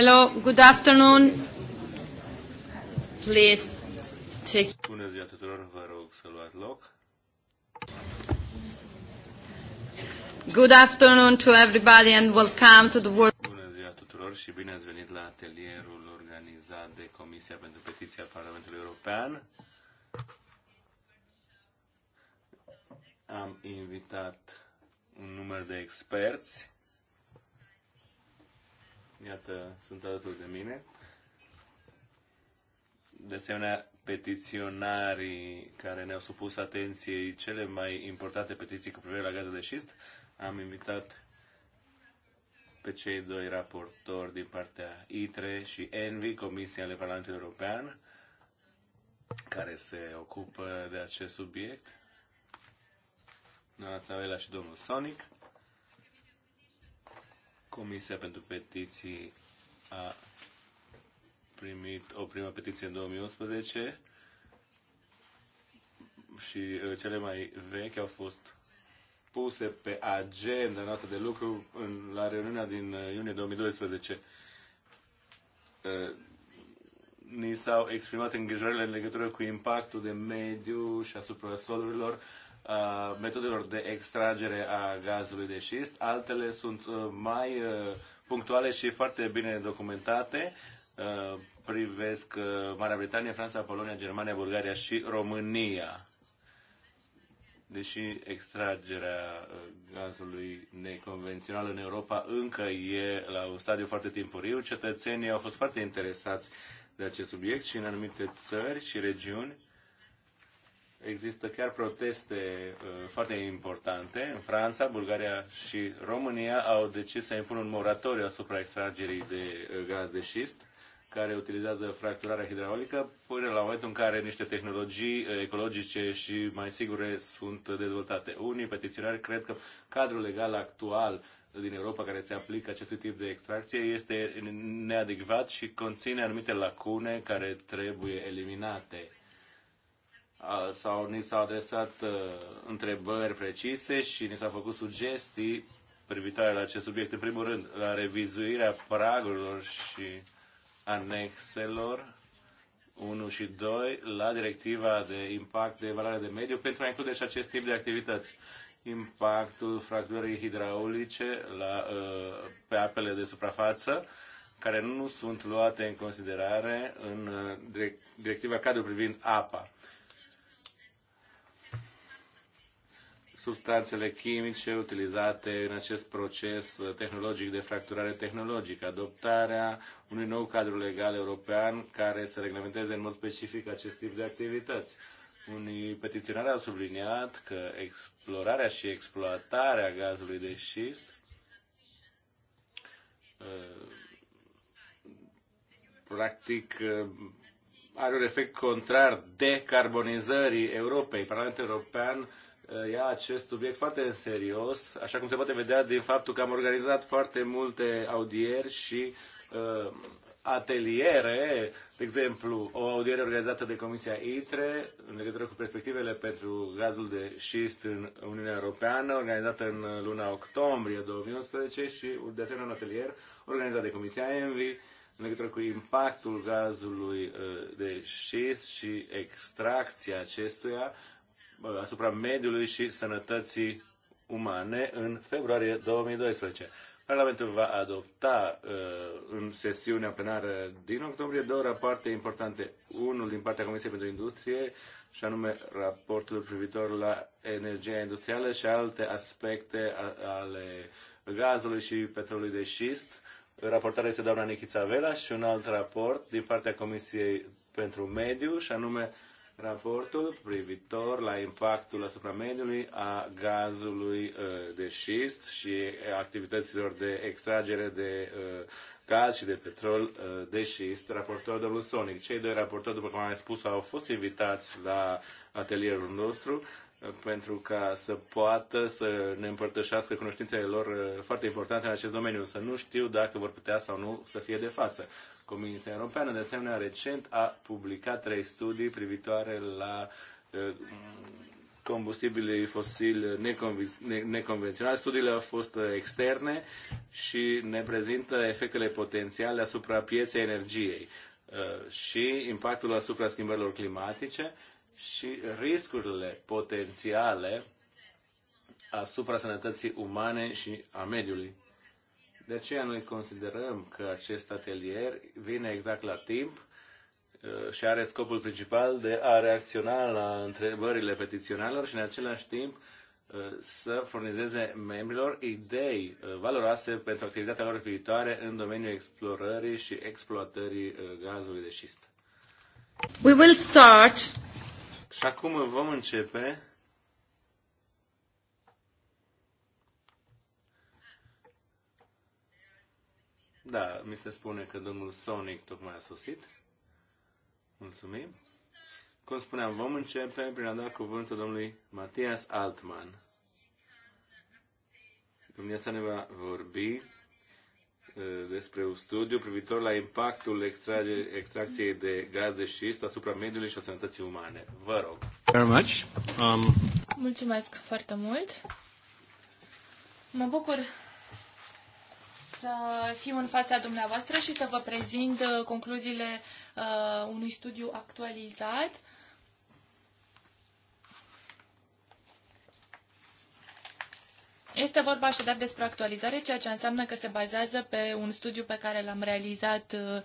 Hello, good afternoon. Please take... Bună ziua tuturor, vă rog să luați loc. Good afternoon to everybody and welcome to the world. Bună ziua tuturor și bine ați venit la atelierul organizat de Comisia pentru Petiția Parlamentului European. Am invitat un număr de experți Iată, sunt alături de mine. De asemenea, petiționarii care ne-au supus atenției cele mai importante petiții cu privire la gazul de șist, am invitat pe cei doi raportori din partea ITRE și ENVI, Comisia ale Parlamentului European, care se ocupă de acest subiect, doamna Țavela și domnul Sonic. Comisia pentru Petiții a primit o prima petiție în 2011 și uh, cele mai vechi au fost puse pe agenda noastră de lucru în, la reuniunea din uh, iunie 2012. Uh, ni s-au exprimat îngrijorările în legătură cu impactul de mediu și asupra solurilor metodelor de extragere a gazului de șist. Altele sunt uh, mai uh, punctuale și foarte bine documentate. Uh, privesc Marea Britanie, Franța, Polonia, Germania, Bulgaria și România. Deși extragerea gazului neconvențional în Europa încă e la un stadiu foarte timpuriu, cetățenii au fost foarte interesați de acest subiect și în anumite țări și regiuni Există chiar proteste uh, foarte importante. În Franța, Bulgaria și România au decis să impună un moratoriu asupra extragerii de uh, gaz de șist care utilizează fracturarea hidraulică până la momentul în care niște tehnologii uh, ecologice și mai sigure sunt dezvoltate. Unii petiționari cred că cadrul legal actual din Europa care se aplică acestui tip de extracție este neadecvat și conține anumite lacune care trebuie eliminate sau ni s-au adresat uh, întrebări precise și ni s-au făcut sugestii privitoare la acest subiect. În primul rând, la revizuirea pragurilor și anexelor 1 și 2 la directiva de impact de evaluare de mediu pentru a include și acest tip de activități. Impactul fracturii hidraulice la, uh, pe apele de suprafață care nu sunt luate în considerare în uh, directiva cadru privind apa. substanțele chimice utilizate în acest proces tehnologic de fracturare tehnologică, adoptarea unui nou cadru legal european care să reglementeze în mod specific acest tip de activități. Unii petiționari au subliniat că explorarea și exploatarea gazului de șist uh, practic uh, are un efect contrar decarbonizării Europei. Parlamentul European Uh, ia acest subiect foarte în serios, așa cum se poate vedea din faptul că am organizat foarte multe audieri și uh, ateliere, de exemplu, o audiere organizată de Comisia ITRE în legătură cu perspectivele pentru gazul de șist în Uniunea Europeană, organizată în luna octombrie 2011 și de asemenea un atelier organizat de Comisia ENVI în legătură cu impactul gazului uh, de șist și extracția acestuia asupra mediului și sănătății umane în februarie 2012. Parlamentul va adopta uh, în sesiunea plenară din octombrie două rapoarte importante. Unul din partea Comisiei pentru Industrie, și anume raportul privitor la energia industrială și alte aspecte ale gazului și petrolului de șist. Raportarea este doamna Nichița Vela și un alt raport din partea Comisiei pentru Mediu, și anume raportul privitor la impactul asupra mediului a gazului uh, de șist și activităților de extragere de uh, gaz și de petrol uh, de șist, raportor domnul Sonic. Cei doi raportori, după cum am spus, au fost invitați la atelierul nostru pentru ca să poată să ne împărtășească cunoștințele lor foarte importante în acest domeniu, să nu știu dacă vor putea sau nu să fie de față. Comisia Europeană, de asemenea, recent a publicat trei studii privitoare la eh, combustibile fosili neconvenționale. Studiile au fost eh, externe și ne prezintă efectele potențiale asupra pieței energiei eh, și impactul asupra schimbărilor climatice și riscurile potențiale asupra sănătății umane și a mediului. De aceea noi considerăm că acest atelier vine exact la timp uh, și are scopul principal de a reacționa la întrebările petiționarilor și în același timp uh, să furnizeze membrilor idei uh, valoroase pentru activitatea lor viitoare în domeniul explorării și exploatării gazului de șist. We will start. Și acum vom începe Da, mi se spune că domnul Sonic tocmai a sosit. Mulțumim. Cum spuneam, vom începe prin a da cuvântul domnului Matias Altman. Dumnezeu ne va vorbi despre un studiu privitor la impactul extracției de gaz de șist asupra mediului și a sănătății umane. Vă rog. Very much. Um... Mulțumesc foarte mult. Mă bucur să fim în fața dumneavoastră și să vă prezint uh, concluziile uh, unui studiu actualizat. Este vorba așadar despre actualizare, ceea ce înseamnă că se bazează pe un studiu pe care l-am realizat uh,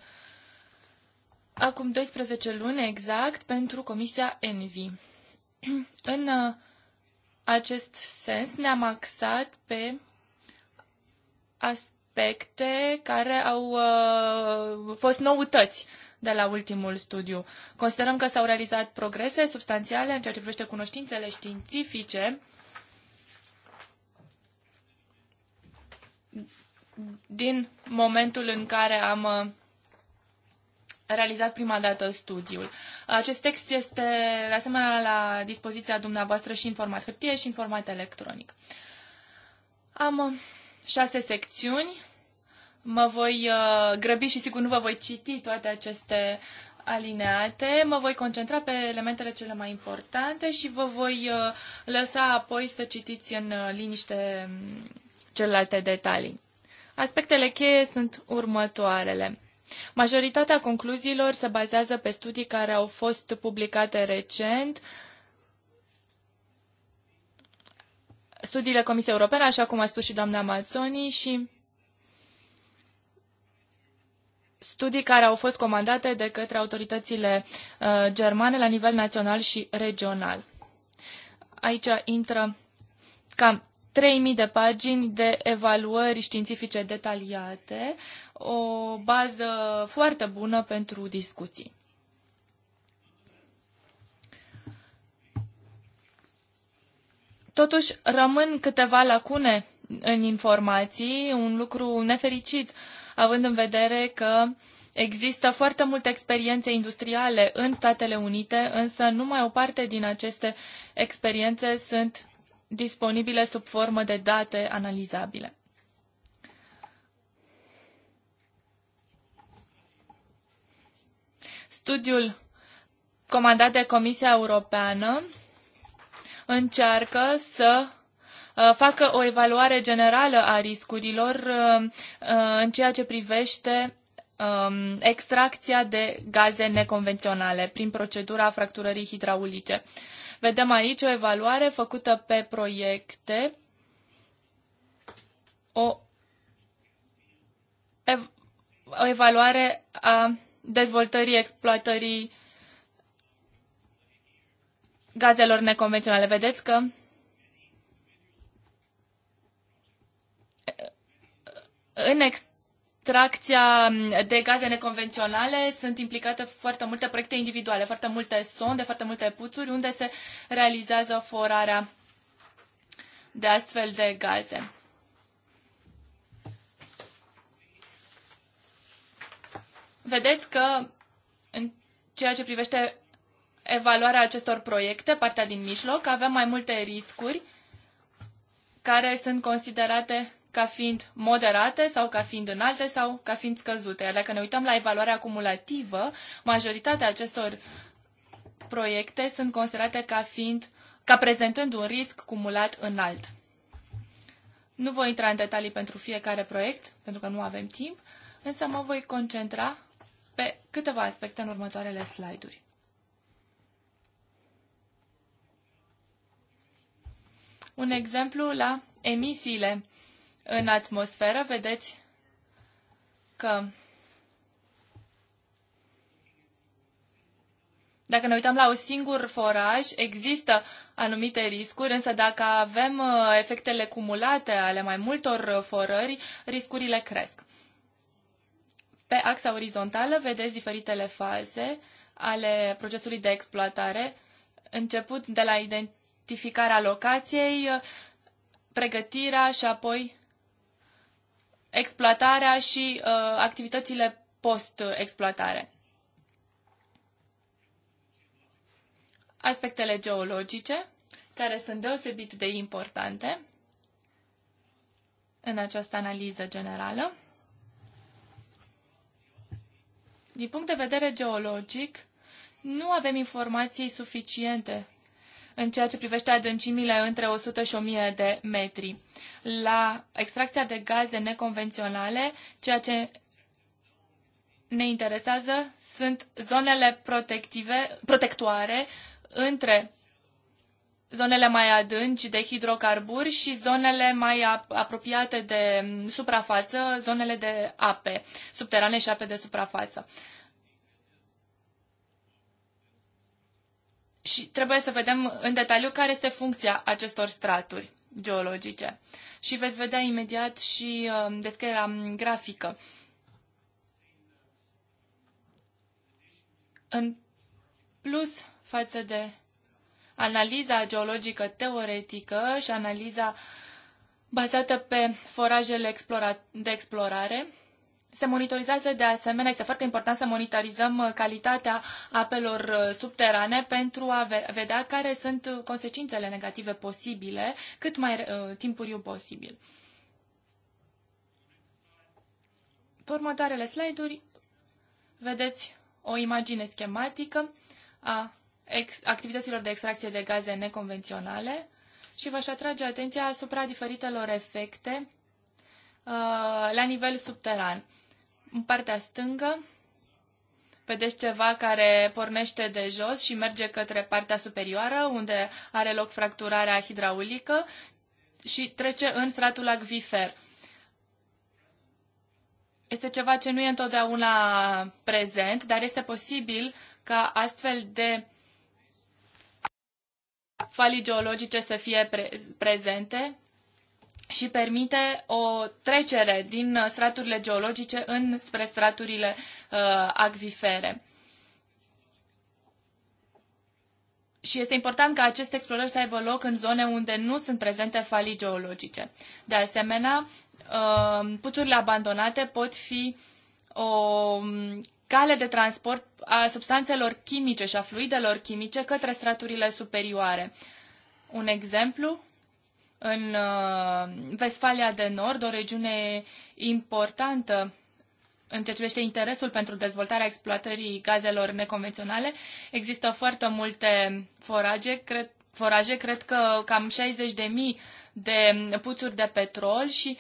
acum 12 luni exact pentru Comisia Envi. În uh, acest sens ne-am axat pe aspecte aspecte care au uh, fost noutăți de la ultimul studiu. Considerăm că s-au realizat progrese substanțiale în ceea ce privește cunoștințele științifice din momentul în care am uh, realizat prima dată studiul. Acest text este, de asemenea, la dispoziția dumneavoastră și în format hârtie și în format electronic. Am uh, șase secțiuni. Mă voi uh, grăbi și sigur nu vă voi citi toate aceste alineate. Mă voi concentra pe elementele cele mai importante și vă voi uh, lăsa apoi să citiți în uh, liniște mm, celelalte detalii. Aspectele cheie sunt următoarele. Majoritatea concluziilor se bazează pe studii care au fost publicate recent, uh, studiile Comisiei Europene, așa cum a spus și doamna Mazzoni, și studii care au fost comandate de către autoritățile uh, germane la nivel național și regional. Aici intră cam 3.000 de pagini de evaluări științifice detaliate, o bază foarte bună pentru discuții. Totuși, rămân câteva lacune în informații, un lucru nefericit, având în vedere că există foarte multe experiențe industriale în Statele Unite, însă numai o parte din aceste experiențe sunt disponibile sub formă de date analizabile. Studiul comandat de Comisia Europeană încearcă să uh, facă o evaluare generală a riscurilor uh, uh, în ceea ce privește um, extracția de gaze neconvenționale prin procedura fracturării hidraulice. Vedem aici o evaluare făcută pe proiecte, o, ev- o evaluare a dezvoltării exploatării gazelor neconvenționale. Vedeți că în extracția de gaze neconvenționale sunt implicate foarte multe proiecte individuale, foarte multe sonde, foarte multe puțuri unde se realizează forarea de astfel de gaze. Vedeți că în ceea ce privește evaluarea acestor proiecte, partea din mijloc, avem mai multe riscuri care sunt considerate ca fiind moderate sau ca fiind înalte sau ca fiind scăzute. Iar dacă ne uităm la evaluarea cumulativă, majoritatea acestor proiecte sunt considerate ca fiind ca prezentând un risc cumulat înalt. Nu voi intra în detalii pentru fiecare proiect, pentru că nu avem timp, însă mă voi concentra pe câteva aspecte în următoarele slide-uri. Un exemplu la emisiile în atmosferă, vedeți că dacă ne uităm la un singur foraj, există anumite riscuri, însă dacă avem uh, efectele cumulate ale mai multor uh, forări, riscurile cresc. Pe axa orizontală vedeți diferitele faze ale procesului de exploatare, început de la identitate identificarea locației, pregătirea și apoi exploatarea și uh, activitățile post-exploatare. Aspectele geologice, care sunt deosebit de importante în această analiză generală. Din punct de vedere geologic, nu avem informații suficiente în ceea ce privește adâncimile între 100 și 1000 de metri. La extracția de gaze neconvenționale, ceea ce ne interesează sunt zonele protective, protectoare între zonele mai adânci de hidrocarburi și zonele mai apropiate de mm, suprafață, zonele de ape subterane și ape de suprafață. și trebuie să vedem în detaliu care este funcția acestor straturi geologice. Și veți vedea imediat și um, descrierea grafică. În plus față de analiza geologică teoretică și analiza bazată pe forajele de explorare, se monitorizează de asemenea, este foarte important să monitorizăm uh, calitatea apelor uh, subterane pentru a vedea care sunt uh, consecințele negative posibile cât mai timpuriu posibil. Pe următoarele slide-uri vedeți o imagine schematică a activităților de extracție de gaze neconvenționale și v-aș atrage atenția asupra diferitelor efecte uh, la nivel subteran. În partea stângă vedeți ceva care pornește de jos și merge către partea superioară, unde are loc fracturarea hidraulică și trece în stratul acvifer. Este ceva ce nu e întotdeauna prezent, dar este posibil ca astfel de falii geologice să fie pre- prezente și permite o trecere din straturile geologice în spre straturile uh, acvifere. Și este important ca aceste explorări să aibă loc în zone unde nu sunt prezente falii geologice. De asemenea, uh, puturile abandonate pot fi o um, cale de transport a substanțelor chimice și a fluidelor chimice către straturile superioare. Un exemplu în uh, Vestfalia de Nord, o regiune importantă în ceea ce privește interesul pentru dezvoltarea exploatării gazelor neconvenționale. Există foarte multe foraje, cred, foraje, cred că cam 60.000 de puțuri de petrol și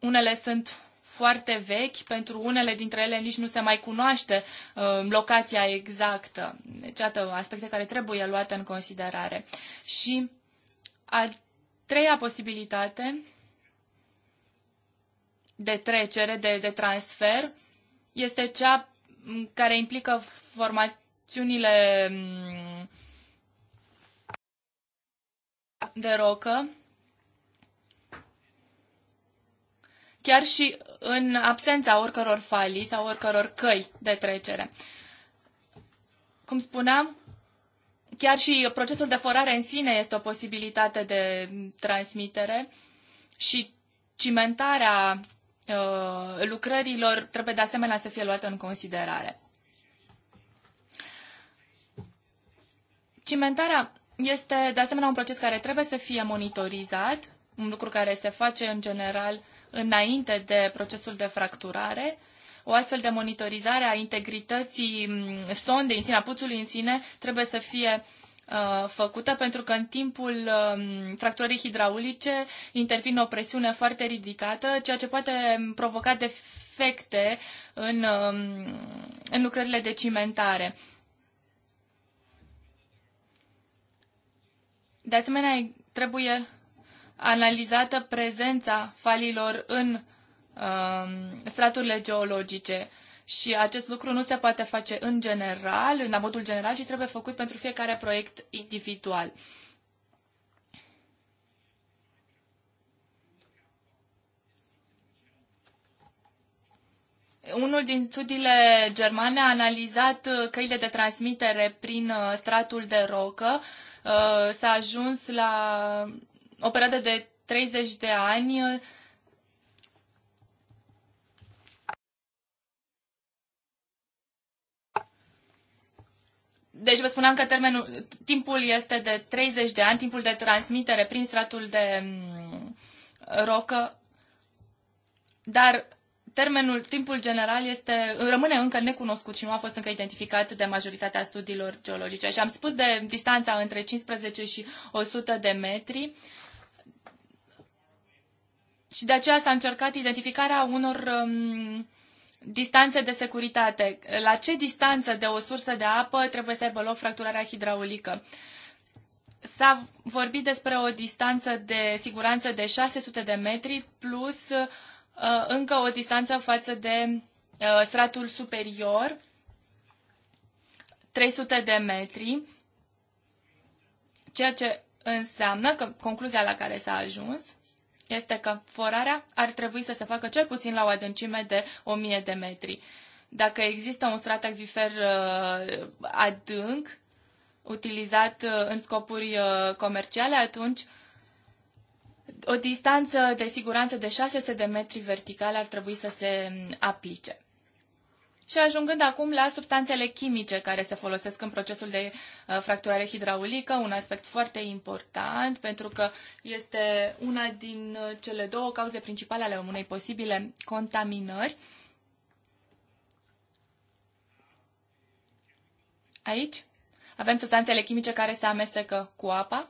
unele sunt foarte vechi, pentru unele dintre ele nici nu se mai cunoaște uh, locația exactă. Deci, iată, aspecte care trebuie luate în considerare. Și a treia posibilitate de trecere, de, de transfer, este cea care implică formațiunile mm, de rocă, chiar și în absența oricăror falii sau oricăror căi de trecere. Cum spuneam, Chiar și procesul de forare în sine este o posibilitate de transmitere și cimentarea uh, lucrărilor trebuie de asemenea să fie luată în considerare. Cimentarea este de asemenea un proces care trebuie să fie monitorizat, un lucru care se face în general înainte de procesul de fracturare o astfel de monitorizare a integrității mm, sondei în sine, a puțului în sine, trebuie să fie uh, făcută pentru că în timpul um, fracturării hidraulice intervine o presiune foarte ridicată, ceea ce poate mm, provoca defecte în, um, în lucrările de cimentare. De asemenea, trebuie analizată prezența falilor în Um, straturile geologice. Și acest lucru nu se poate face în general, la modul general, ci trebuie făcut pentru fiecare proiect individual. Unul din studiile germane a analizat căile de transmitere prin uh, stratul de rocă. Uh, s-a ajuns la o perioadă de 30 de ani uh, Deci vă spuneam că termenul, timpul este de 30 de ani, timpul de transmitere prin stratul de mm, rocă, dar termenul, timpul general este, rămâne încă necunoscut și nu a fost încă identificat de majoritatea studiilor geologice. Și am spus de distanța între 15 și 100 de metri și de aceea s-a încercat identificarea unor um, Distanțe de securitate. La ce distanță de o sursă de apă trebuie să aibă loc fracturarea hidraulică? S-a vorbit despre o distanță de siguranță de 600 de metri plus uh, încă o distanță față de uh, stratul superior, 300 de metri, ceea ce înseamnă că concluzia la care s-a ajuns este că forarea ar trebui să se facă cel puțin la o adâncime de 1000 de metri. Dacă există un strat acvifer uh, adânc, utilizat uh, în scopuri uh, comerciale, atunci o distanță de siguranță de 600 de metri verticale ar trebui să se mm, aplice. Și ajungând acum la substanțele chimice care se folosesc în procesul de uh, fracturare hidraulică, un aspect foarte important pentru că este una din uh, cele două cauze principale ale unei posibile contaminări. Aici avem substanțele chimice care se amestecă cu apa,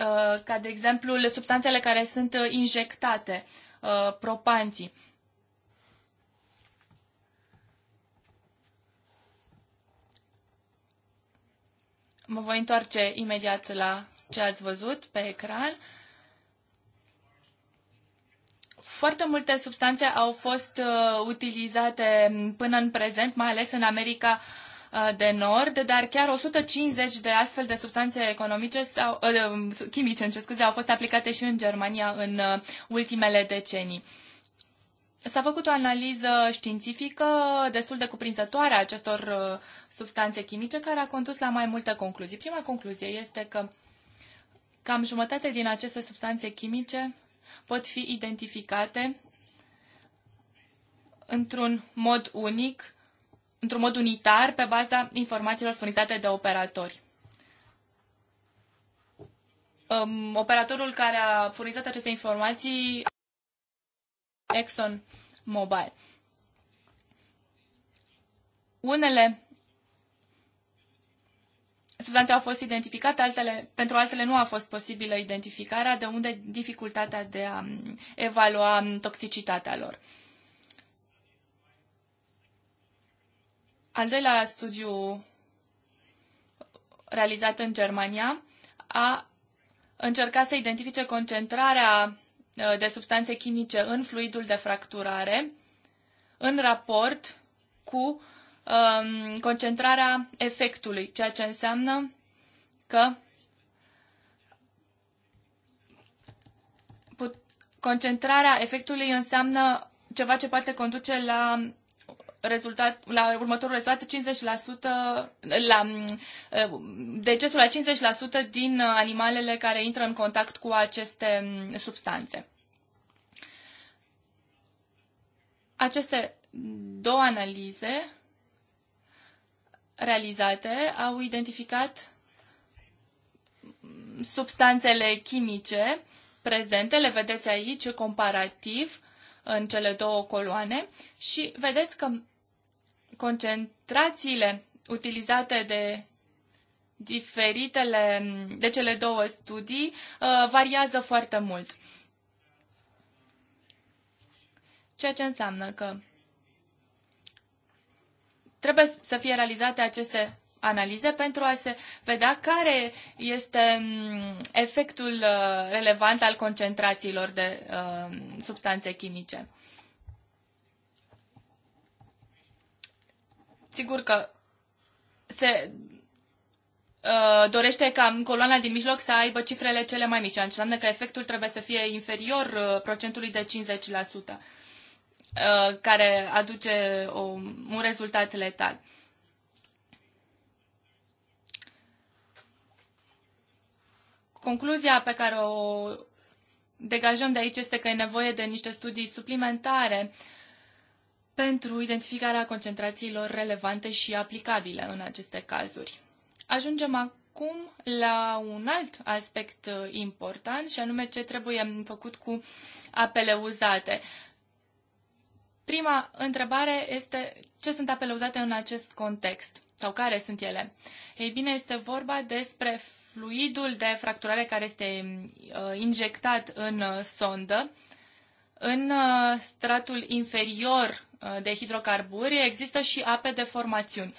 uh, ca de exemplu substanțele care sunt injectate, propanții. Mă voi întoarce imediat la ce ați văzut pe ecran. Foarte multe substanțe au fost uh, utilizate până în prezent, mai ales în America uh, de Nord, dar chiar 150 de astfel de substanțe economice sau uh, chimice, în ce scuze, au fost aplicate și în Germania în uh, ultimele decenii. Uh, S-a făcut o analiză științifică destul de cuprinzătoare a acestor uh, substanțe chimice care a condus la mai multe concluzii. Prima concluzie este că cam jumătate din aceste substanțe chimice pot fi identificate într-un mod unic, într-un mod unitar, pe baza informațiilor furnizate de operatori. Um, operatorul care a furnizat aceste informații Exxon Mobil. Unele substanțe au fost identificate, altele, pentru altele nu a fost posibilă identificarea, de unde dificultatea de a um, evalua um, toxicitatea lor. Al doilea studiu realizat în Germania a încercat să identifice concentrarea Uh, de substanțe chimice în fluidul de fracturare în raport cu um, concentrarea efectului, ceea ce înseamnă că concentrarea efectului înseamnă ceva ce poate conduce la rezultat, la următorul rezultat 50%, la mm, decesul la 50% din animalele care intră în contact cu aceste mm, substanțe. Aceste două analize realizate au identificat mm, substanțele chimice prezente, le vedeți aici comparativ, în cele două coloane și vedeți că concentrațiile utilizate de diferitele, de cele două studii uh, variază foarte mult. Ceea ce înseamnă că trebuie să fie realizate aceste analize pentru a se vedea care este mm, efectul uh, relevant al concentrațiilor de uh, substanțe chimice. Sigur că se uh, dorește ca coloana din mijloc să aibă cifrele cele mai mici. Înseamnă că efectul trebuie să fie inferior procentului de 50%, care aduce un rezultat letal. Concluzia pe care o degajăm de aici este că e nevoie de niște studii suplimentare pentru identificarea concentrațiilor relevante și aplicabile în aceste cazuri. Ajungem acum la un alt aspect uh, important și anume ce trebuie făcut cu apele uzate. Prima întrebare este ce sunt apele uzate în acest context sau care sunt ele? Ei bine, este vorba despre fluidul de fracturare care este uh, injectat în uh, sondă. În uh, stratul inferior de hidrocarburi există și ape de formațiuni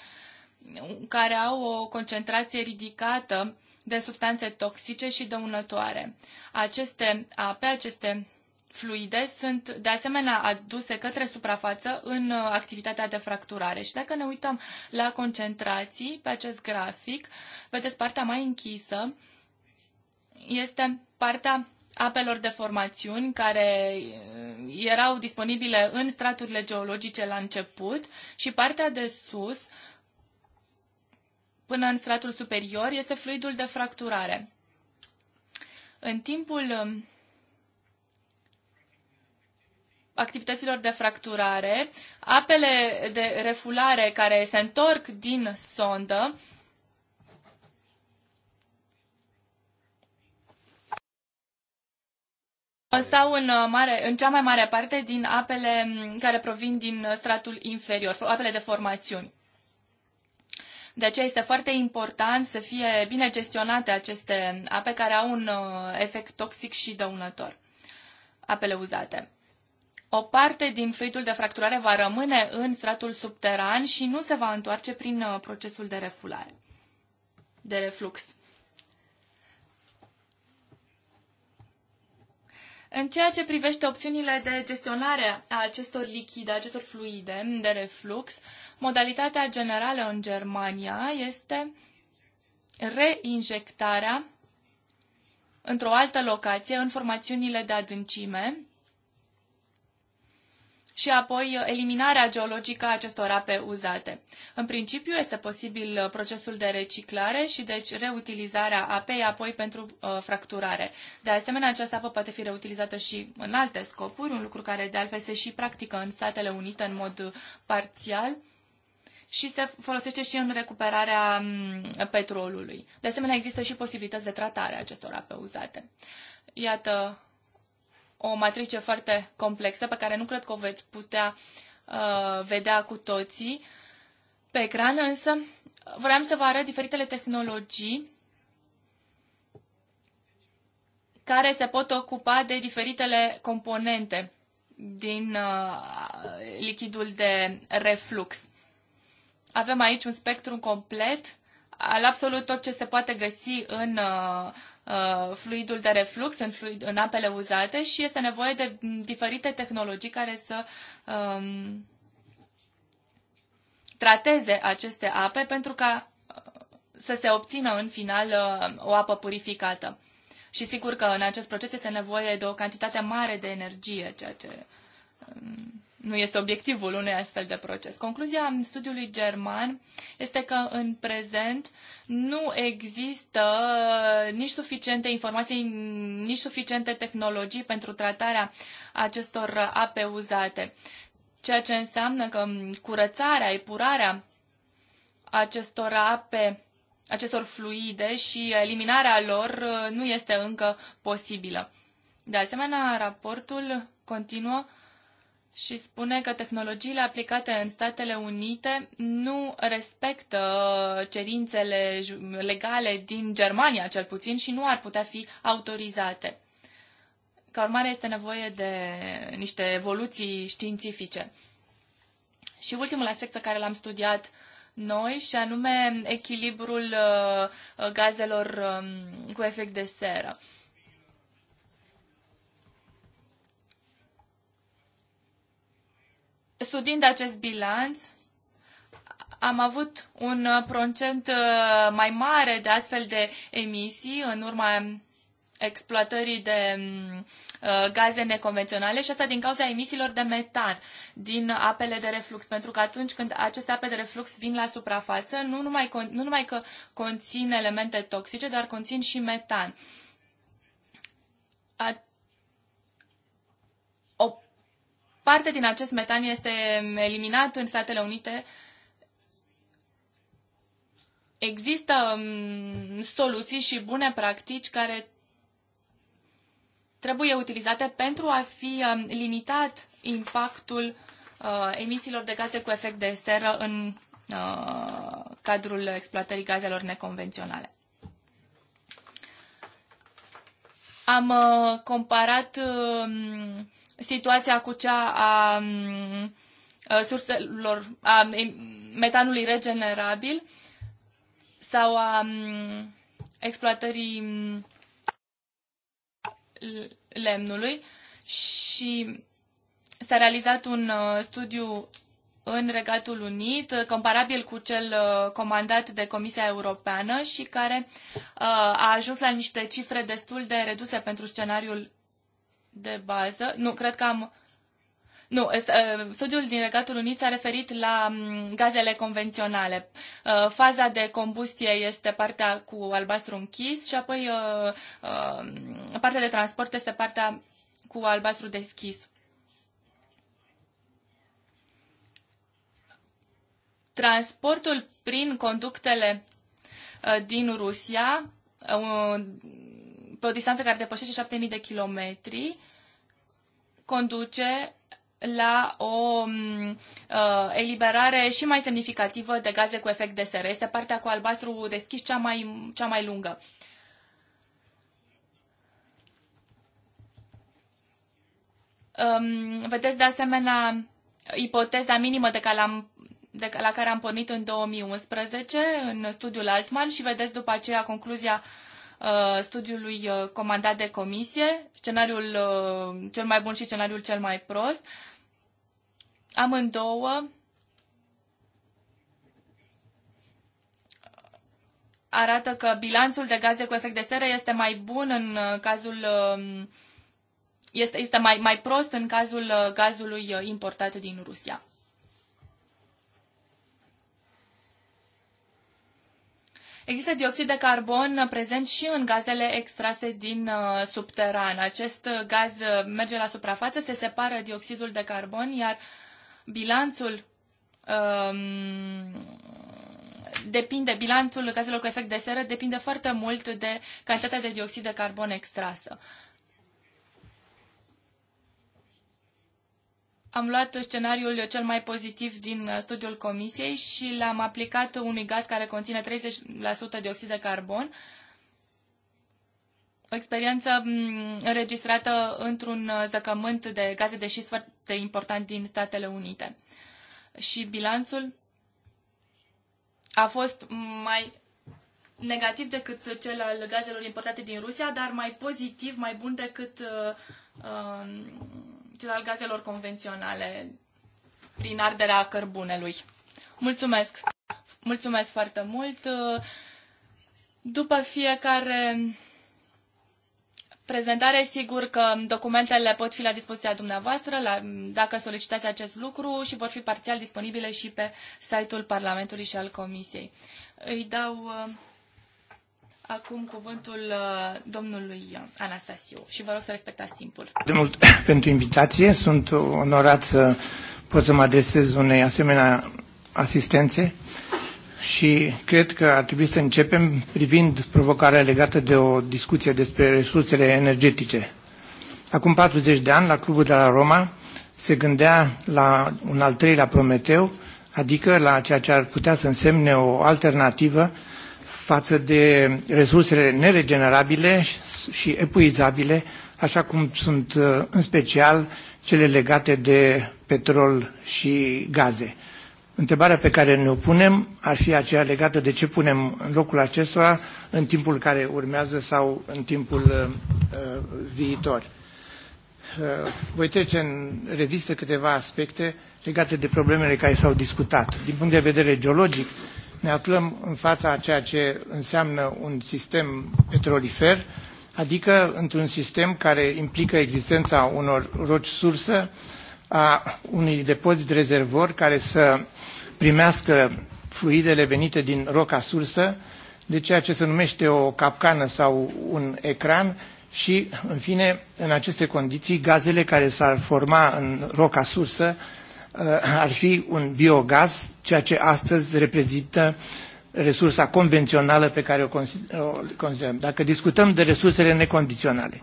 care au o concentrație ridicată de substanțe toxice și dăunătoare. Aceste ape, aceste fluide sunt de asemenea aduse către suprafață în uh, activitatea de fracturare. Și dacă ne uităm la concentrații pe acest grafic, vedeți partea mai închisă, este partea apelor de formațiuni care uh, erau disponibile în straturile geologice la început și partea de sus, până în stratul superior, este fluidul de fracturare. În timpul um, activităților de fracturare, apele de refulare care se întorc din sondă, stau în, uh, mare, în cea mai mare parte din apele mm, care provin din uh, stratul inferior, apele de formațiuni. De aceea este foarte important să fie bine gestionate aceste ape care au un uh, efect toxic și dăunător, apele uzate o parte din fluidul de fracturare va rămâne în stratul subteran și nu se va întoarce prin uh, procesul de refulare, de reflux. În ceea ce privește opțiunile de gestionare a acestor lichide, a acestor fluide de reflux, modalitatea generală în Germania este reinjectarea într-o altă locație în formațiunile de adâncime și apoi uh, eliminarea geologică a acestor ape uzate. În principiu este posibil uh, procesul de reciclare și deci reutilizarea apei apoi pentru uh, fracturare. De asemenea, această apă poate fi reutilizată și în alte scopuri, un lucru care de altfel se și practică în Statele Unite în mod uh, parțial și se folosește și în recuperarea mm, petrolului. De asemenea, există și posibilități de tratare a acestor ape uzate. Iată o matrice foarte complexă pe care nu cred că o veți putea uh, vedea cu toții pe ecran, însă vreau să vă arăt diferitele tehnologii care se pot ocupa de diferitele componente din uh, lichidul de reflux. Avem aici un spectru complet al absolut tot ce se poate găsi în uh, Uh, fluidul de reflux în, fluid, în apele uzate și este nevoie de diferite tehnologii care să um, trateze aceste ape pentru ca uh, să se obțină în final uh, o apă purificată. Și sigur că în acest proces este nevoie de o cantitate mare de energie, ceea ce um, nu este obiectivul unui astfel de proces. Concluzia studiului german este că în prezent nu există nici suficiente informații, nici suficiente tehnologii pentru tratarea acestor ape uzate. Ceea ce înseamnă că curățarea, epurarea acestor ape, acestor fluide și eliminarea lor nu este încă posibilă. De asemenea, raportul continuă și spune că tehnologiile aplicate în Statele Unite nu respectă uh, cerințele legale din Germania, cel puțin, și nu ar putea fi autorizate. Ca urmare, este nevoie de niște evoluții științifice. Și ultimul aspect pe care l-am studiat noi, și anume echilibrul uh, gazelor um, cu efect de seră. studiind acest bilanț, am avut un uh, procent uh, mai mare de astfel de emisii în urma exploatării de mm, uh, gaze neconvenționale și asta din cauza emisiilor de metan din apele de reflux, pentru că atunci când aceste ape de reflux vin la suprafață, nu numai, nu numai că conțin elemente toxice, dar conțin și metan. parte din acest metan este eliminat în Statele Unite. Există mm, soluții și bune practici care trebuie utilizate pentru a fi mm, limitat impactul uh, emisiilor de gaze cu efect de seră în uh, cadrul exploatării gazelor neconvenționale. Am uh, comparat situația cu cea a, mm, a surselor, a metanului regenerabil sau a mm, exploatării mm, lemnului și s-a realizat un uh, studiu în Regatul Unit, uh, comparabil cu cel uh, comandat de Comisia Europeană și care a ajuns la niște cifre destul de reduse pentru scenariul de bază. Nu, cred că am... Nu, uh, studiul din Regatul Unit s-a referit la mm, gazele convenționale. Uh, faza de combustie este partea cu albastru închis și apoi uh, partea de transport este partea cu albastru deschis. Transportul prin conductele din Rusia pe o distanță care depășește 7000 de kilometri conduce la o mm, uh, eliberare și mai semnificativă de gaze cu efect de seră. Este partea cu albastru deschis cea mai, cea mai lungă. Um, vedeți de asemenea ipoteza minimă de care am de, la care am pornit în 2011 în studiul Altman și vedeți după aceea concluzia uh, Uh, studiului uh, comandat de comisie, scenariul uh, cel mai bun și scenariul cel mai prost. Amândouă arată că bilanțul de gaze cu efect de seră este mai bun în cazul um, este, este mai, mai prost în cazul gazului importat din Rusia. Există dioxid de carbon prezent și în gazele extrase din uh, subteran. Acest uh, gaz uh, merge la suprafață, se separă dioxidul de carbon, iar bilanțul um, depinde, bilanțul gazelor cu efect de seră depinde foarte mult de cantitatea de dioxid de carbon extrasă. Uh, Am luat scenariul cel mai pozitiv din uh, studiul comisiei și l-am aplicat unui gaz care conține 30% oxid de carbon. O experiență mm, înregistrată într-un uh, zăcământ de gaze de șist foarte important din Statele Unite. Și bilanțul a fost mai negativ decât cel al gazelor importate din Rusia, dar mai pozitiv, mai bun decât uh, uh, cel al gazelor convenționale prin arderea cărbunelui. Mulțumesc! Mulțumesc foarte mult! După fiecare prezentare, sigur că documentele pot fi la dispoziția dumneavoastră la, dacă solicitați acest lucru și vor fi parțial disponibile și pe site-ul Parlamentului și al Comisiei. Îi dau uh, acum cuvântul uh, domnului Anastasiu și vă rog să respectați timpul. De mult pentru invitație. Sunt onorat să pot să mă adresez unei asemenea asistențe și cred că ar trebui să începem privind provocarea legată de o discuție despre resursele energetice. Acum 40 de ani, la Clubul de la Roma, se gândea la un al treilea Prometeu, adică la ceea ce ar putea să însemne o alternativă față de resursele neregenerabile și epuizabile, așa cum sunt uh, în special cele legate de petrol și gaze. Întrebarea pe care ne-o punem ar fi aceea legată de ce punem în locul acestora în timpul care urmează sau în timpul uh, uh viitor. Uh, voi trece în revistă câteva aspecte legate de problemele care s-au discutat. Din punct de vedere geologic, uh, ne aflăm în fața a ceea ce înseamnă un sistem petrolifer, adică într-un sistem care implică existența unor roci sursă, a unui depozit rezervor care să primească fluidele venite din roca sursă, de ceea ce se numește o capcană sau un ecran și, în fine, în aceste condiții, gazele care s-ar forma în roca sursă Uh, ar fi un biogaz, ceea ce astăzi reprezintă resursa convențională pe care o considerăm. Dacă discutăm de resursele necondiționale,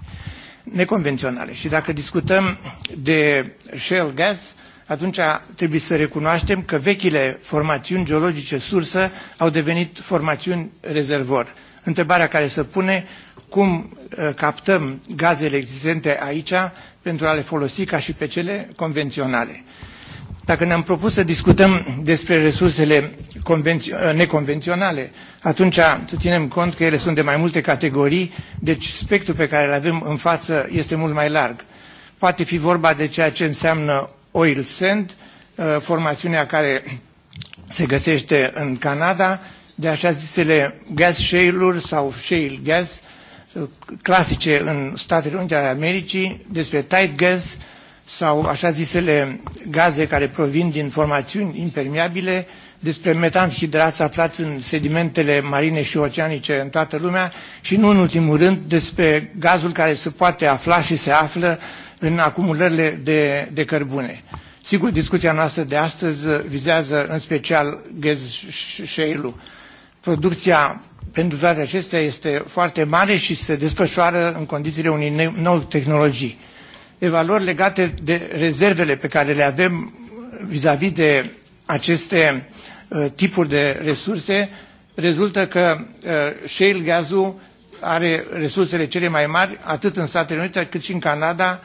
neconvenționale și dacă discutăm de shale gas, atunci trebuie să recunoaștem că vechile formațiuni geologice sursă au devenit formațiuni rezervor. Întrebarea care se pune, cum uh, captăm gazele existente aici pentru a le folosi ca și pe cele convenționale. Dacă ne-am propus să discutăm despre resursele ă, neconvenționale, atunci să ținem cont că ele sunt de mai multe categorii, deci spectrul pe care îl avem în față este mult mai larg. Poate fi vorba de ceea ce înseamnă oil sand, ă, formațiunea care se găsește în Canada, de așa zisele gas shale-uri sau shale gas, ă, clasice în Statele Unite ale Americii, despre tight gas, sau așa zisele gaze care provin din formațiuni impermeabile, despre metanhidrați aflați în sedimentele marine și oceanice în toată lumea și nu în ultimul rând despre gazul care se poate afla și se află în acumulările de, de cărbune. Sigur, discuția noastră de astăzi vizează în special gaz shale-ul. Producția pentru toate acestea este foarte mare și se desfășoară în condițiile unei noi tehnologii evaluări legate de rezervele pe care le avem vis-a-vis -vis de aceste uh, tipuri de resurse, rezultă că uh, shale gazul are resursele cele mai mari, atât în Statele Unite, cât și în Canada,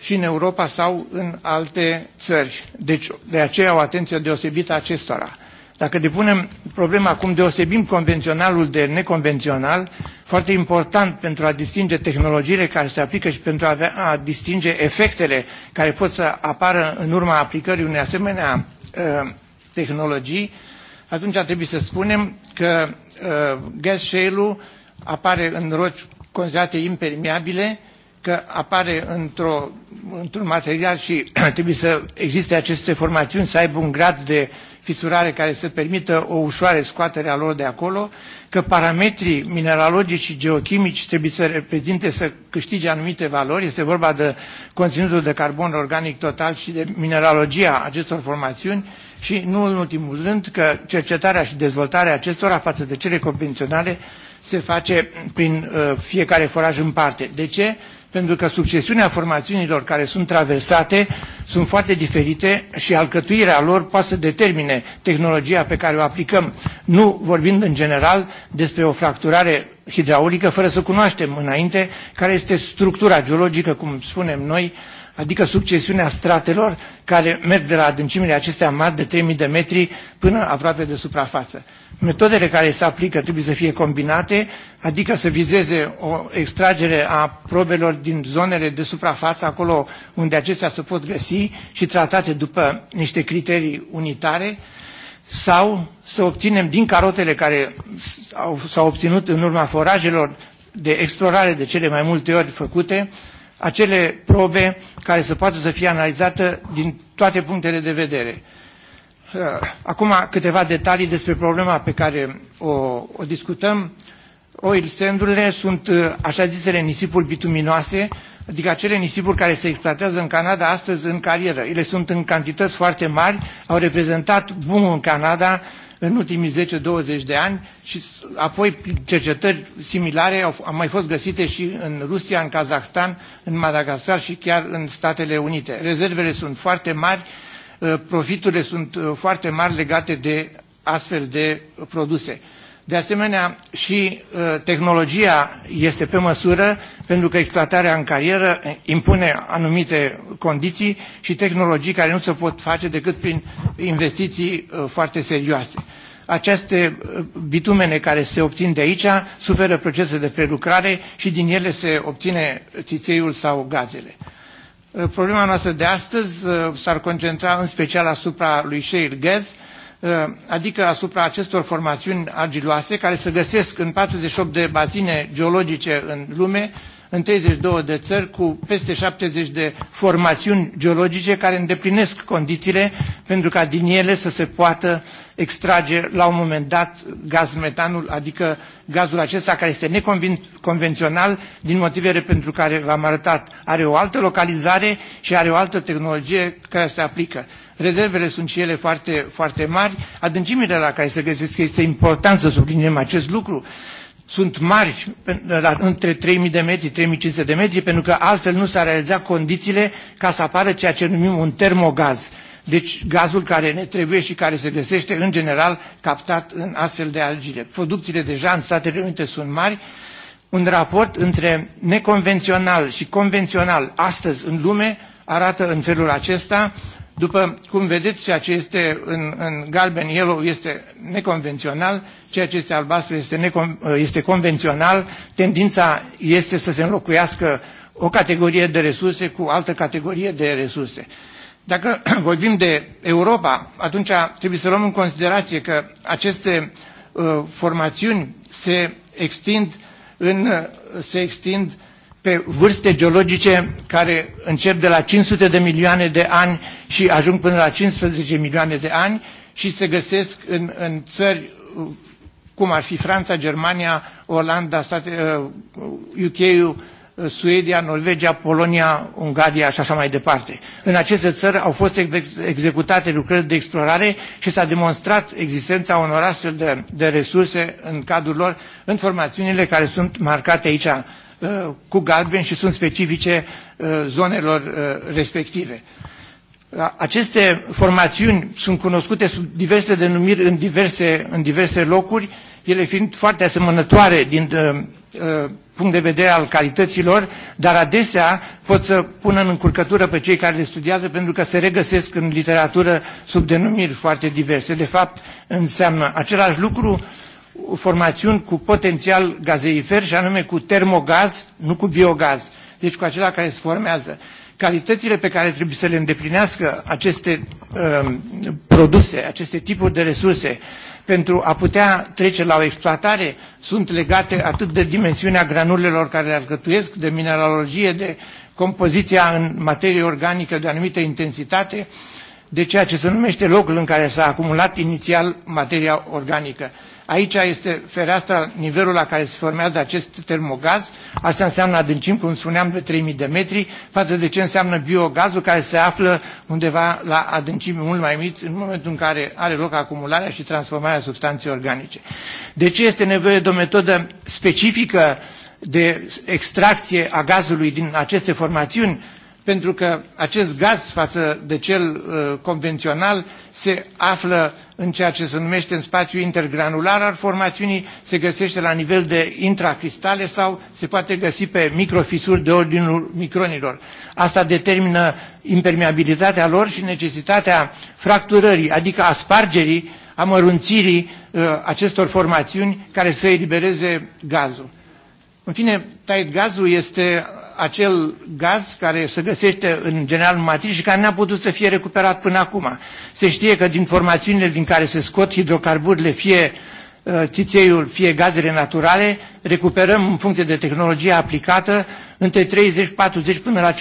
și în Europa sau în alte țări. Deci, de aceea o atenție deosebită acestora. Dacă depunem problema cum deosebim convenționalul de neconvențional, foarte important pentru a distinge tehnologiile care se aplică și pentru a, avea, a distinge efectele care pot să apară în urma aplicării unei asemenea uh, tehnologii, atunci ar trebui să spunem că uh, gas shale apare în roci considerate impermeabile, că apare într-un într material și trebuie să existe aceste formațiuni, să aibă un grad de uh, fisurare care să permită o ușoare scoatere a lor de acolo, că parametrii mineralogici și geochimici trebuie să reprezinte, să câștige anumite valori. Este vorba de conținutul de carbon organic total și de mineralogia acestor formațiuni și, nu în ultimul rând, că cercetarea și dezvoltarea acestora față de cele convenționale se face prin uh, fiecare foraj în parte. De ce? pentru că succesiunea formațiunilor care sunt traversate sunt foarte diferite și alcătuirea lor poate să determine tehnologia pe care o aplicăm, nu vorbind în general despre o fracturare hidraulică fără să cunoaștem înainte care este structura geologică, cum spunem noi, adică succesiunea stratelor care merg de la adâncimile acestea mari de 3000 de metri până aproape de suprafață metodele care se aplică trebuie să fie combinate, adică să vizeze o extragere a probelor din zonele de suprafață, acolo unde acestea se pot găsi și tratate după niște criterii unitare, sau să obținem din carotele care s-au obținut în urma forajelor de explorare de cele mai multe ori făcute, acele probe care să poată să fie analizate din toate punctele de vedere. Uh, acum câteva detalii despre problema pe care o, o discutăm. Oil sandurile sunt uh, așa zisele nisipuri bituminoase, adică acele nisipuri care se exploatează în Canada astăzi în carieră. Ele sunt în cantități foarte mari, au reprezentat boom în Canada în ultimii 10-20 de ani și apoi cercetări similare au, au mai fost găsite și în Rusia, în Kazakhstan, în Madagascar și chiar în Statele Unite. Rezervele sunt foarte mari, uh, Uh, profiturile sunt uh, foarte mari legate de astfel de produse. De asemenea, și uh, tehnologia este pe măsură, pentru că exploatarea în carieră impune anumite condiții și tehnologii care nu se pot face decât prin investiții foarte serioase. Aceste bitumene care se obțin de aici suferă procese de prelucrare și din ele se obține țițeiul sau gazele. Uh, problema noastră de astăzi uh, s-ar concentra în special asupra lui shale Gaz, uh, adică asupra acestor formațiuni argiloase care se găsesc în 48 de bazine geologice în lume, în 32 de țări cu peste 70 de formațiuni geologice care îndeplinesc condițiile pentru ca din ele să se poată extrage la un moment dat gaz metanul, adică gazul acesta care este neconvențional din motivele pentru care v-am arătat. Are o altă localizare și are o altă tehnologie care se aplică. Rezervele sunt și ele foarte, foarte mari. Adâncimile la care se găsesc este important să subliniem acest lucru sunt mari, între 3.000 de metri, 3.500 de metri, pentru că altfel nu s-ar realiza condițiile ca să apară ceea ce numim un termogaz. Deci gazul care ne trebuie și care se găsește în general captat în astfel de argile. Producțiile deja în Statele Unite sunt mari. Un raport între neconvențional și convențional astăzi în lume arată în felul acesta după cum vedeți, ceea ce este în, în galben, yellow, este neconvențional, ceea ce este albastru este, necon, uh, este convențional, tendința este să se înlocuiască o categorie de resurse cu altă categorie de resurse. Dacă vorbim de Europa, atunci trebuie să luăm în considerație că aceste uh, formațiuni se extind, în, se extind uh, pe vârste geologice care încep de la 500 de milioane de ani și ajung până la 15 milioane de ani și se găsesc în, în țări uh, cum ar fi Franța, Germania, Olanda, state, uk uh, uh, Suedia, Norvegia, Polonia, Ungaria și așa mai departe. În aceste țări au fost executate lucrări de explorare și s-a demonstrat existența unor astfel de, de resurse în cadrul lor, în formațiunile care sunt marcate aici cu galben și sunt specifice uh, zonelor uh, respective. Aceste formațiuni sunt cunoscute sub diverse denumiri în diverse, în diverse locuri, ele fiind foarte asemănătoare din uh, punct de vedere al calităților, dar adesea pot să pună în încurcătură pe cei care le studiază pentru că se regăsesc în literatură sub denumiri foarte diverse. De fapt, înseamnă același lucru formațiuni cu potențial gazeifer și anume cu termogaz, nu cu biogaz, deci cu acela care se formează. Calitățile pe care trebuie să le îndeplinească aceste uh, produse, aceste tipuri de resurse, pentru a putea trece la o exploatare sunt legate atât de dimensiunea granulelor care le alcătuiesc, de mineralogie, de compoziția în materie organică de anumită intensitate, de ceea ce se numește locul în care s-a acumulat inițial materia organică. Aici este fereastra, nivelul la care se formează acest termogaz. Asta înseamnă adâncim, cum spuneam, de 3000 de metri, față de ce înseamnă biogazul, care se află undeva la adâncimi mult mai mici, în momentul în care are loc acumularea și transformarea substanței organice. De ce este nevoie de o metodă specifică de extracție a gazului din aceste formațiuni? pentru că acest gaz față de cel uh, convențional se află în ceea ce se numește în spațiu intergranular al formațiunii, se găsește la nivel de intracristale sau se poate găsi pe microfisuri de ordinul micronilor. Asta determină impermeabilitatea lor și necesitatea fracturării, adică a spargerii, a mărunțirii uh, acestor formațiuni care să elibereze gazul. În fine, tight gazul este acel gaz care se găsește în general în matrice și care n-a putut să fie recuperat până acum. Se știe că din formațiunile din care se scot hidrocarburile, fie uh, țițeiul, fie gazele naturale, recuperăm în funcție de tehnologia aplicată între 30, 40 până la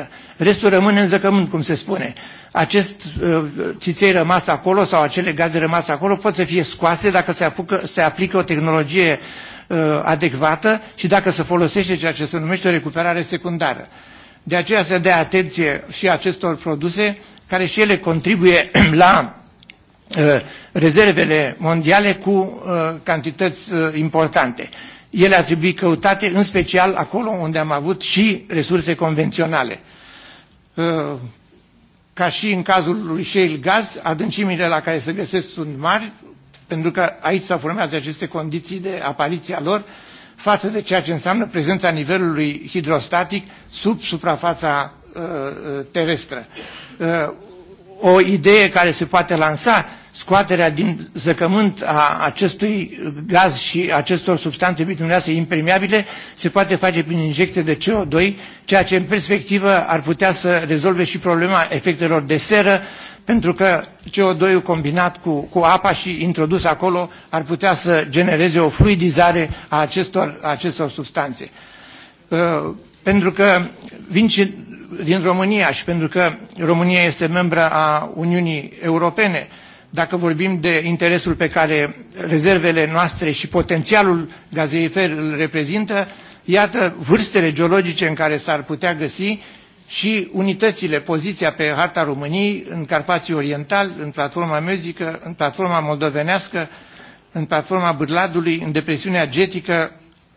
50%. Restul rămâne în zăcământ, cum se spune. Acest uh, țiței rămas acolo sau acele gaze rămase acolo pot să fie scoase dacă se, apucă, se aplică o tehnologie uh, Uh, adecvată și dacă se folosește ceea ce se numește recuperare secundară. De aceea se dea atenție și acestor produse care și ele contribuie la uh, rezervele mondiale cu uh, cantități importante. Ele ar trebui căutate în special acolo unde am avut și resurse convenționale. Ca și în cazul lui Shale Gas, adâncimile la care se găsesc sunt mari, pentru că aici se formează aceste condiții de apariția lor, față de ceea ce înseamnă prezența nivelului hidrostatic sub suprafața uh, uh, terestră. Uh, o idee care se poate lansa, scoaterea din zăcământ a acestui gaz și acestor substanțe bitumineoase impermeabile se poate face prin injecție de CO2, ceea ce în perspectivă ar putea să rezolve și problema efectelor de seră pentru că CO2-ul combinat cu, cu apa și introdus acolo ar putea să genereze o fluidizare a acestor, a acestor substanțe. Uh, pentru că vin și din România și pentru că România este membră a Uniunii Europene, dacă vorbim de interesul pe care rezervele noastre și potențialul gazeifer îl reprezintă, iată vârstele geologice în care s-ar putea găsi și unitățile, poziția pe harta României în Carpații Oriental, în platforma mezică, în platforma moldovenească, în platforma Bârladului, în depresiunea getică,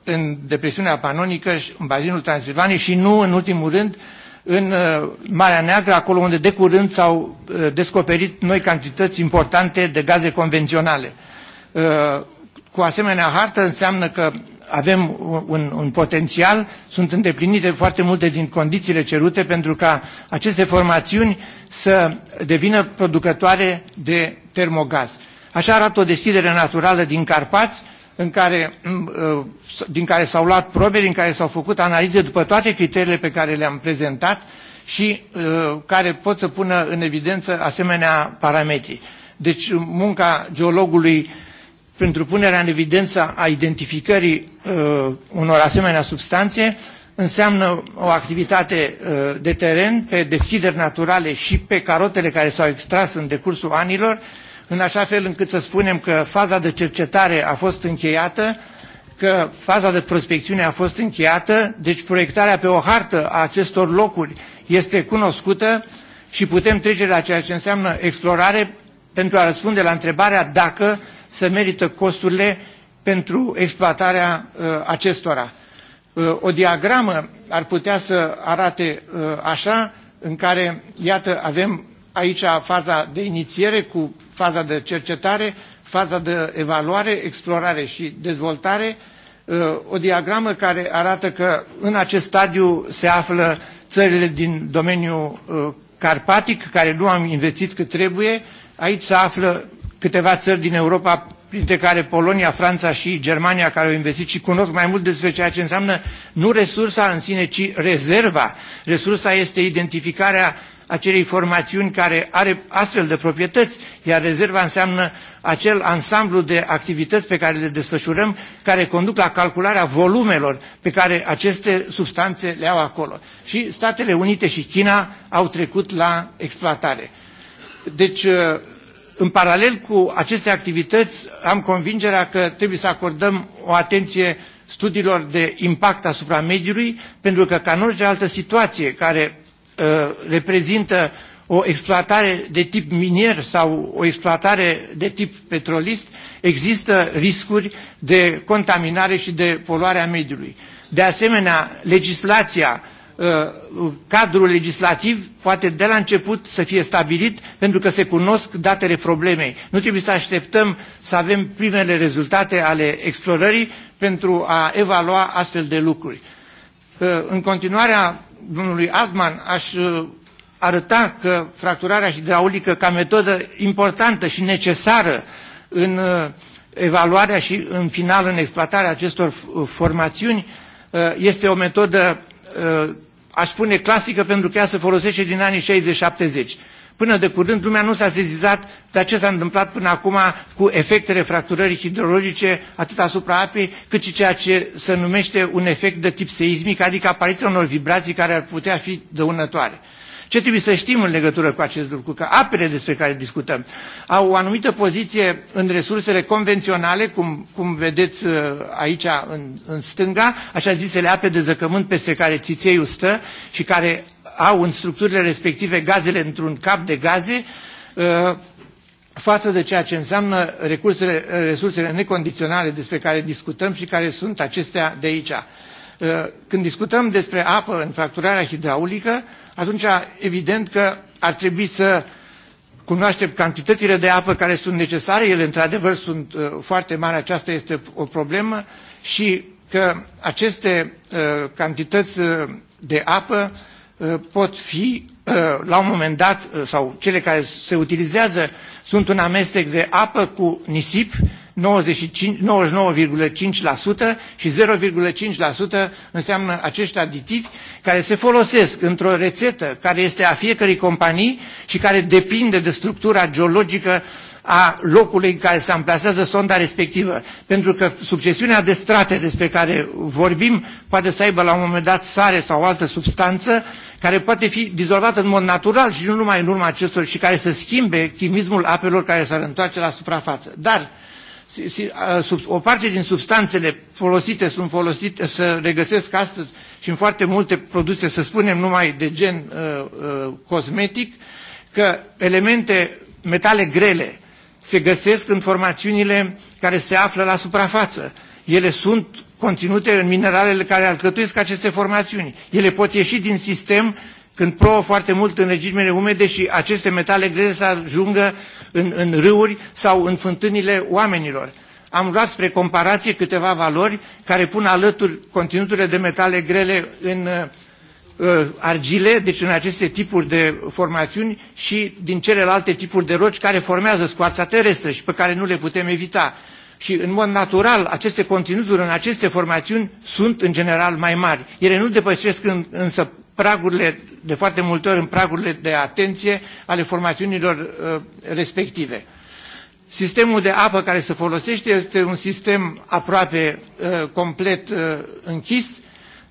în depresiunea panonică, în bazinul Transilvaniei și nu, în ultimul rând, în uh, Marea Neagră, acolo unde de curând s-au uh, descoperit noi cantități importante de gaze convenționale. Uh, cu asemenea hartă înseamnă că avem un, un potențial, sunt îndeplinite foarte multe din condițiile cerute pentru ca aceste formațiuni să devină producătoare de termogaz. Așa arată o deschidere naturală din Carpați, în care, mm, uh, din care s-au luat probe, din care s-au făcut analize după toate criteriile pe care le-am prezentat și uh, care pot să pună în evidență asemenea parametri. Deci munca geologului pentru punerea în evidență a identificării uh, unor asemenea substanțe înseamnă o activitate uh, de teren pe deschideri naturale și pe carotele care s-au extras în decursul anilor, în așa fel încât să spunem că faza de cercetare a fost încheiată, că faza de prospecțiune a fost încheiată, deci proiectarea pe o hartă a acestor locuri este cunoscută și putem trece la ceea ce înseamnă explorare pentru a răspunde la întrebarea dacă să merită costurile pentru exploatarea uh, acestora. Uh, o diagramă ar putea să arate uh, așa, în care, iată, avem aici faza de inițiere cu faza de cercetare, faza de evaluare, explorare și dezvoltare, uh, o diagramă care arată că în acest stadiu se află țările din domeniul uh, carpatic, care nu am investit cât trebuie, aici se află câteva țări din Europa, printre care Polonia, Franța și Germania, care au investit și cunosc mai mult despre ceea ce înseamnă nu resursa în sine, ci rezerva. Resursa este identificarea acelei formațiuni care are astfel de proprietăți, iar rezerva înseamnă acel ansamblu de activități pe care le desfășurăm, care conduc la calcularea volumelor pe care aceste substanțe le au acolo. Și Statele Unite și China au trecut la exploatare. Deci în paralel cu aceste activități, am convingerea că trebuie să acordăm o atenție studiilor de impact asupra mediului, pentru că, ca în orice altă situație care uh, reprezintă o exploatare de tip minier sau o exploatare de tip petrolist, există riscuri de contaminare și de poluare a mediului. De asemenea, legislația Uh, cadrul legislativ poate de la început să fie stabilit pentru că se cunosc datele problemei. Nu trebuie să așteptăm să avem primele rezultate ale explorării pentru a evalua astfel de lucruri. Uh, în continuarea domnului Adman aș uh, arăta că fracturarea hidraulică ca metodă importantă și necesară în evaluarea și în final în exploatarea acestor formațiuni este o metodă Uh, aș spune clasică pentru că ea se folosește din anii 60-70. Până de curând lumea nu s-a sezizat de ce s-a întâmplat până acum cu efectele fracturării hidrologice atât asupra apei, cât și ceea ce se numește un efect de tip seismic, adică apariția unor vibrații care ar putea fi dăunătoare. Uh, ce trebuie să știm în legătură cu acest lucru? Că apele despre care discutăm au o anumită poziție în resursele convenționale, cum, cum vedeți uh, aici în, în stânga, așa zisele ape de zăcământ peste care țițeiul stă și care au în structurile respective gazele într-un cap de gaze, uh, față de ceea ce înseamnă recursele, resursele necondiționale despre care discutăm și care sunt acestea de aici. Uh, când discutăm despre apă în fracturarea hidraulică, atunci evident că ar trebui să cunoaștem cantitățile de apă care sunt necesare, ele într-adevăr sunt uh, foarte mari, aceasta este o problemă și că aceste uh, cantități uh, de apă uh, pot fi la un moment dat, uh, sau cele care se utilizează, sunt un amestec de apă cu nisip, 99,5% și 0,5% înseamnă acești aditivi care se folosesc într-o rețetă care este a fiecărei companii și care depinde de structura geologică a locului în care se amplasează sonda respectivă. Pentru că succesiunea de strate despre care vorbim poate să aibă la un moment dat sare sau o altă substanță care poate fi dizolvată în mod natural și nu numai în urma acestor și care să schimbe chimismul apelor care s-ar întoarce la suprafață. Dar o parte din substanțele folosite sunt folosite, să regăsesc astăzi și în foarte multe produse, să spunem numai de gen uh, uh, cosmetic, că elemente, metale grele, se găsesc în formațiunile care se află la suprafață. Ele sunt conținute în mineralele care alcătuiesc aceste formațiuni. Ele pot ieși din sistem când plouă foarte mult în regimele umede și aceste metale grele să ajungă în, în râuri sau în fântânile oamenilor. Am luat spre comparație câteva valori care pun alături conținuturile de metale grele în uh, argile, deci în aceste tipuri de formațiuni și din celelalte tipuri de roci care formează scoarța terestră și pe care nu le putem evita și în mod natural aceste conținuturi în aceste formațiuni sunt în general mai mari. Ele nu depășesc în, însă pragurile, de foarte multe ori în pragurile de atenție ale formațiunilor uh, respective. Sistemul de apă care se folosește este un sistem aproape uh, complet uh, închis.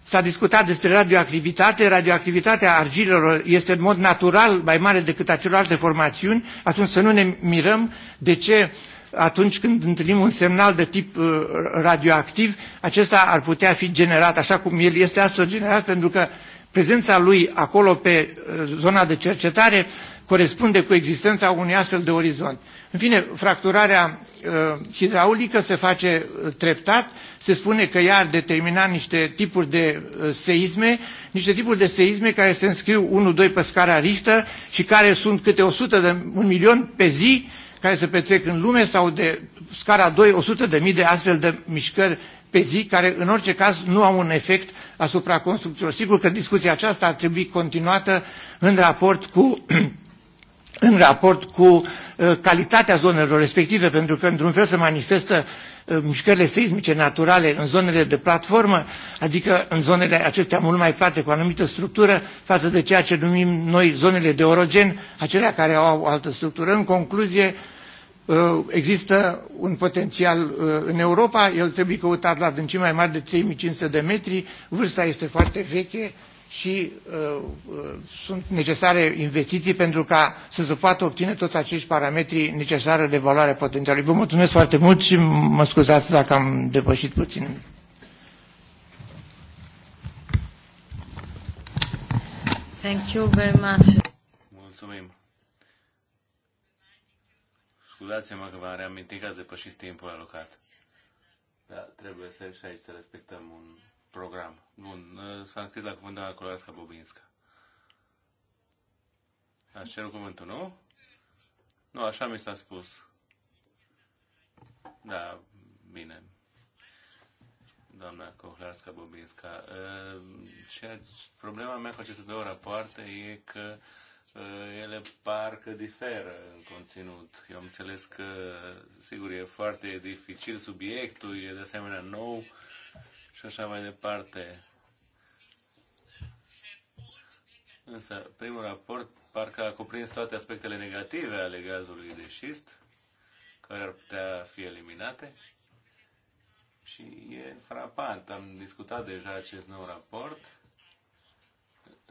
S-a discutat despre radioactivitate. Radioactivitatea argilelor este în mod natural mai mare decât a celorlalte formațiuni, atunci să nu ne mirăm de ce uh, atunci când întâlnim un semnal de tip uh, radioactiv, acesta ar putea fi generat așa cum el este astfel generat, pentru că prezența lui acolo pe uh, zona de cercetare corespunde cu existența unui astfel de orizont. În fine, fracturarea uh, hidraulică se face treptat, se spune că ea ar determina niște tipuri de seisme, niște tipuri de seisme care se înscriu 1-2 pe scara riftă și care sunt câte 100 de un milion pe zi care se petrec în lume sau de scara 2, 100 de mii de astfel de mișcări pe zi, care în orice caz nu au un efect asupra construcțiilor. Sigur că discuția aceasta ar trebui continuată în raport cu în raport cu uh, calitatea zonelor respective, pentru că într-un fel se manifestă uh, mișcările seismice naturale în zonele de platformă, adică în zonele acestea mult mai plate, cu o anumită structură, față de ceea ce numim noi zonele de orogen, acelea care au altă structură. În concluzie, Uh, există un potențial uh, în Europa, el trebuie căutat la adâncimi mai mari de 3500 de metri, vârsta este foarte veche și uh, uh, sunt necesare investiții pentru ca să se poată obține toți acești parametri necesari de valoare potențialului. Vă mulțumesc foarte mult și mă scuzați dacă am depășit puțin. Thank you very much. Mulțumim. Scuzați-mă că v-am reamintit de pășit timpul alocat. Da, trebuie să și aici să respectăm un program. Bun, uh, s-a înscris la cuvânt doamna Colasca Bobinska. Ați cerut cuvântul, nu? Nu, așa mi s-a spus. Da, bine. Doamna Cohlarska Bobinska, uh, ceea, problema mea cu aceste două rapoarte e că Uh, ele parcă diferă în conținut. Eu am înțeles că, sigur, e foarte dificil subiectul, e de asemenea nou și așa mai departe. Însă, primul raport parcă a cuprins toate aspectele negative ale gazului de șist, care ar putea fi eliminate. Și e frapant. Am discutat deja acest nou raport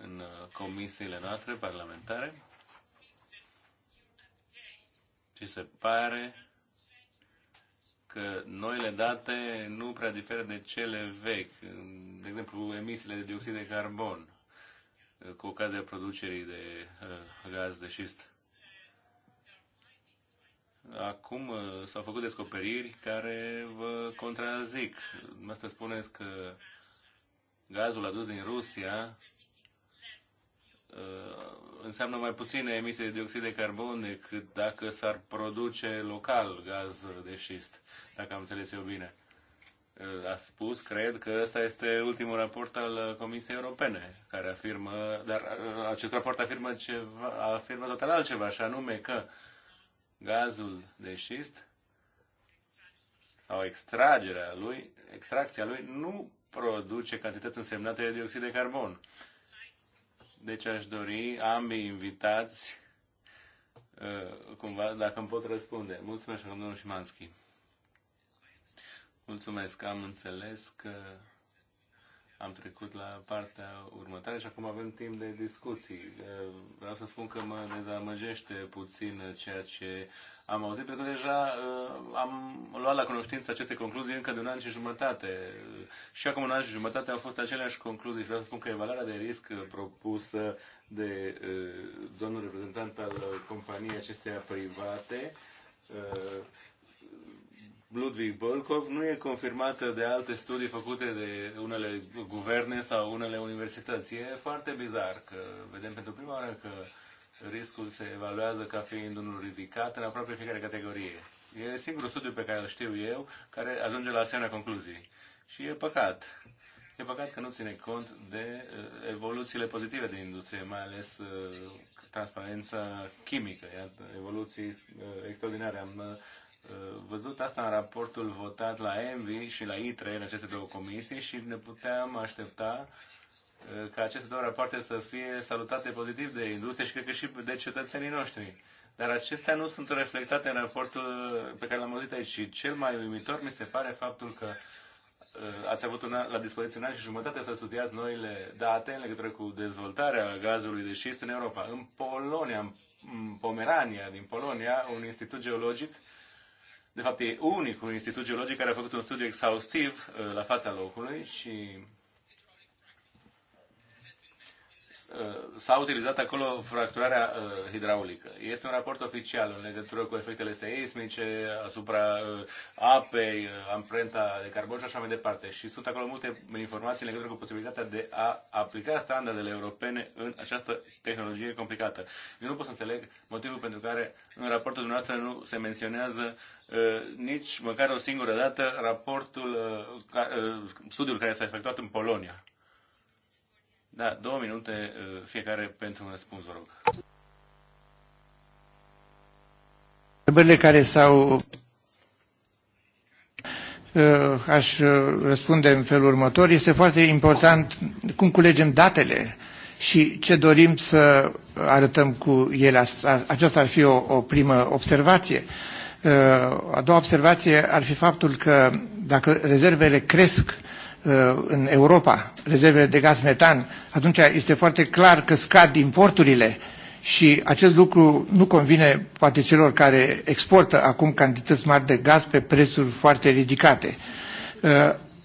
în uh, comisiile noastre parlamentare și se pare că noile date nu prea diferă de cele vechi, de exemplu emisiile de dioxid de carbon uh, cu ocazia producerii de uh, gaz de șist. Acum s-au făcut descoperiri care vă contrazic. Mă spuneți că gazul adus din Rusia Uh, înseamnă mai puține emisii de dioxid de carbon decât dacă s-ar produce local gaz de șist, dacă am înțeles eu bine. Uh, a spus, cred că ăsta este ultimul raport al Comisiei Europene, care afirmă, dar uh, acest raport afirmă, ceva, afirmă total altceva, și anume că gazul de șist sau extragerea lui, extracția lui, nu produce cantități însemnate de dioxid de carbon. Deci aș dori ambii invitați, uh, cumva, dacă îmi pot răspunde. Mulțumesc, domnul Șimanski. Mulțumesc, am înțeles că am trecut la partea următoare și acum avem timp de discuții. Eh, vreau să spun că mă dezamăgește puțin ceea ce am auzit, pentru că deja eh, am luat la cunoștință aceste concluzii încă de un an și jumătate. Și acum un an și jumătate au fost aceleași concluzii. Vreau să spun că evaluarea de risc propusă de eh, domnul reprezentant al companiei acesteia private Ludwig Bolkov nu e confirmată de alte studii făcute de unele guverne sau unele universități. E foarte bizar că vedem pentru prima oară că riscul se evaluează ca fiind unul ridicat în aproape fiecare categorie. E singurul studiu pe care îl știu eu care ajunge la asemenea concluzii. Și e păcat. E păcat că nu ține cont de uh, evoluțiile pozitive din industrie, mai ales uh, transparența chimică, iată, evoluții uh, extraordinare. Am Eh, văzut asta în raportul votat la ENVI și la ITRE, în aceste două comisii, și ne puteam aștepta eh, ca aceste două rapoarte să fie salutate pozitiv de industrie și cred că și de cetățenii noștri. Dar acestea nu sunt reflectate în raportul eh, pe care l-am auzit aici. Și cel mai uimitor mi se pare faptul că ați avut una, la dispoziție un an și jumătate să studiați noile date în legătură cu dezvoltarea gazului de șist în Europa. În Polonia, în Pomerania, din Polonia, un institut geologic de fapt, e unicul institut geologic care a făcut un studiu exhaustiv uh, la fața locului și Uh, s-a utilizat acolo fracturarea uh, hidraulică. Este un raport oficial în legătură cu efectele seismice asupra uh, apei, amprenta de carbon și așa mai departe. Și sunt acolo multe informații în legătură cu posibilitatea de a aplica standardele europene în această tehnologie complicată. Eu nu pot să înțeleg motivul pentru care în raportul dumneavoastră nu se menționează nici măcar o singură dată raportul, studiul care s-a efectuat în Polonia. Da, două minute uh, fiecare pentru un răspuns, vă rog. Întrebările care s-au... Uh, aș uh, răspunde în felul următor. Este foarte important cum culegem datele și ce dorim să arătăm cu ele. Aceasta ar fi o, o primă observație. A doua observație ar fi faptul că dacă rezervele cresc, uh, Uh, în Europa, rezervele de gaz metan, atunci este foarte clar că scad importurile și acest lucru nu convine poate celor care exportă acum cantități mari de gaz pe prețuri foarte ridicate. Uh,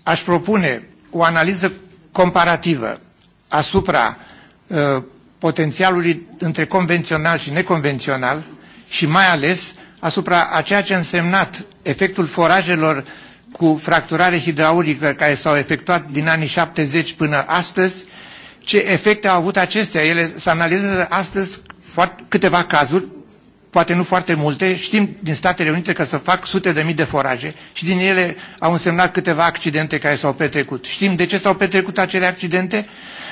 aș propune o analiză comparativă asupra uh, potențialului între convențional și neconvențional și mai ales asupra a ceea ce a însemnat efectul forajelor cu fracturare hidraulică care s-au efectuat din anii 70 până astăzi, ce efecte au avut acestea. Ele se analizează astăzi foarte, câteva cazuri, poate nu foarte multe, știm din Statele Unite că se fac sute de mii de foraje și din ele au însemnat câteva accidente care s-au petrecut. Știm de ce s-au petrecut acele accidente,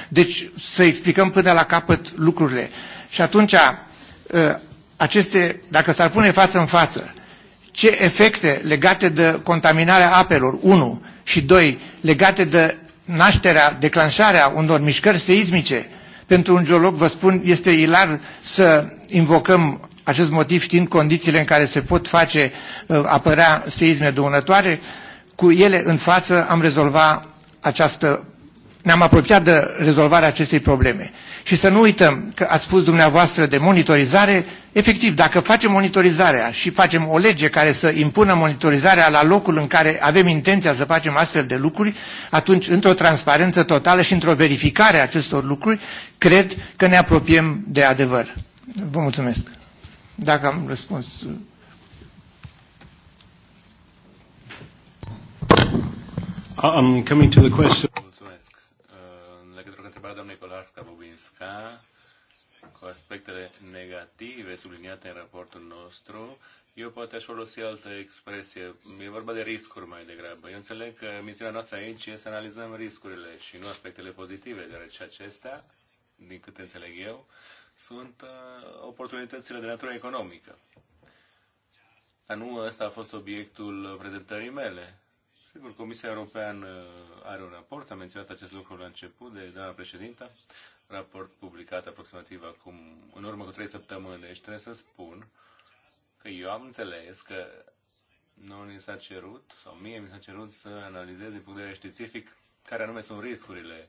deci să explicăm până la capăt lucrurile. Și atunci, ă, aceste, dacă s-ar pune față în față, ce efecte legate de contaminarea apelor, 1, și 2, legate de nașterea, declanșarea unor mișcări seismice. Pentru un geolog, vă spun, este ilar să invocăm acest motiv știind condițiile în care se pot face uh, apărea seisme dăunătoare, cu ele în față am rezolvat această ne-am apropiat de rezolvarea acestei probleme. Și să nu uităm că ați spus dumneavoastră de monitorizare, efectiv, dacă facem monitorizarea și facem o lege care să impună monitorizarea la locul în care avem intenția să facem astfel de lucruri, atunci, într-o transparență totală și într-o verificare a acestor lucruri, cred că ne apropiem de adevăr. Vă mulțumesc. Dacă am răspuns. I'm coming to the question. Minska, cu aspectele negative subliniate în raportul nostru. Eu poate aș folosi altă expresie. E vorba de riscuri mai degrabă. Eu înțeleg că misiunea noastră aici este să analizăm riscurile și nu aspectele pozitive, deoarece acestea, din câte înțeleg eu, sunt uh, oportunitățile de natură economică. Dar nu ăsta a fost obiectul prezentării mele. Sigur, Comisia Europeană uh, are un raport, a menționat acest lucru la început de doamna președintă raport publicat aproximativ acum, în urmă cu trei săptămâni, și deci trebuie să spun că eu am înțeles că nu ni s-a cerut, sau mie mi s-a cerut să analizez din punct de vedere științific care anume sunt riscurile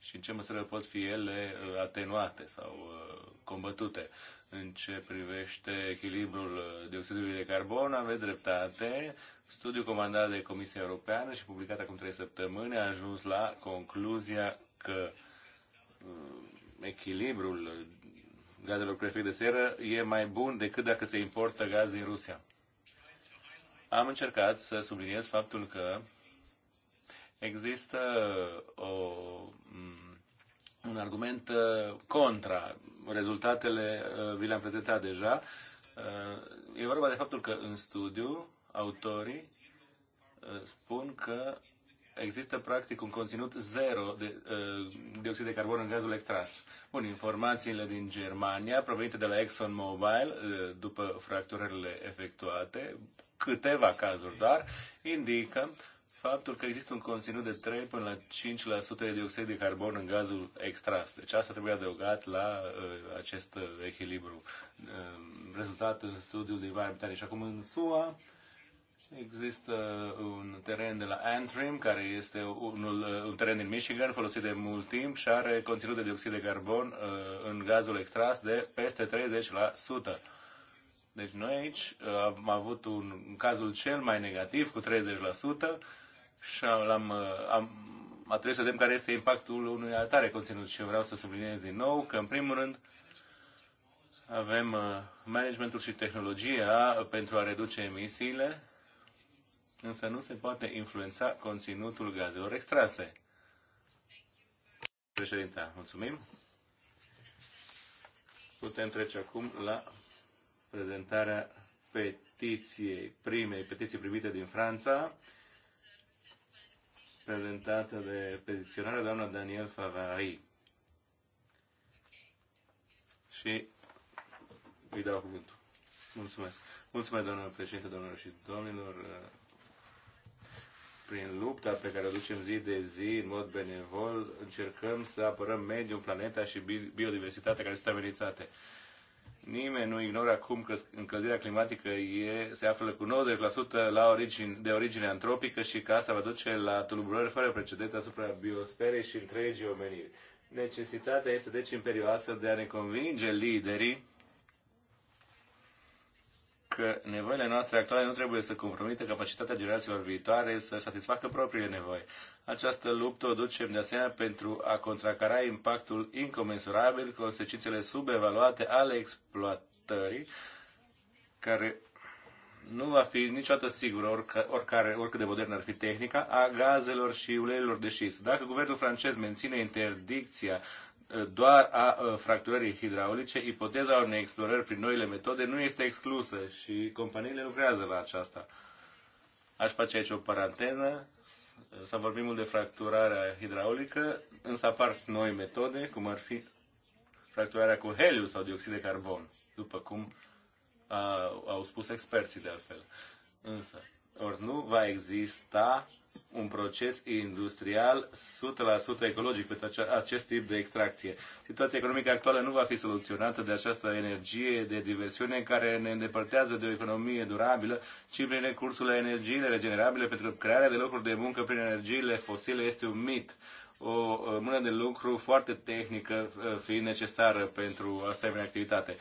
și în ce măsură pot fi ele uh, atenuate sau uh, combătute. În ce privește echilibrul uh, dioxidului de carbon, aveți dreptate. Studiul comandat de Comisia Europeană și publicat acum trei săptămâni a ajuns la concluzia că Mm, echilibrul gazelor cu efect de seră e mai bun decât dacă se importă gaz din Rusia. Am încercat să subliniez faptul că există o, mm, un argument uh, contra. Rezultatele uh, vi le-am prezentat deja. Uh, e vorba de faptul că în studiu autorii spun că există practic un conținut zero de uh, dioxid de carbon în gazul extras. Bun, informațiile din Germania, provenite de la ExxonMobil, uh, după fracturările efectuate, câteva cazuri doar, indică faptul că există un conținut de 3 până la 5% de dioxid de carbon în gazul extras. Deci asta trebuie adăugat la uh, acest echilibru uh, rezultat în studiul de Ivan Și acum în SUA, Există un teren de la Antrim, care este unul, un teren din Michigan folosit de mult timp și are conținut de dioxid de carbon uh, în gazul extras de peste 30%. Deci noi aici uh, am avut un, un cazul cel mai negativ cu 30% și uh, am, am, a trebuit să vedem care este impactul unui altare conținut și eu vreau să subliniez din nou că în primul rând avem managementul și tehnologia pentru a reduce emisiile însă nu se poate influența conținutul gazelor extrase. Președinte, mulțumim. Putem trece acum la prezentarea petiției, primei petiții primite din Franța, prezentată de petiționarea doamna Daniel Favari. Și îi dau cuvântul. Mulțumesc. Mulțumesc, doamnă președinte, domnilor și domnilor prin lupta pe care o ducem zi de zi, în mod benevol, încercăm să apărăm mediul, planeta și biodiversitatea care sunt amenințate. Nimeni nu ignoră acum că încălzirea climatică e, se află cu 90% la origine, de origine antropică și că asta va duce la tulburări fără precedent asupra biosferei și întregii omeniri. Necesitatea este deci imperioasă de a ne convinge liderii că nevoile noastre actuale nu trebuie să compromită capacitatea generațiilor viitoare să satisfacă propriile nevoi. Această luptă o ducem de asemenea pentru a contracara impactul incomensurabil, consecințele subevaluate ale exploatării, care nu va fi niciodată sigur, orică, oricare, oricât de modern ar fi tehnica, a gazelor și uleiurilor de șist. Dacă guvernul francez menține interdicția doar a fracturării hidraulice, ipoteza unei explorări prin noile metode nu este exclusă și companiile lucrează la aceasta. Aș face aici o paranteză, să vorbim mult de fracturarea hidraulică, însă apar noi metode, cum ar fi fracturarea cu heliu sau dioxid de carbon, după cum au spus experții de altfel. Însă, ori nu va exista un proces industrial 100% ecologic pentru acest tip de extracție. Situația economică actuală nu va fi soluționată de această energie de diversiune care ne îndepărtează de o economie durabilă, ci prin recursul la energiile regenerabile pentru crearea de locuri de muncă prin energiile fosile este un mit o mână de lucru foarte tehnică uh, fiind necesară pentru asemenea activitate.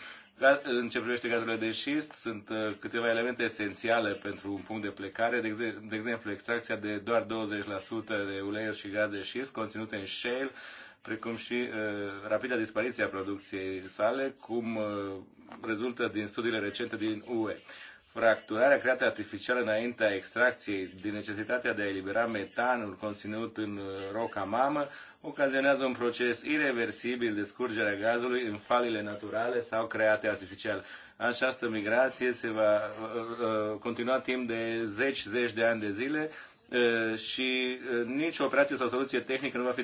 În ce privește gazele de șist, sunt uh, câteva elemente esențiale pentru un punct de plecare, de exemplu extracția de doar 20% de uleiuri și gaze de șist conținute în shale, precum și uh, rapida dispariție a producției sale, cum uh, rezultă din studiile recente din UE fracturarea creată artificial înaintea extracției din necesitatea de a elibera metanul conținut în uh, roca mamă ocazionează un proces irreversibil de scurgere a gazului în falile naturale sau create artificial. Această migrație se va uh, uh, uh continua timp de zeci, zeci de ani de zile și nicio operație sau soluție tehnică nu va fi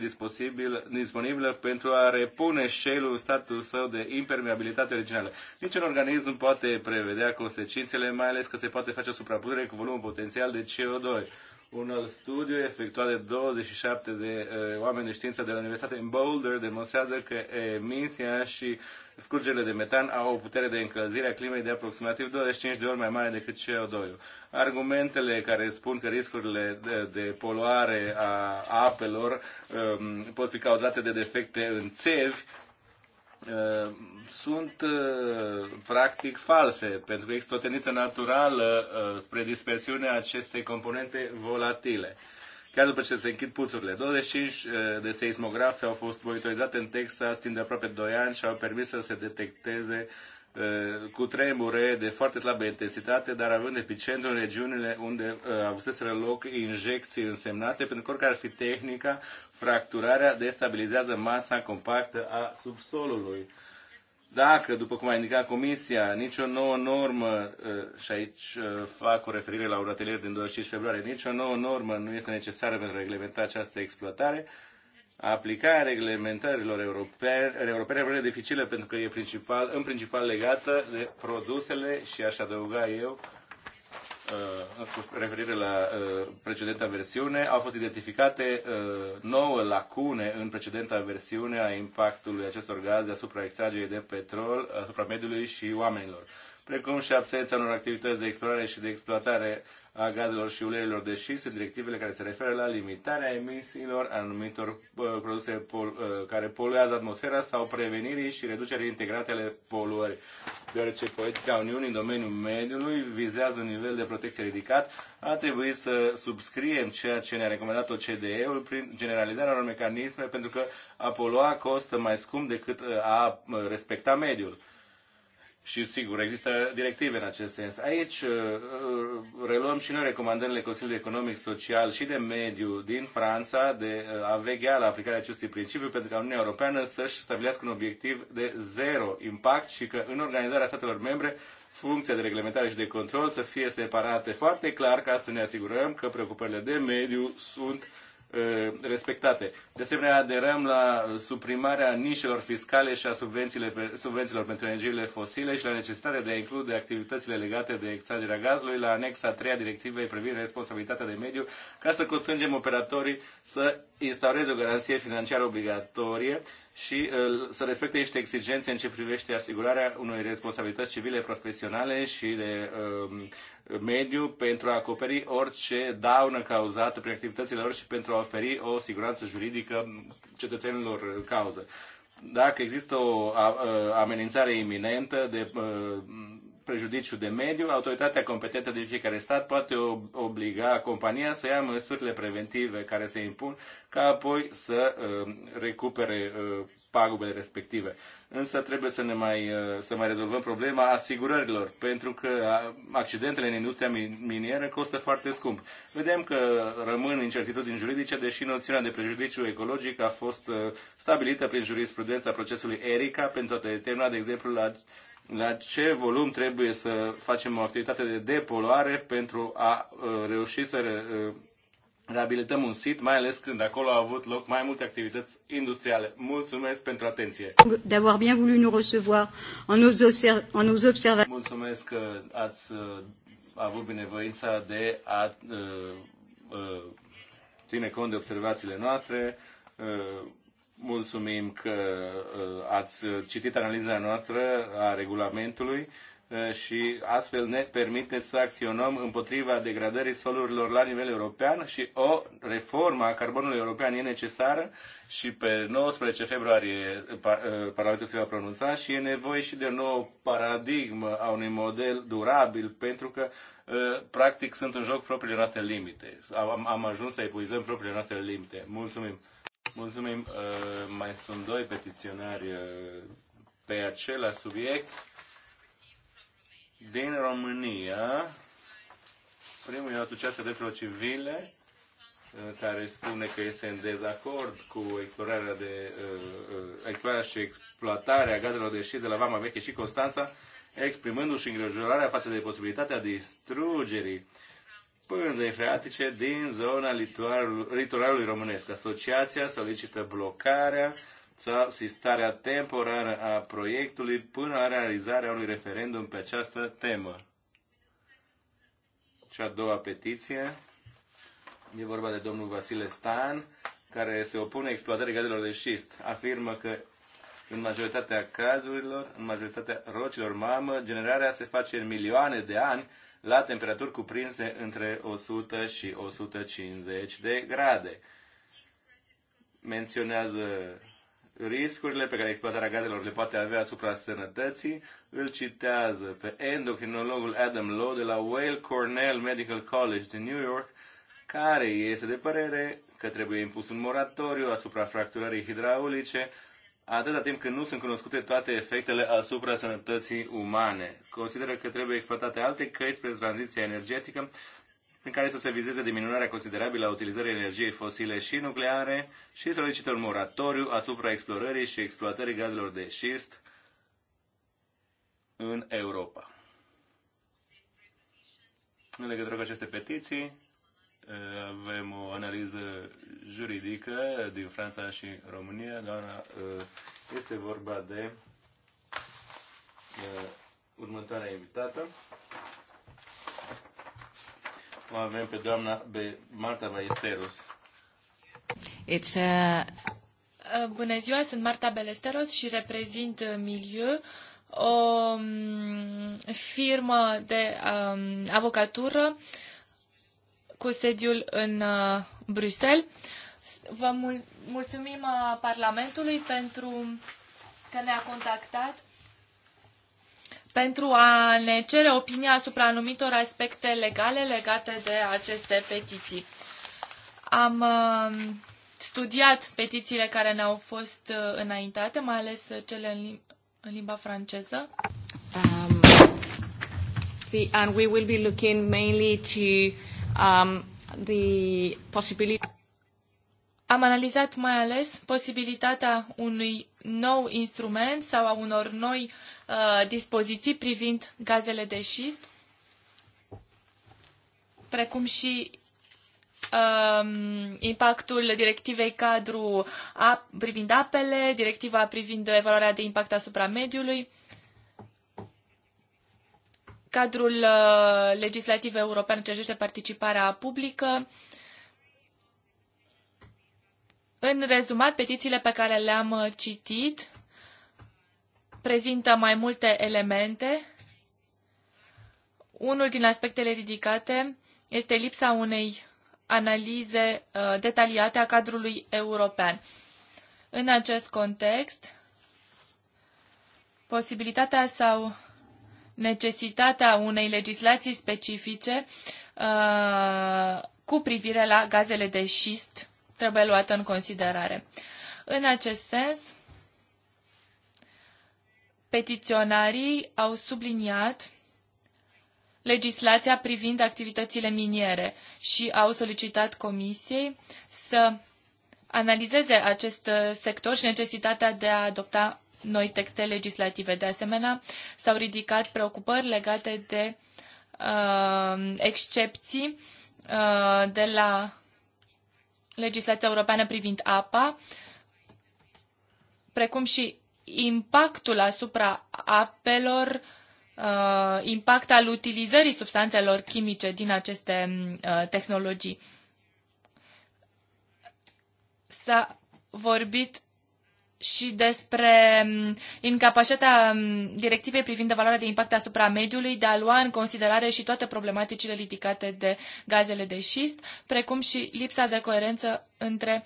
disponibilă pentru a repune shell în statul său de impermeabilitate originală. Niciun organism nu poate prevedea consecințele, mai ales că se poate face o suprapunere cu volumul potențial de CO2. Un alt studiu efectuat de 27 de uh, oameni de știință de la Universitatea în Boulder demonstrează că emisia și scurgerile de metan au o putere de încălzire a climei de aproximativ 25 de ori mai mare decât CO2-ul. Argumentele care spun că riscurile de, de poluare a apelor um, pot fi cauzate de defecte în țevi Uh, sunt uh, practic false, pentru că există o tendință naturală uh, spre dispersiunea acestei componente volatile. Chiar după ce se închid puțurile, 25 de seismografe au fost monitorizate în Texas timp de aproape 2 ani și au permis să se detecteze cu tremure de foarte slabă intensitate, dar având epicentru în regiunile unde avuseseră loc injecții însemnate, pentru că oricare ar fi tehnica, fracturarea destabilizează masa compactă a subsolului. Dacă, după cum a indicat Comisia, nicio nouă normă, uh, și aici uh, fac o referire la un atelier din 25 februarie, nicio nouă normă nu este necesară pentru a reglementa această exploatare, aplicarea reglementărilor europene, europene dificilă pentru că e principal, în principal legată de produsele și aș adăuga eu cu uh, referire la uh, precedenta versiune, au fost identificate uh, nouă lacune în precedenta versiune a impactului acestor gaze asupra extragerii de petrol, asupra mediului și oamenilor, precum și absența unor activități de explorare și de exploatare a gazelor și uleiurilor de șist, directivele care se referă la limitarea emisiilor anumitor uh, produse pol, uh, care poluează atmosfera sau prevenirii și reducerii integrate ale poluării. Deoarece politica Uniunii în domeniul mediului vizează un nivel de protecție ridicat, a trebuit să subscriem ceea ce ne-a recomandat OCDE-ul prin generalizarea unor mecanisme pentru că a polua costă mai scump decât uh, a respecta mediul și sigur, există directive în acest sens. Aici uh, uh, reluăm și noi recomandările Consiliului Economic, Social și de Mediu din Franța de uh, a veghea la aplicarea acestui principiu pentru ca Uniunea Europeană să-și stabilească un obiectiv de zero impact și că în organizarea statelor membre funcția de reglementare și de control să fie separate foarte clar ca să ne asigurăm că preocupările de mediu sunt Uh, respectate. De asemenea, aderăm la suprimarea nișelor fiscale și a subvențiilor pentru energiile fosile și la necesitatea de a include activitățile legate de extragerea gazului la anexa 3 a directivei privind responsabilitatea de mediu ca să constrângem operatorii să instaureze o garanție financiară obligatorie și uh, să respecte niște exigențe în ce privește asigurarea unei responsabilități civile profesionale și de uh, mediu pentru a acoperi orice daună cauzată prin activitățile lor și pentru a oferi o siguranță juridică cetățenilor în cauză. Dacă există o amenințare iminentă de prejudiciu de mediu, autoritatea competentă din fiecare stat poate obliga compania să ia măsurile preventive care se impun, ca apoi să recupere pagubele respective. Însă trebuie să ne mai, uh, să mai rezolvăm problema asigurărilor, pentru că uh, accidentele în industria minieră costă foarte scump. Vedem că rămân incertitudini juridice, deși noțiunea de prejudiciu ecologic a fost uh, stabilită prin jurisprudența procesului ERICA pentru a determina, de exemplu, la la ce volum trebuie să facem o activitate de depoluare pentru a reuși să reabilităm un sit, mai ales când acolo au avut loc mai multe activități industriale. Mulțumesc pentru atenție. D'avoir bien voulu nous recevoir en observ en observa... Mulțumesc că ați uh, avut binevoința de a uh, uh, ține cont de observațiile noastre. Uh, mulțumim că uh, ați citit analiza noastră a regulamentului și astfel ne permite să acționăm împotriva degradării solurilor la nivel european și o reformă a carbonului european e necesară și pe 19 februarie Parlamentul se va pronunța și e nevoie și de o nouă paradigmă a unui model durabil pentru că practic sunt în joc propriile noastre limite. Am, am ajuns să epuizăm propriile noastre limite. Mulțumim! Mulțumim! Mai sunt doi petiționari pe același subiect din România, primul e asociația drepturilor civile, uh, care spune că este în dezacord cu explorarea, de, uh, uh, explorarea și exploatarea gazelor de șist de la Vama Veche și Constanța, exprimându-și îngrijorarea față de posibilitatea distrugerii pânzei freatice din zona litoralului românesc. Asociația solicită blocarea sau sistarea temporară a proiectului până la realizarea unui referendum pe această temă. Cea a doua petiție e vorba de domnul Vasile Stan, care se opune exploatării gazelor de șist. Afirmă că în majoritatea cazurilor, în majoritatea rocilor mamă, generarea se face în milioane de ani la temperaturi cuprinse între 100 și 150 de grade. Menționează riscurile pe care exploatarea gazelor le poate avea asupra sănătății, îl citează pe endocrinologul Adam Lowe de la Whale Cornell Medical College din New York, care este de părere că trebuie impus un moratoriu asupra fracturării hidraulice, atâta timp când nu sunt cunoscute toate efectele asupra sănătății umane. Consideră că trebuie exploatate alte căi spre tranziția energetică, în care să se vizeze diminuarea considerabilă a utilizării energiei fosile și nucleare și solicită un moratoriu asupra explorării și exploatării gazelor de șist în Europa. În legătură cu aceste petiții, avem o analiză juridică din Franța și România. Doamna, este vorba de uh, următoarea invitată. O avem pe doamna pe Marta Ballesteros. It's deci, a... Uh, uh, bună ziua, sunt Marta Ballesteros și reprezint uh, Milieu, o um, firmă de um, avocatură cu sediul în uh, Bruxelles. Vă mul- mulțumim uh, Parlamentului pentru că ne-a contactat pentru a ne cere opinia asupra anumitor aspecte legale legate de aceste petiții. Am um, studiat petițiile care ne-au fost uh, înaintate, mai ales uh, cele în, lim în limba franceză. Um, the, and we will be looking mainly to um, the possibility am analizat mai ales posibilitatea unui nou instrument sau a unor noi Uh, dispoziții privind gazele de șist, precum și um, impactul directivei cadru a, privind apele, directiva privind evaluarea de impact asupra mediului, cadrul uh, legislativ european ce privește participarea publică. În rezumat, petițiile pe care le-am uh, citit prezintă mai multe elemente. Unul din aspectele ridicate este lipsa unei analize uh, detaliate a cadrului european. În acest context, posibilitatea sau necesitatea unei legislații specifice uh, cu privire la gazele de șist trebuie luată în considerare. În acest sens, petiționarii au subliniat legislația privind activitățile miniere și au solicitat comisiei să analizeze acest uh, sector și necesitatea de a adopta noi texte legislative. De asemenea, s-au ridicat preocupări legate de uh, excepții uh, de la legislația europeană privind apa, precum și impactul asupra apelor, uh, impact al utilizării substanțelor chimice din aceste mm, uh, tehnologii. S-a vorbit și despre mm, incapacitatea mm, directivei privind valoarea de impact asupra mediului de a lua în considerare și toate problematicile ridicate de gazele de șist, precum și lipsa de coerență între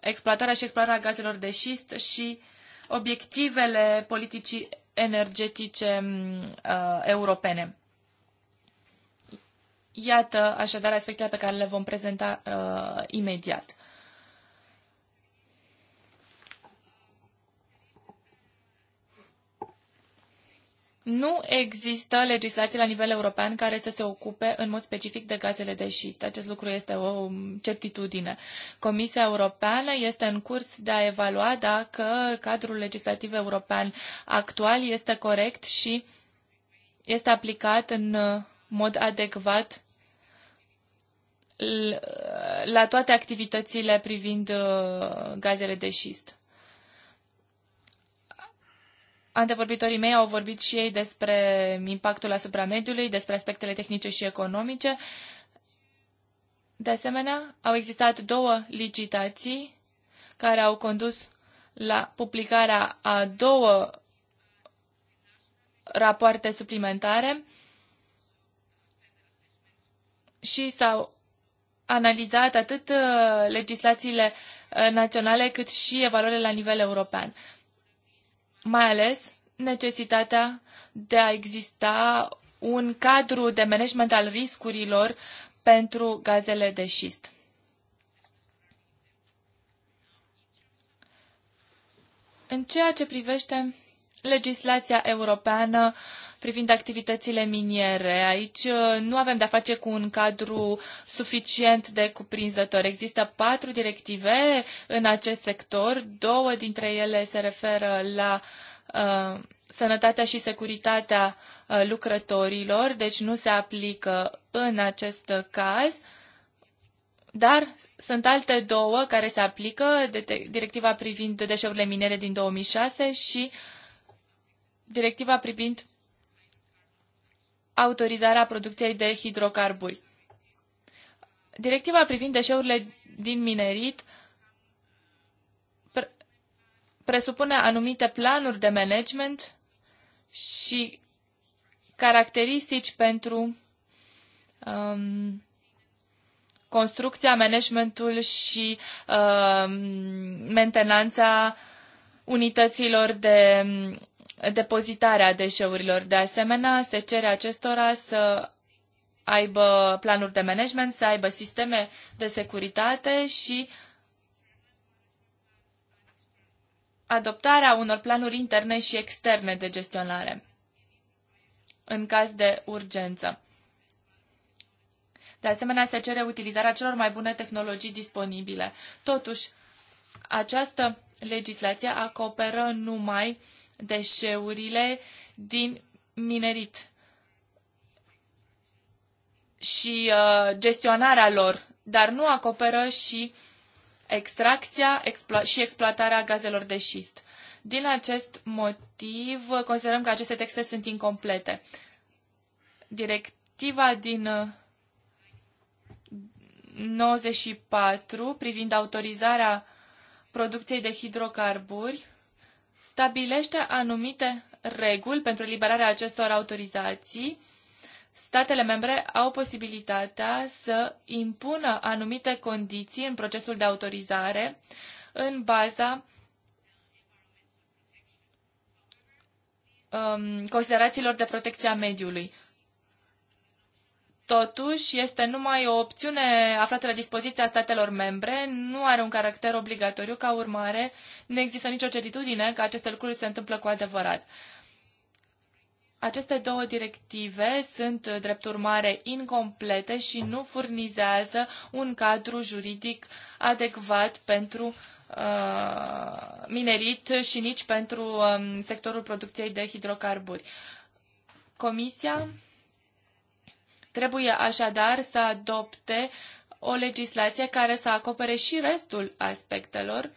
exploatarea și explorarea gazelor de șist și uh, obiectivele politicii energetice mm, uh, europene. Iată așadar aspectele pe care le vom prezenta uh, imediat. nu există legislație la nivel european care să se ocupe în mod specific de gazele de șist. Acest lucru este o certitudine. Comisia Europeană este în curs de a evalua dacă cadrul legislativ european actual este corect și este aplicat în mod adecvat la toate activitățile privind uh, gazele de șist. Antevorbitorii mei au vorbit și ei despre impactul asupra mediului, despre aspectele tehnice și economice. De asemenea, au existat două licitații care au condus la publicarea a două rapoarte suplimentare și s-au analizat atât uh, legislațiile uh, naționale cât și evaluările la nivel european mai ales necesitatea de a exista un cadru de management al riscurilor pentru gazele de șist. În ceea ce privește legislația europeană privind activitățile miniere. Aici uh, nu avem de-a face cu un cadru suficient de cuprinzător. Există patru directive în acest sector, două dintre ele se referă la uh, sănătatea și securitatea uh, lucrătorilor, deci nu se aplică în acest caz. Dar sunt alte două care se aplică, directiva privind deșeurile minere din 2006 și directiva privind autorizarea producției de hidrocarburi. Directiva privind deșeurile din minerit presupune anumite planuri de management și caracteristici pentru um, construcția, managementul și um, mentenanța unităților de depozitarea deșeurilor. De asemenea, se cere acestora să aibă planuri de management, să aibă sisteme de securitate și adoptarea unor planuri interne și externe de gestionare în caz de urgență. De asemenea, se cere utilizarea celor mai bune tehnologii disponibile. Totuși, această legislație acoperă numai deșeurile din minerit și uh, gestionarea lor, dar nu acoperă și extracția explo- și exploatarea gazelor de șist. Din acest motiv, uh, considerăm că aceste texte sunt incomplete. Directiva din 94 uh, privind autorizarea producției de hidrocarburi stabilește anumite reguli pentru liberarea acestor autorizații. Statele membre au posibilitatea să impună anumite condiții în procesul de autorizare în baza um, considerațiilor de protecție a mediului. Totuși, este numai o opțiune aflată la dispoziția statelor membre, nu are un caracter obligatoriu, ca urmare, nu există nicio certitudine că aceste lucruri se întâmplă cu adevărat. Aceste două directive sunt, drept urmare, incomplete și nu furnizează un cadru juridic adecvat pentru uh, minerit și nici pentru um, sectorul producției de hidrocarburi. Comisia Trebuie așadar să adopte o legislație care să acopere și restul aspectelor.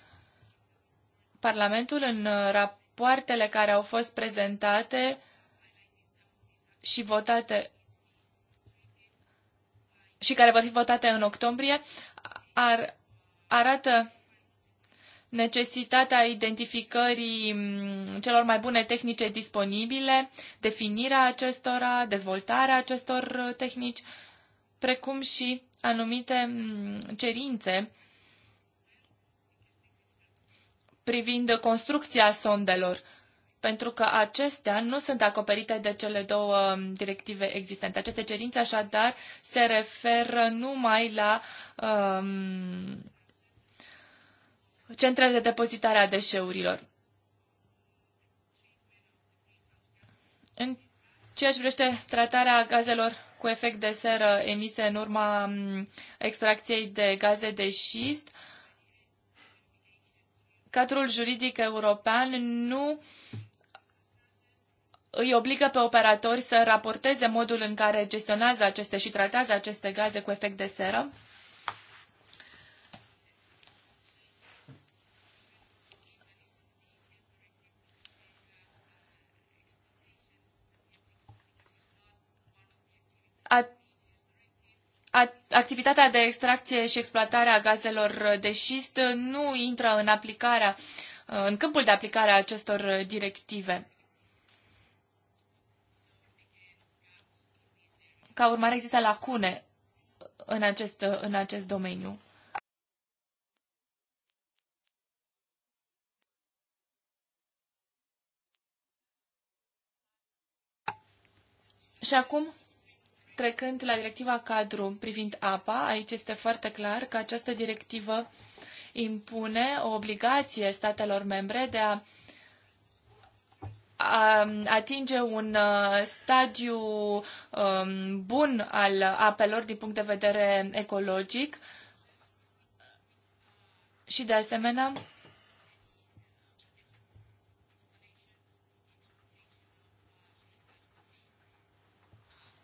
Parlamentul în rapoartele care au fost prezentate și votate și care vor fi votate în octombrie ar, arată necesitatea identificării mm, celor mai bune tehnice disponibile, definirea acestora, dezvoltarea acestor uh, tehnici, precum și anumite mm, cerințe privind construcția sondelor, pentru că acestea nu sunt acoperite de cele două mm, directive existente. Aceste cerințe, așadar, se referă numai la um, centrele de depozitare a deșeurilor. În ceea ce privește tratarea gazelor cu efect de seră emise în urma extracției de gaze de șist, cadrul juridic european nu îi obligă pe operatori să raporteze modul în care gestionează aceste și tratează aceste gaze cu efect de seră. activitatea de extracție și exploatare a gazelor de șist nu intră în aplicarea, în câmpul de aplicare a acestor directive. Ca urmare există lacune în acest, în acest domeniu. Și acum Trecând la directiva cadru privind apa, aici este foarte clar că această directivă impune o obligație statelor membre de a atinge un uh, stadiu um, bun al apelor din punct de vedere ecologic și de asemenea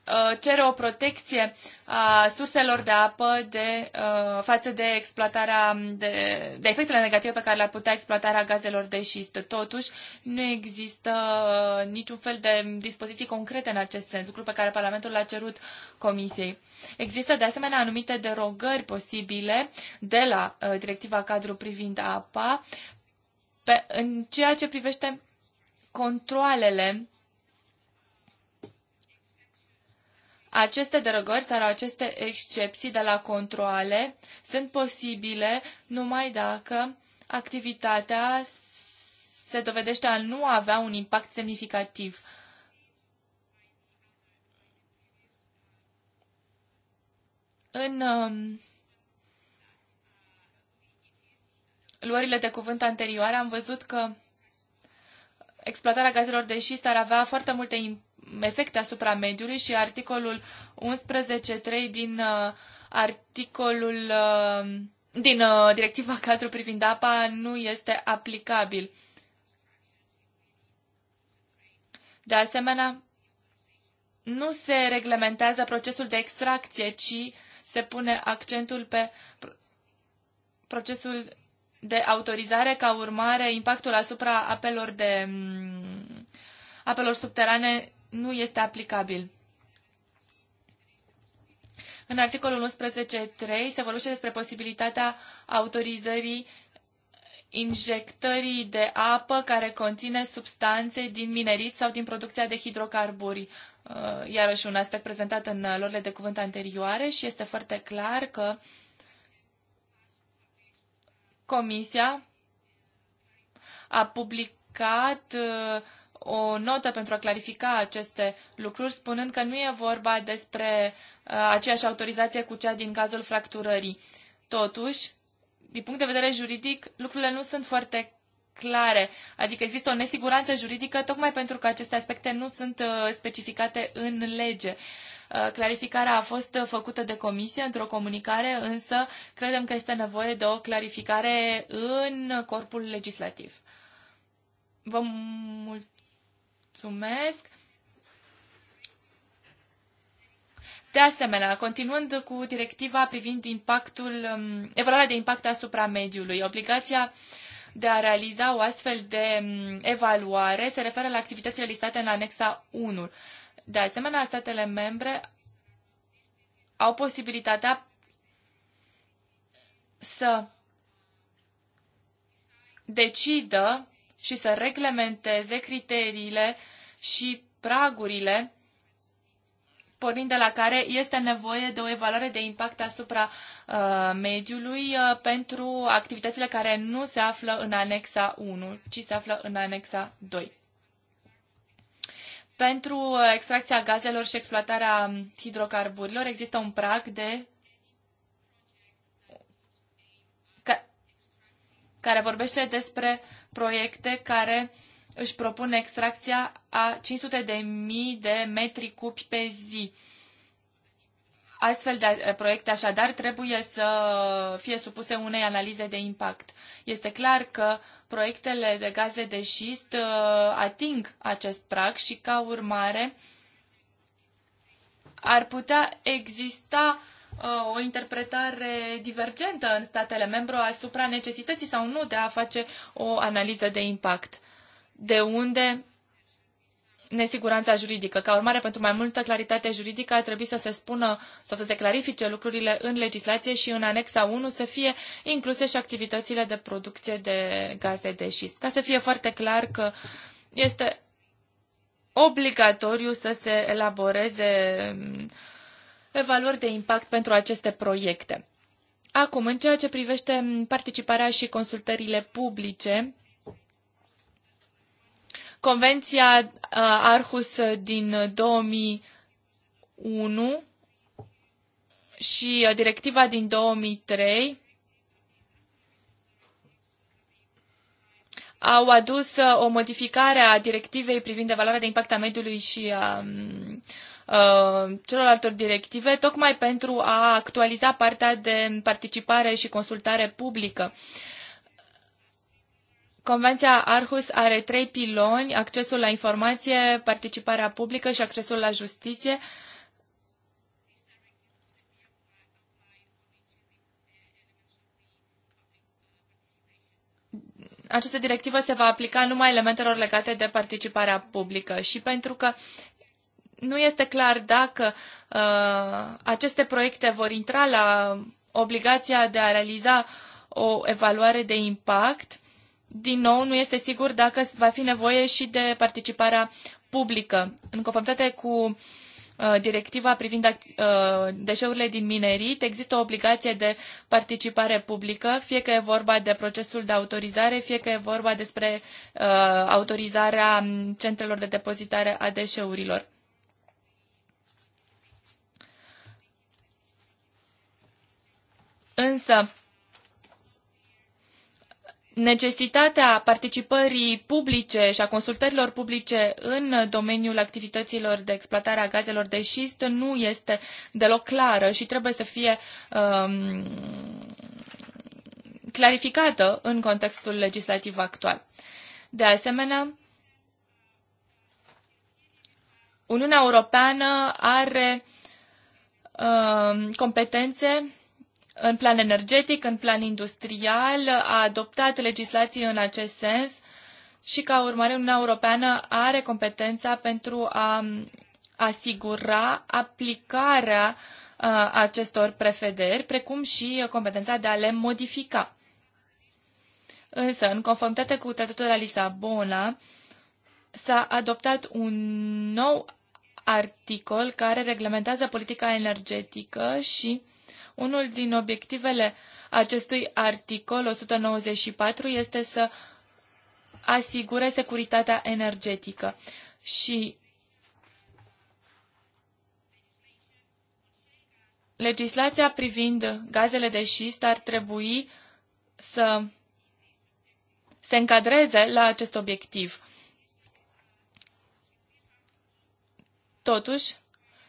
Uh, cere o protecție a surselor de apă de, uh, față de exploatarea, de, de efectele negative pe care le-ar putea exploatarea gazelor de șist. Totuși, nu există uh, niciun fel de dispoziții concrete în acest sens, lucru pe care Parlamentul l-a cerut Comisiei. Există de asemenea anumite derogări posibile de la directiva cadru privind apa pe, în ceea ce privește controlele Aceste derogări sau aceste excepții de la controle sunt posibile numai dacă activitatea se dovedește a nu avea un impact semnificativ. În um, luările de cuvânt anterioare am văzut că exploatarea gazelor de șist ar avea foarte multe efecte asupra mediului și articolul 11.3 din uh, articolul uh, din uh, directiva 4 privind apa nu este aplicabil. De asemenea, nu se reglementează procesul de extracție, ci se pune accentul pe procesul de autorizare, ca urmare impactul asupra apelor de mm, apelor subterane nu este aplicabil. În articolul 11.3 se vorbește despre posibilitatea autorizării injectării de apă care conține substanțe din minerit sau din producția de hidrocarburi. Uh, iarăși un aspect prezentat în lorile de cuvânt anterioare și este foarte clar că Comisia a publicat uh, o notă pentru a clarifica aceste lucruri, spunând că nu e vorba despre uh, aceeași autorizație cu cea din cazul fracturării. Totuși, din punct de vedere juridic, lucrurile nu sunt foarte clare, adică există o nesiguranță juridică tocmai pentru că aceste aspecte nu sunt uh, specificate în lege. Uh, clarificarea a fost făcută de comisie într-o comunicare, însă credem că este nevoie de o clarificare în corpul legislativ. Vă mulțumesc Mulțumesc! De asemenea, continuând cu directiva privind impactul, um, evaluarea de impact asupra mediului, obligația de a realiza o astfel de um, evaluare se referă la activitățile listate în anexa 1. De asemenea, statele membre au posibilitatea să decidă și să reglementeze criteriile și pragurile pornind de la care este nevoie de o evaluare de impact asupra uh, mediului uh, pentru activitățile care nu se află în anexa 1, ci se află în anexa 2. Pentru extracția gazelor și exploatarea hidrocarburilor există un prag de care vorbește despre uh, proiecte care își propun extracția a 500.000 de, de metri cubi pe zi. Astfel de eh, proiecte așadar trebuie să fie supuse unei analize de impact. Este clar că proiectele de gaze de șist eh, ating acest prag și ca urmare ar putea exista Uh, o interpretare divergentă în statele membre asupra necesității sau nu de a face o analiză de impact. De unde nesiguranța juridică. Ca urmare, pentru mai multă claritate juridică, ar trebui să se spună sau să se clarifice lucrurile în legislație și în anexa 1 să fie incluse și activitățile de producție de gaze de șist. Ca să fie foarte clar că este obligatoriu să se elaboreze evaluări de impact pentru aceste proiecte. Acum, în ceea ce privește participarea și consultările publice, Convenția uh, Arhus din 2001 și uh, directiva din 2003 au adus uh, o modificare a directivei privind evaluarea de impact a mediului și a um, celorlalte uh, celorlaltor directive, tocmai pentru a actualiza partea de participare și consultare publică. Convenția Arhus are trei piloni, accesul la informație, participarea publică și accesul la justiție. Această directivă se va aplica numai elementelor legate de participarea publică și pentru că nu este clar dacă uh, aceste proiecte vor intra la obligația de a realiza o evaluare de impact. Din nou, nu este sigur dacă va fi nevoie și de participarea publică. În conformitate cu uh, directiva privind uh, deșeurile din minerit, există o obligație de participare publică, fie că e vorba de procesul de autorizare, fie că e vorba despre uh, autorizarea centrelor de depozitare a deșeurilor. Însă, necesitatea participării publice și a consultărilor publice în domeniul activităților de exploatare a gazelor de șist nu este deloc clară și trebuie să fie um, clarificată în contextul legislativ actual. De asemenea, Uniunea Europeană are uh, competențe în plan energetic, în plan industrial, a adoptat legislații în acest sens și ca urmare Uniunea Europeană are competența pentru a asigura aplicarea acestor prevederi, precum și competența de a le modifica. Însă, în conformitate cu Tratatul de la Lisabona, s-a adoptat un nou articol care reglementează politica energetică și unul din obiectivele acestui articol 194 este să asigure securitatea energetică și legislația privind gazele de șist ar trebui să se încadreze la acest obiectiv. Totuși,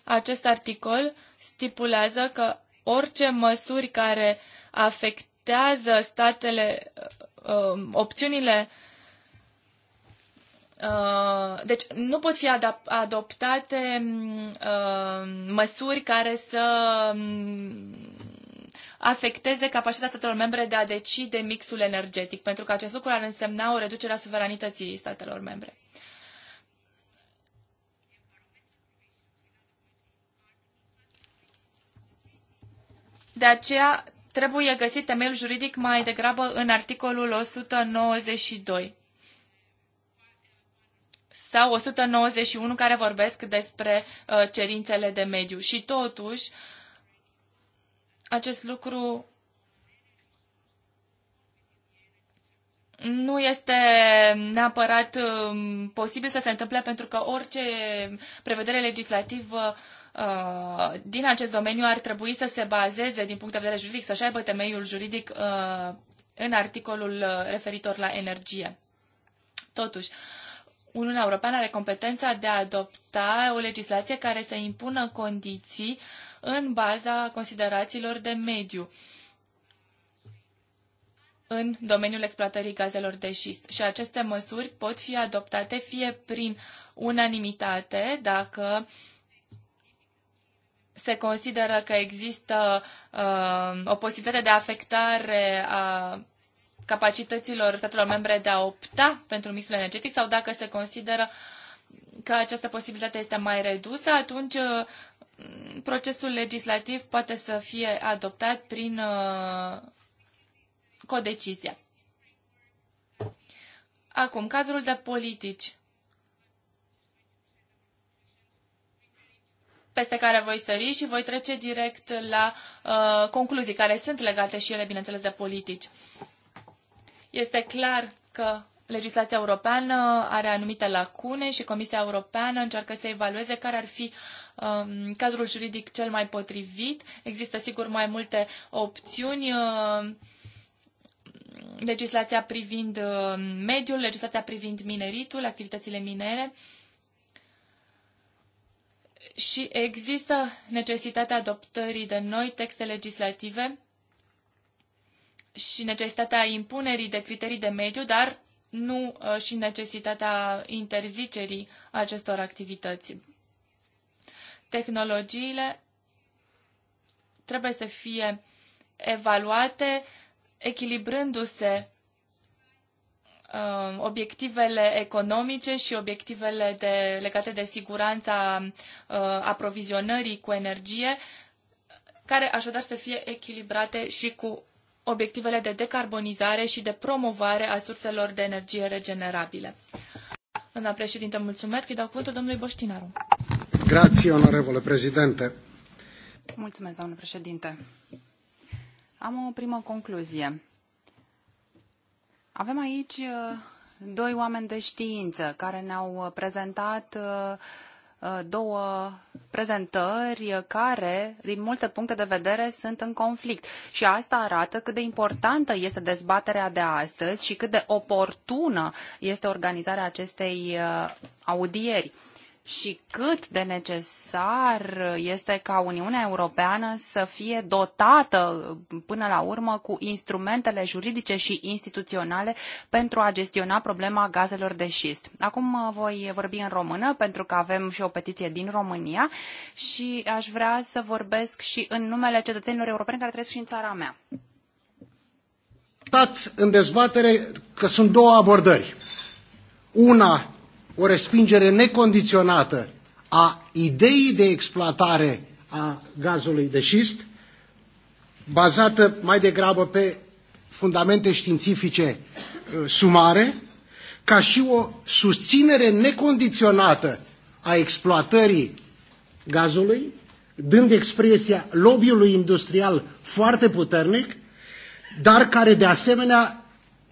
acest articol stipulează că orice măsuri care afectează statele, uh, um, opțiunile uh, deci nu pot fi adoptate um, uh, măsuri care să um, afecteze capacitatea statelor membre de a decide mixul energetic, pentru că acest lucru ar însemna o reducere a suveranității statelor membre. De aceea trebuie găsit temel juridic mai degrabă în articolul 192 sau 191 care vorbesc despre uh, cerințele de mediu. Și totuși, acest lucru nu este neapărat um, posibil să se întâmple pentru că orice prevedere legislativă Uh, din acest domeniu ar trebui să se bazeze din punct de vedere juridic, să-și aibă temeiul juridic uh, în articolul uh, referitor la energie. Totuși, Uniunea Europeană are competența de a adopta o legislație care să impună condiții în baza considerațiilor de mediu în domeniul exploatării gazelor de șist. Și aceste măsuri pot fi adoptate fie prin unanimitate, dacă uh, se consideră că există uh, o posibilitate de afectare a capacităților statelor membre de a opta pentru mixul energetic sau dacă se consideră că această posibilitate este mai redusă, atunci uh, procesul legislativ poate să fie adoptat prin uh, codecizie. Acum, cadrul de politici peste care voi sări și voi trece direct la uh, concluzii, care sunt legate și ele, bineînțeles, de politici. Este clar că legislația europeană are anumite lacune și Comisia Europeană încearcă să evalueze care ar fi um, cadrul juridic cel mai potrivit. Există, sigur, mai multe opțiuni. Uh, legislația privind uh, mediul, legislația privind mineritul, activitățile minere. Uh, și există necesitatea adoptării de noi texte legislative și necesitatea impunerii de criterii de mediu, dar nu uh, și necesitatea interzicerii acestor activități. Tehnologiile trebuie să fie evaluate echilibrându-se Um, obiectivele economice și obiectivele de, legate de siguranța uh, aprovizionării cu energie, care așadar să fie echilibrate și cu obiectivele de decarbonizare și de promovare a surselor de energie regenerabile. Doamna președinte, mulțumesc. Îi dau cuvântul domnului Boștinaru. Grație, onorevole președinte. Mulțumesc, doamnă președinte. Am o primă concluzie. Avem aici uh, doi oameni de știință care ne-au uh, prezentat uh, două prezentări care, din multe puncte de vedere, sunt în conflict. Și asta arată cât de importantă este dezbaterea de astăzi și cât de oportună este organizarea acestei audieri și cât de necesar este ca Uniunea Europeană să fie dotată până la urmă cu instrumentele juridice și instituționale pentru a gestiona problema gazelor de șist. Acum uh, voi vorbi în română pentru că avem și o petiție din România și aș vrea să vorbesc și în numele cetățenilor europeni care trăiesc și în țara mea. Stat în dezbatere că sunt două abordări. Una o respingere necondiționată a ideii de exploatare a gazului de șist, bazată mai degrabă pe fundamente științifice uh, sumare, ca și o susținere necondiționată a exploatării gazului, dând expresia lobby-ului industrial foarte puternic, dar care de asemenea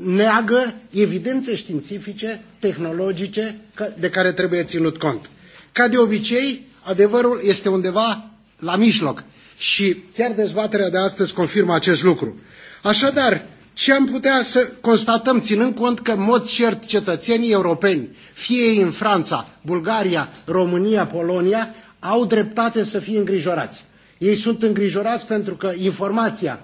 neagă evidențe științifice, tehnologice, de care trebuie ținut cont. Ca de obicei, adevărul este undeva la mijloc și chiar dezbaterea de astăzi confirmă acest lucru. Așadar, ce am putea să constatăm, ținând cont că, în mod cert, cetățenii europeni, fie ei în Franța, Bulgaria, România, Polonia, au dreptate să fie îngrijorați. Ei sunt îngrijorați pentru că informația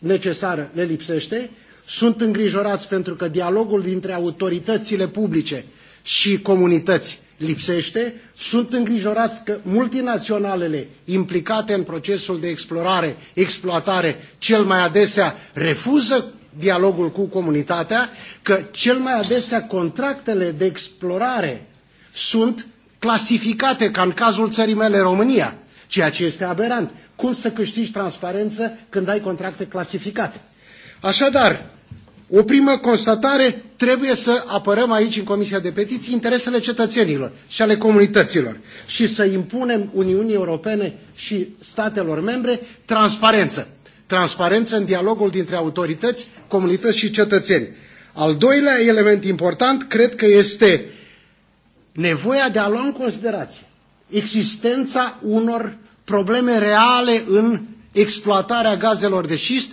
necesară le lipsește sunt îngrijorați pentru că dialogul dintre autoritățile publice și comunități lipsește. Sunt îngrijorați că multinaționalele implicate în procesul de explorare, exploatare, cel mai adesea refuză dialogul cu comunitatea, că cel mai adesea contractele de explorare sunt clasificate, ca în cazul țării mele România, ceea ce este aberant. Cum să câștigi transparență când ai contracte clasificate? Așadar, o primă constatare, trebuie să apărăm aici, în Comisia de Petiții, interesele cetățenilor și ale comunităților și să impunem Uniunii Europene și statelor membre transparență. Transparență în dialogul dintre autorități, comunități și cetățeni. Al doilea element important, cred că este nevoia de a lua în considerație existența unor probleme reale în exploatarea gazelor de șist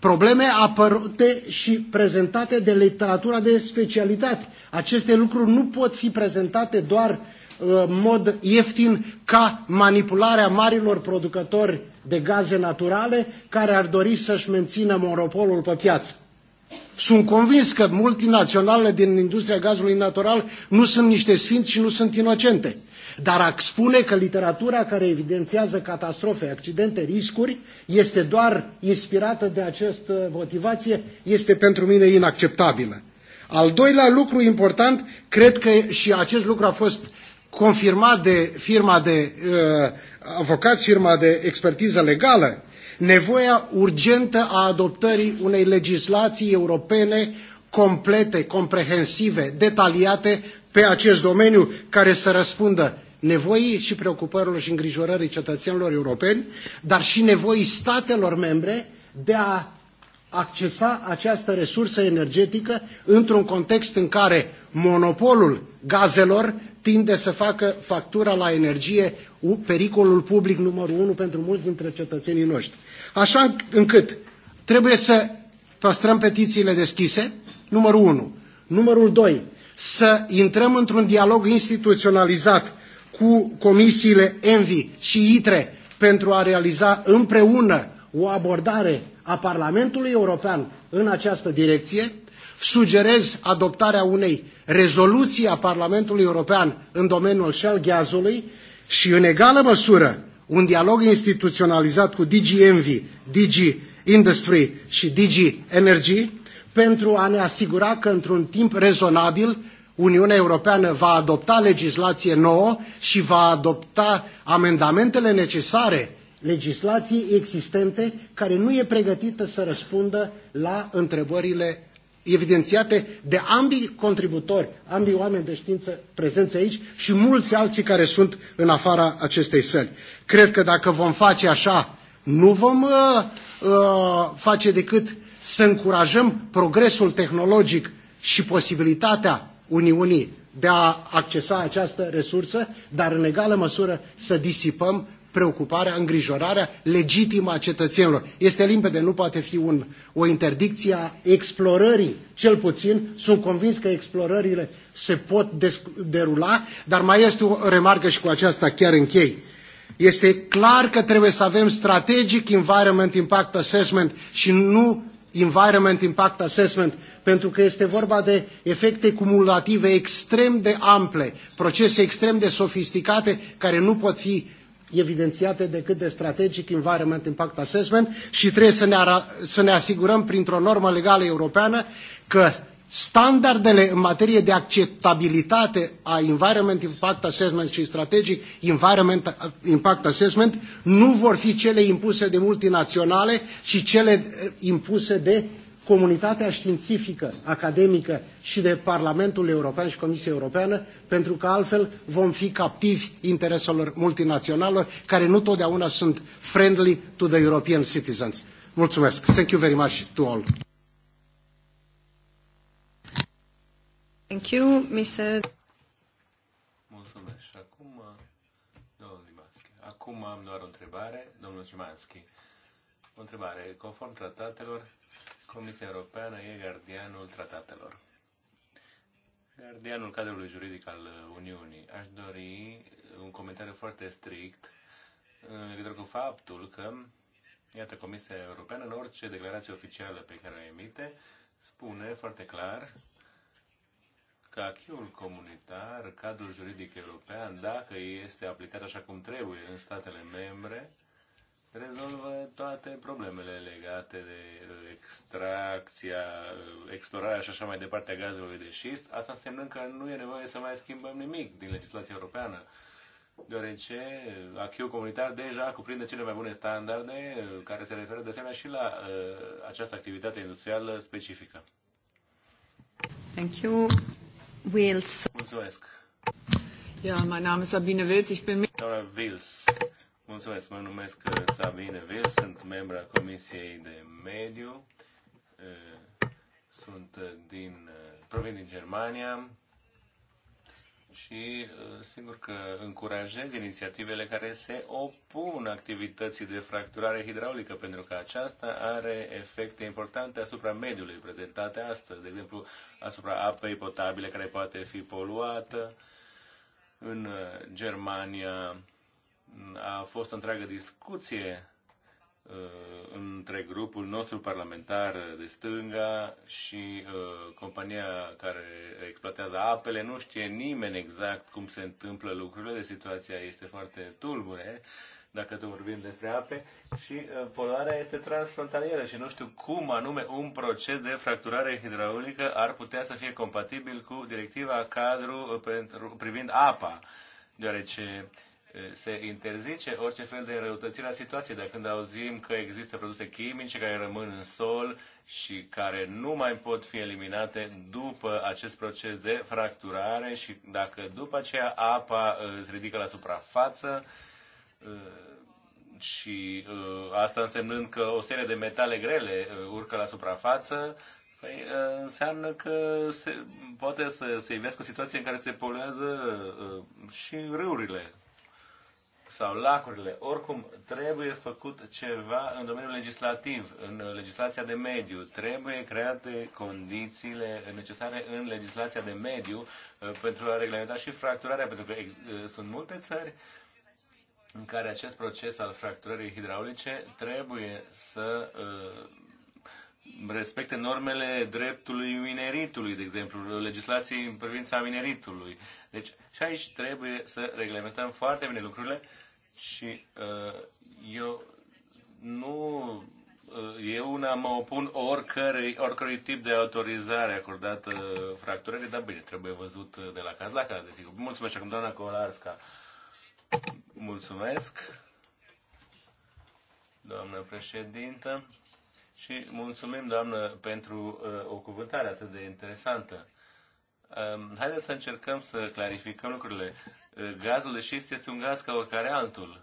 probleme apărute și prezentate de literatura de specialitate. Aceste lucruri nu pot fi prezentate doar uh, în mod ieftin ca manipularea marilor producători de gaze naturale care ar dori să-și mențină monopolul pe piață. Sunt convins că multinaționalele din industria gazului natural nu sunt niște sfinți și nu sunt inocente. Dar a spune că literatura care evidențiază catastrofe, accidente, riscuri, este doar inspirată de această motivație, este pentru mine inacceptabilă. Al doilea lucru important, cred că și acest lucru a fost confirmat de firma de uh, avocați, firma de expertiză legală, nevoia urgentă a adoptării unei legislații europene complete, comprehensive, detaliate pe acest domeniu, care să răspundă nevoii și preocupărilor și îngrijorării cetățenilor europeni, dar și nevoii statelor membre de a accesa această resursă energetică într-un context în care monopolul gazelor tinde să facă factura la energie pericolul public numărul unu pentru mulți dintre cetățenii noștri. Așa încât trebuie să păstrăm petițiile deschise, numărul unu. Numărul doi, să intrăm într-un dialog instituționalizat cu comisiile ENVI și ITRE pentru a realiza împreună o abordare a Parlamentului European în această direcție. Sugerez adoptarea unei rezoluții a Parlamentului European în domeniul Shell gazului și în egală măsură un dialog instituționalizat cu DG Envy, DG Industry și DG Energy pentru a ne asigura că într-un timp rezonabil Uniunea Europeană va adopta legislație nouă și va adopta amendamentele necesare legislației existente care nu e pregătită să răspundă la întrebările evidențiate de ambii contributori, ambii oameni de știință prezenți aici și mulți alții care sunt în afara acestei săli. Cred că dacă vom face așa, nu vom uh, uh, face decât să încurajăm progresul tehnologic și posibilitatea Uniunii de a accesa această resursă, dar în egală măsură să disipăm preocuparea, îngrijorarea legitimă a cetățenilor. Este limpede, nu poate fi un, o interdicție a explorării, cel puțin. Sunt convins că explorările se pot derula, dar mai este o remarcă și cu aceasta chiar închei. Este clar că trebuie să avem strategic environment impact assessment și nu Environment Impact Assessment, pentru că este vorba de efecte cumulative extrem de ample, procese extrem de sofisticate care nu pot fi evidențiate decât de Strategic Environment Impact Assessment și trebuie să ne, să ne asigurăm printr-o normă legală europeană că standardele în materie de acceptabilitate a Environment Impact Assessment și strategic Environment Impact Assessment nu vor fi cele impuse de multinaționale, ci cele eh, impuse de comunitatea științifică, academică și de Parlamentul European și Comisia Europeană, pentru că altfel vom fi captivi intereselor multinaționale care nu totdeauna sunt friendly to the European citizens. Mulțumesc. Thank you very much to all. Thank you, Mr. Mulțumesc. Și acum, domnul Limanski. Acum am doar o întrebare, domnul Limanski. O întrebare. Conform tratatelor, Comisia Europeană e gardianul tratatelor. Gardianul cadrului juridic al Uniunii. Aș dori un comentariu foarte strict în legătură cu faptul că, iată, Comisia Europeană, în orice declarație oficială pe care o emite, spune foarte clar că acquis comunitar, cadrul juridic european, dacă este aplicat așa cum trebuie în statele membre, rezolvă toate problemele legate de extracția, explorarea și așa mai departe a gazelor de șist, asta înseamnă că nu e nevoie să mai schimbăm nimic din legislația europeană deoarece acquis comunitar deja cuprinde cele mai bune standarde uh, care se referă de asemenea și la uh, această activitate industrială specifică. Thank you. Mulțumesc. Ja, mein Name ist Sabine Wils. Ich bin... Laura Mulțumesc. Mă numesc uh, Sabine Wils. Sunt membra Comisiei de Mediu. Uh, sunt uh, din... Provin din Germania și uh, sigur că încurajez inițiativele care se opun activității de fracturare hidraulică, pentru că aceasta are efecte importante asupra mediului prezentate astăzi, de exemplu asupra apei potabile care poate fi poluată. În uh, Germania mm, a fost o întreagă discuție Uh, între grupul nostru parlamentar de stânga și uh, compania care exploatează apele. Nu știe nimeni exact cum se întâmplă lucrurile, de situația este foarte tulbure dacă tot vorbim despre ape, și uh, poluarea este transfrontalieră și nu știu cum anume un proces de fracturare hidraulică ar putea să fie compatibil cu directiva cadru uh, pentru, privind apa, deoarece se interzice orice fel de înrăutățire a situației. Dar când auzim că există produse chimice care rămân în sol și care nu mai pot fi eliminate după acest proces de fracturare și dacă după aceea apa uh, se ridică la suprafață, uh, și uh, asta însemnând că o serie de metale grele urcă la suprafață, păi, înseamnă că se, poate să se ivească o situație în care se poluează și râurile sau lacurile. Oricum, trebuie făcut ceva în domeniul legislativ, în legislația de mediu. Trebuie create condițiile necesare în legislația de mediu uh, pentru a reglementa și fracturarea, pentru că uh, sunt multe țări în care acest proces al fracturării hidraulice trebuie să uh, respecte normele dreptului mineritului, de exemplu, legislației în privința mineritului. Deci și aici trebuie să reglementăm foarte bine lucrurile și uh, eu nu uh, eu una mă opun oricărui, oricărui tip de autorizare acordată fracturării, dar bine, trebuie văzut de la caz la caz, desigur. Mulțumesc acum, doamna Colarska. Mulțumesc, doamnă președintă, și mulțumim, doamnă, pentru uh, o cuvântare atât de interesantă. Uh, haideți să încercăm să clarificăm lucrurile. Gazul de șist este un gaz ca oricare altul.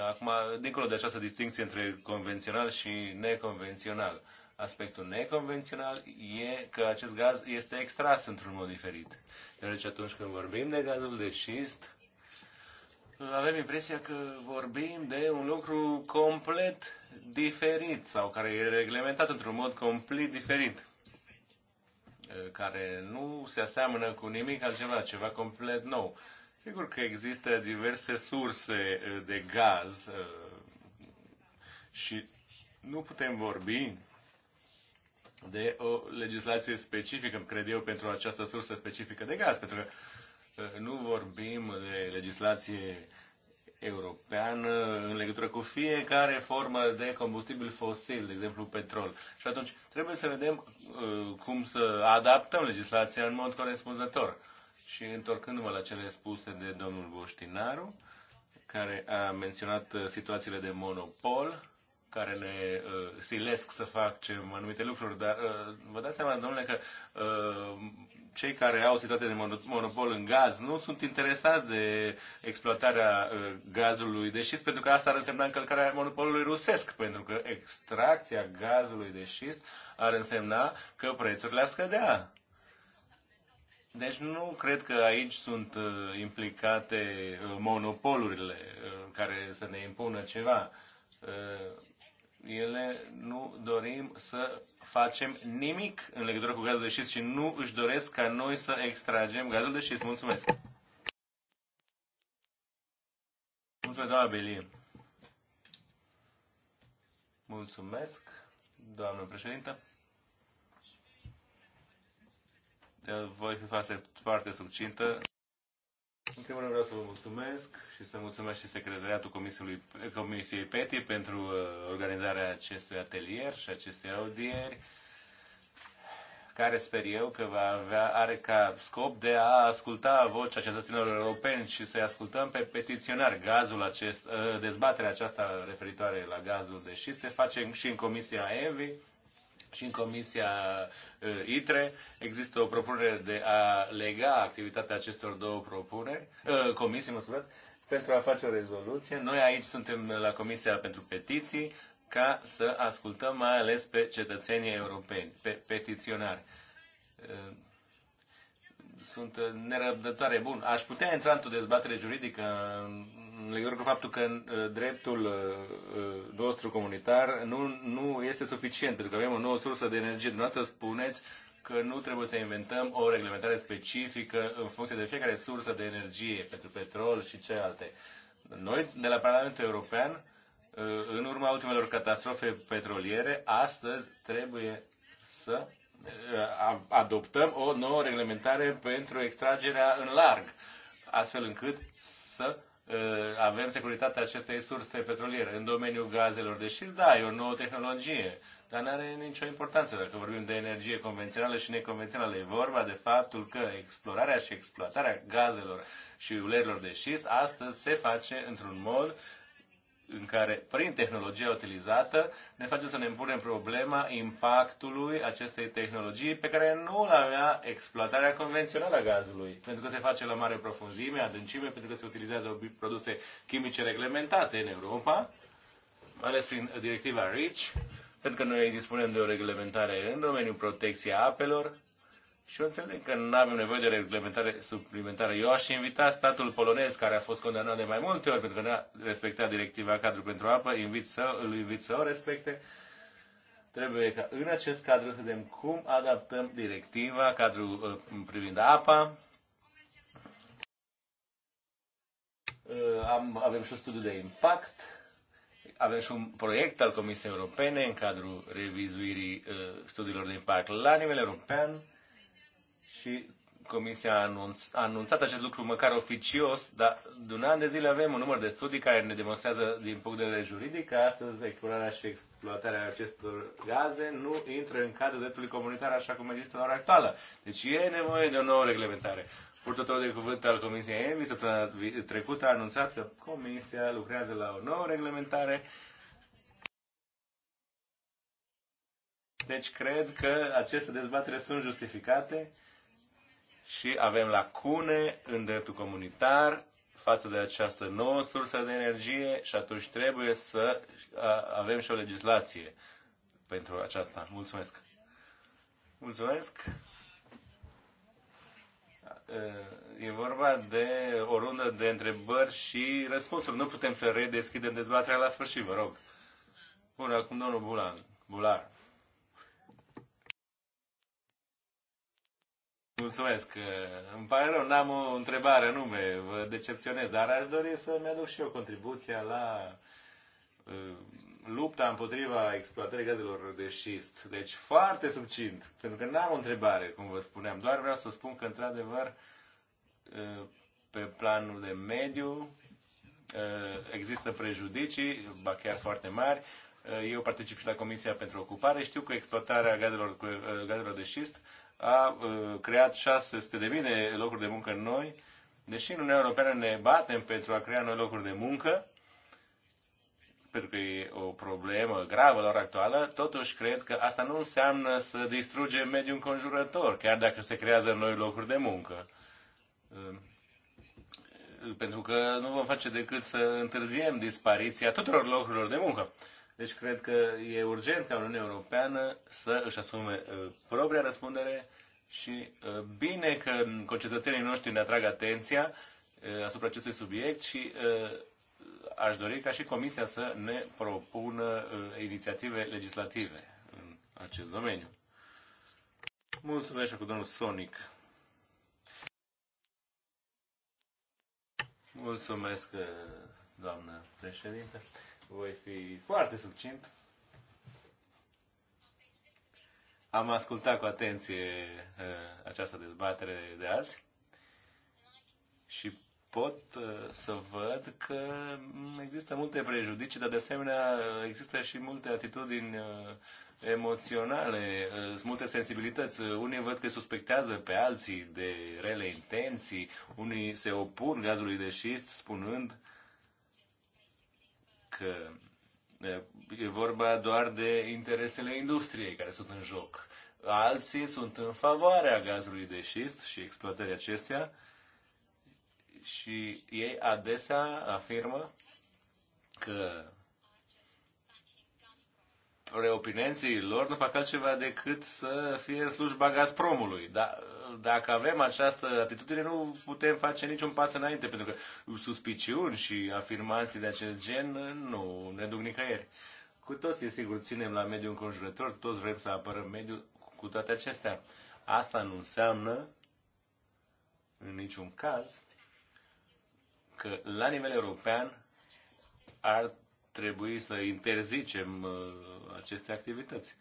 Acum, dincolo de această distinție între convențional și neconvențional, aspectul neconvențional e că acest gaz este extras într-un mod diferit. Deci atunci când vorbim de gazul de șist, avem impresia că vorbim de un lucru complet diferit sau care e reglementat într-un mod complet diferit. Eh, care nu se aseamănă cu nimic altceva, ceva complet nou. Sigur că există diverse surse eh, de gaz eh, și nu putem vorbi de o legislație specifică, cred eu, pentru această sursă specifică de gaz, pentru că nu vorbim de legislație europeană în legătură cu fiecare formă de combustibil fosil, de exemplu petrol. Și atunci trebuie să vedem uh, cum să adaptăm legislația în mod corespunzător. Și întorcându-mă la cele spuse de domnul Boștinaru, care a menționat uh, situațiile de monopol, care ne uh, silesc să facem anumite lucruri, dar uh, vă dați seama, domnule, că uh, cei care au situație de monopol în gaz nu sunt interesați de exploatarea uh, gazului de șist, pentru că asta ar însemna încălcarea monopolului rusesc, pentru că extracția gazului de șist ar însemna că prețurile a scădea. Deci nu cred că aici sunt uh, implicate uh, monopolurile uh, care să ne impună ceva. Uh, ele nu dorim să facem nimic în legătură cu gazul de șist și nu își doresc ca noi să extragem gazul de șist. Mulțumesc! Mulțumesc, doamna Belie! Mulțumesc, doamnă președintă! Voi fi foarte, foarte succintă. În primul rând vreau să vă mulțumesc și să mulțumesc și secretariatul Comisiei, Comisiei PETI pentru uh, organizarea acestui atelier și acestei audieri, care sper eu că va avea, are ca scop de a asculta vocea cetățenilor europeni și să-i ascultăm pe petiționari. Gazul acest, uh, dezbaterea aceasta referitoare la gazul de șist se face și în Comisia EVI și în Comisia uh, ITRE există o propunere de a lega activitatea acestor două propuneri, uh, comisii, mă scuzați, pentru a face o rezoluție. Noi aici suntem la Comisia pentru Petiții ca să ascultăm mai ales pe cetățenii europeni, pe petiționari uh, sunt nerăbdătoare. Bun, aș putea intra într-o dezbatere juridică în în legătură cu faptul că uh, dreptul uh, uh, nostru comunitar nu, nu este suficient, pentru că avem o nouă sursă de energie. Dumneavoastră spuneți că nu trebuie să inventăm o reglementare specifică în funcție de fiecare sursă de energie, pentru petrol și celelalte. Noi, de la Parlamentul European, în urma ultimelor catastrofe petroliere, astăzi trebuie să adoptăm o nouă reglementare pentru extragerea în larg, astfel încât să Uh, avem securitatea acestei surse petroliere. În domeniul gazelor de șist, da, e o nouă tehnologie, dar nu are nicio importanță dacă vorbim de energie convențională și neconvențională. E vorba de faptul că explorarea și exploatarea gazelor și uleiurilor de șist astăzi se face într-un mod în care, prin tehnologia utilizată, ne face să ne punem problema impactului acestei tehnologii pe care nu l avea exploatarea convențională a gazului, pentru că se face la mare profunzime, adâncime, pentru că se utilizează produse chimice reglementate în Europa, ales prin directiva REACH, pentru că noi dispunem de o reglementare în domeniul protecției apelor, și eu înțeleg că nu avem nevoie de reglementare suplimentară. Eu aș invita statul polonez, care a fost condamnat de mai multe ori pentru că nu a respectat directiva cadru pentru apă, invit să, îl invit să o respecte. Trebuie ca în acest cadru să vedem cum adaptăm directiva cadru uh, privind apa. Uh, am, avem și un studiu de impact avem și un proiect al Comisiei Europene în cadrul revizuirii uh, studiilor de impact la nivel european și Comisia a, anunț, a anunțat acest lucru măcar oficios, dar de un an de zile avem un număr de studii care ne demonstrează din punct de vedere juridic că astăzi explorarea și exploatarea acestor gaze nu intră în cadrul dreptului comunitar așa cum există la ora actuală. Deci e nevoie de o nouă reglementare. Purtătorul de cuvânt al Comisiei EMI săptămâna trecută a anunțat că Comisia lucrează la o nouă reglementare deci cred că aceste dezbatere sunt justificate și avem lacune în dreptul comunitar față de această nouă sursă de energie și atunci trebuie să avem și o legislație pentru aceasta. Mulțumesc! Mulțumesc! E vorba de o rundă de întrebări și răspunsuri. Nu putem să redeschidem dezbaterea la sfârșit, vă rog. Bun, acum domnul Bulan. Bular. Mulțumesc. Uh, îmi pare rău, n-am o întrebare nume, vă decepționez, dar aș dori să-mi aduc și eu contribuția la uh, lupta împotriva exploatării gazelor de șist. Deci foarte subțint, pentru că n-am o întrebare, cum vă spuneam, doar vreau să spun că, într-adevăr, uh, pe planul de mediu există prejudicii, ba chiar foarte mari. Eu particip și la Comisia pentru Ocupare. Știu că exploatarea gazelor, gazelor de șist a uh, creat 600.000 de locuri de muncă noi, deși în Uniunea Europeană ne batem pentru a crea noi locuri de muncă, pentru că e o problemă gravă la ora actuală, totuși cred că asta nu înseamnă să distrugem mediul înconjurător, chiar dacă se creează noi locuri de muncă. Uh, pentru că nu vom face decât să întârziem dispariția tuturor locurilor de muncă. Deci cred că e urgent ca Uniunea Europeană să își asume uh, propria răspundere și uh, bine că concetățenii noștri ne atrag atenția uh, asupra acestui subiect și aș dori ca și Comisia să ne propună inițiative legislative în acest domeniu. Mulțumesc cu domnul Sonic. Mulțumesc, doamnă președinte voi fi foarte succint. Am ascultat cu atenție uh, această dezbatere de azi și pot uh, să văd că există multe prejudicii, dar de asemenea există și multe atitudini uh, emoționale, uh, sunt multe sensibilități. Unii văd că suspectează pe alții de rele intenții, unii se opun gazului de șist spunând că e vorba doar de interesele industriei care sunt în joc. Alții sunt în favoarea gazului de șist și exploatării acestuia și ei adesea afirmă că preopinenții lor nu fac altceva decât să fie în slujba Gazpromului. Dar dacă avem această atitudine, nu putem face niciun pas înainte, pentru că suspiciuni și afirmații de acest gen nu ne duc nicăieri. Cu toții, sigur, ținem la mediul înconjurător, toți vrem să apărăm mediul cu toate acestea. Asta nu înseamnă, în niciun caz, că la nivel european ar trebui să interzicem uh, aceste activități.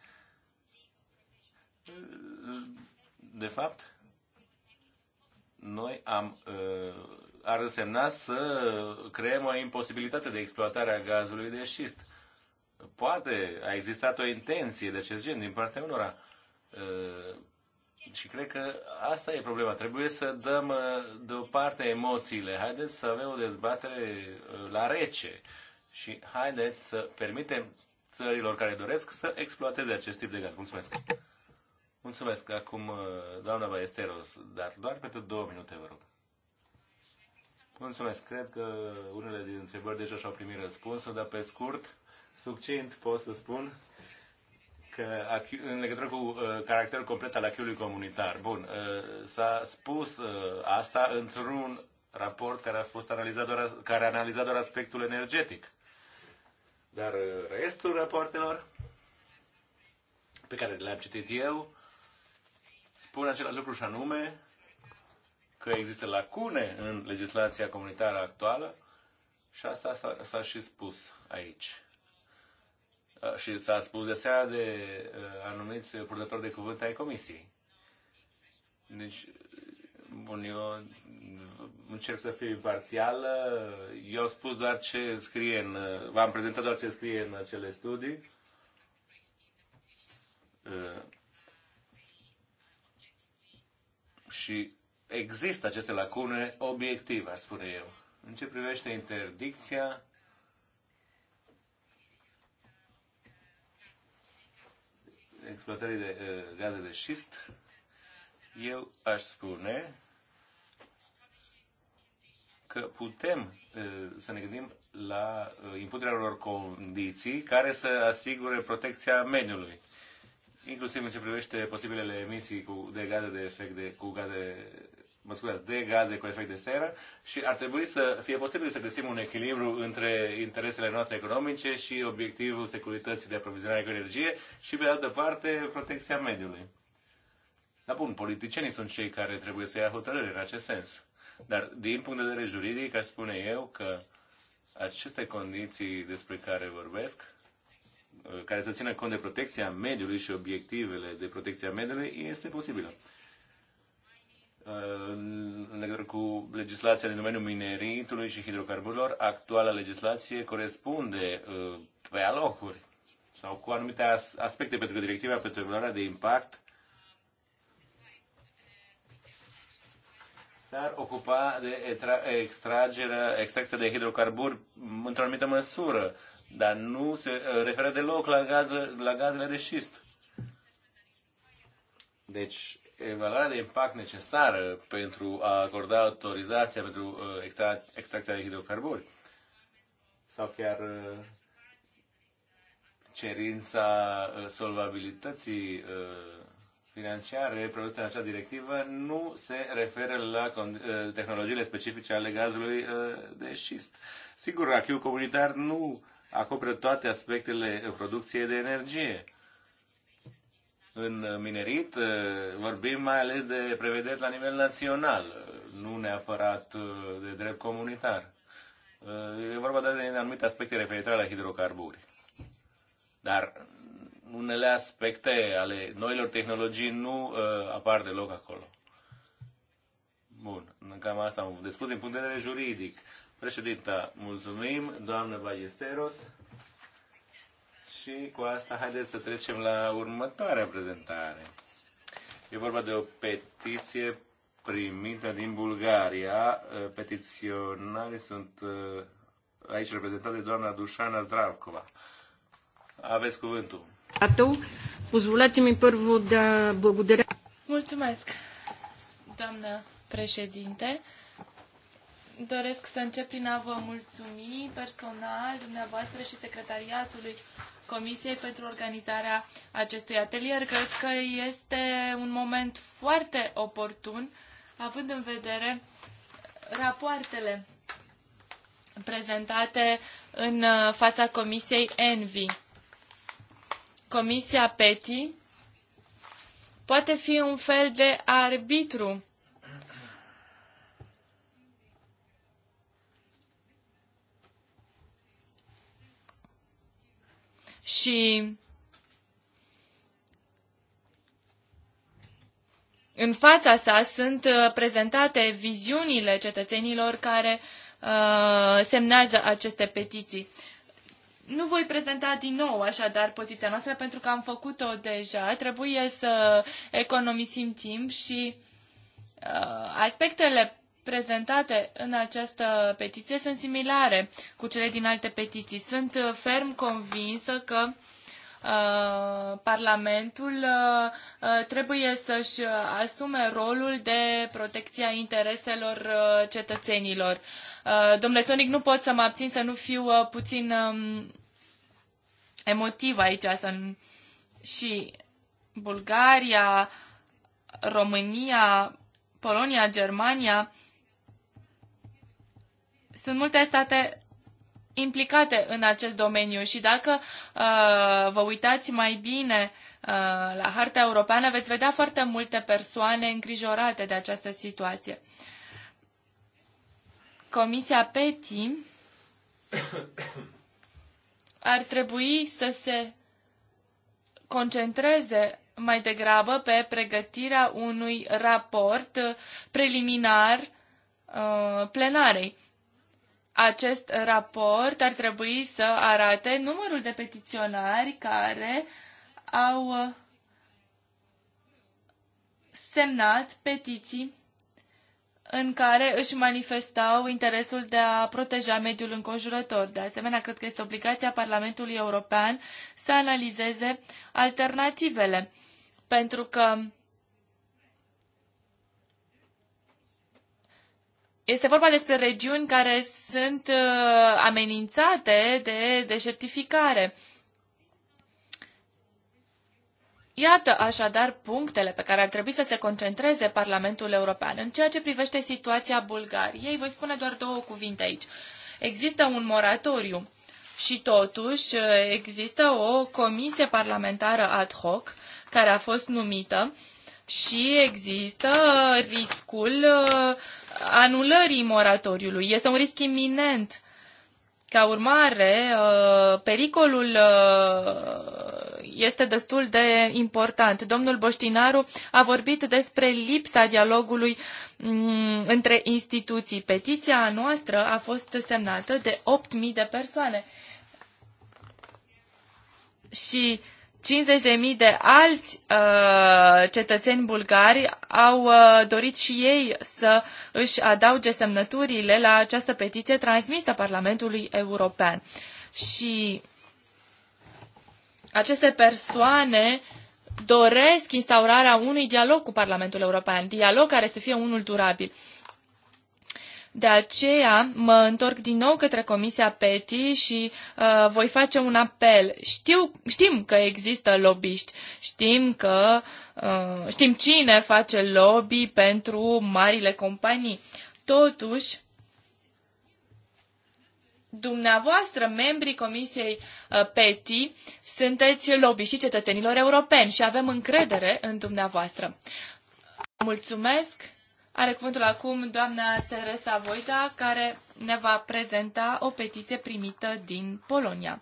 De fapt, noi am ă, ar însemna să creăm o imposibilitate de exploatare a gazului de șist. Poate a existat o intenție de acest gen din partea unora. Ă, și cred că asta e problema. Trebuie să dăm ă, deoparte emoțiile. Haideți să avem o dezbatere la rece și haideți să permitem țărilor care doresc să exploateze acest tip de gaz. Mulțumesc! Mulțumesc. Acum, uh, doamna Baesteros, dar doar pentru două minute, vă rog. Mulțumesc. Cred că unele din întrebări deja și-au primit răspunsul, dar pe scurt, succint pot să spun că în legătură cu uh, caracterul complet al acțiului comunitar. Bun, uh, s-a spus asta într-un raport care a fost analizat doar, care a analizat doar aspectul energetic. Dar restul raportelor pe care le-am citit eu spune același lucru și anume că există lacune în legislația comunitară actuală și asta s-a, și spus aici. Și s-a spus de seara de anumiți purtători de cuvânt ai comisiei. Deci, bun, eu încerc să fiu parțial. Eu am spus doar ce scrie în... V-am prezentat doar ce scrie în acele studii. Și există aceste lacune obiective, aș spune eu. În ce privește interdicția, exploatării de uh, gaze de șist, eu aș spune că putem uh, să ne gândim la uh, impunerea unor condiții care să asigure protecția mediului. Uh, inclusiv în ce privește posibilele emisii cu, de gaze de efect de, cu gaze mă scuzați, de gaze cu efect de seră și ar trebui să fie posibil să găsim un echilibru între interesele noastre economice și obiectivul securității de aprovizionare cu energie și, pe de altă parte, protecția mediului. Dar bun, politicienii sunt cei care trebuie să ia hotărâri în acest sens. Dar din punct de vedere juridic, aș spune eu că aceste condiții despre care vorbesc Uh, care să țină cont de protecția mediului și obiectivele de protecție a mediului este posibilă. Uh, în legătură cu legislația din domeniul mineritului și hidrocarburilor, actuala legislație corespunde uh, pe alocuri sau cu anumite aspecte, pentru că directiva pentru evaluarea de impact s-ar ocupa de extragerea, extracția de hidrocarburi într-o anumită măsură dar nu se uh, referă deloc la, gază, la gazele de șist. Deci, evaluarea de impact necesară pentru a acorda autorizația pentru uh, extracția de hidrocarburi sau chiar uh, cerința solvabilității financiare produse în acea directivă nu se referă la tehnologiile specifice ale gazului de șist. Sigur, acquis comunitar nu acoperă toate aspectele producției de energie. În minerit eh, vorbim mai ales de prevederi la nivel național, nu neapărat eh, de drept comunitar. Eh, e vorba de anumite aspecte referitoare la hidrocarburi. Dar unele aspecte ale noilor tehnologii nu uh, apar deloc acolo. Bun, cam asta am discut din punct de vedere juridic. Președinta, mulțumim, doamnă Ballesteros. Și cu asta haideți să trecem la următoarea prezentare. E vorba de o petiție primită din Bulgaria. Uh, petiționarii sunt uh, aici reprezentate de doamna Dușana Zdravkova. Aveți cuvântul. Atău, pozvolați-mi părvu de da, благодаря. Mulțumesc, doamnă președinte. Doresc să încep prin a vă mulțumi personal, dumneavoastră și secretariatului Comisiei pentru organizarea acestui atelier. Cred că este un moment foarte oportun, având în vedere rapoartele prezentate în uh, fața Comisiei Envi. Comisia PETI poate fi un fel de arbitru și în fața sa sunt uh, prezentate viziunile cetățenilor care uh, semnează aceste petiții. Nu voi prezenta din nou așadar poziția noastră pentru că am făcut-o deja. Trebuie să economisim timp și uh, aspectele prezentate în această petiție sunt similare cu cele din alte petiții. Sunt uh, ferm convinsă că uh, Parlamentul uh, trebuie să-și asume rolul de protecție a intereselor cetățenilor. Domnule Sonic, nu pot să mă abțin să nu fiu puțin um, emotiv aici. Să și Bulgaria, România, Polonia, Germania sunt multe state implicate în acest domeniu și dacă uh, vă uitați mai bine uh, la harta europeană, veți vedea foarte multe persoane îngrijorate de această situație. Comisia PETI ar trebui să se concentreze mai degrabă pe pregătirea unui raport preliminar uh, plenarei acest raport ar trebui să arate numărul de petiționari care au uh, semnat petiții în care își manifestau interesul de a proteja mediul înconjurător. De asemenea, cred că este obligația Parlamentului European să analizeze alternativele, pentru că Este vorba despre regiuni care sunt uh, amenințate de deșertificare. Iată așadar punctele pe care ar trebui să se concentreze Parlamentul European. În ceea ce privește situația Bulgariei, voi spune doar două cuvinte aici. Există un moratoriu și totuși uh, există o comisie parlamentară ad hoc care a fost numită și există riscul uh, anulării moratoriului. Este un risc iminent. Ca urmare, uh, pericolul uh, este destul de important. Domnul Boștinaru a vorbit despre lipsa dialogului mm, între instituții. Petiția noastră a fost semnată de 8.000 de persoane. Și uh, 50.000 de alți uh, cetățeni bulgari au uh, dorit și ei să își adauge semnăturile la această petiție transmisă Parlamentului European. Și aceste persoane doresc instaurarea unui dialog cu Parlamentul European, dialog care să fie unul durabil. Uh, de aceea mă întorc din nou către Comisia PETI și uh, voi face un apel. Știu, știm că există lobbyști, știm că uh, știm cine face lobby pentru marile companii. Totuși, dumneavoastră, membrii Comisiei uh, PETI, sunteți lobbyști cetățenilor europeni și avem încredere în dumneavoastră. Mulțumesc! Are cuvântul acum doamna Teresa Voita, care ne va prezenta o petiție primită din Polonia.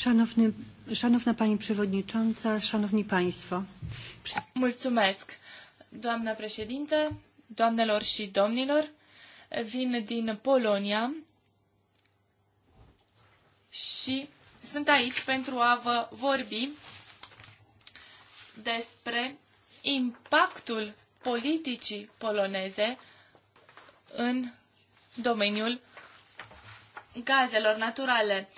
Szanowny, szanowna Pani Przewodnicząca, Szanowni Państwo. Mulțumesc, doamna președinte, doamnelor și domnilor. Vin din Polonia și sunt aici pentru a vă vorbi despre impactul politicii poloneze în domeniul gazelor naturale.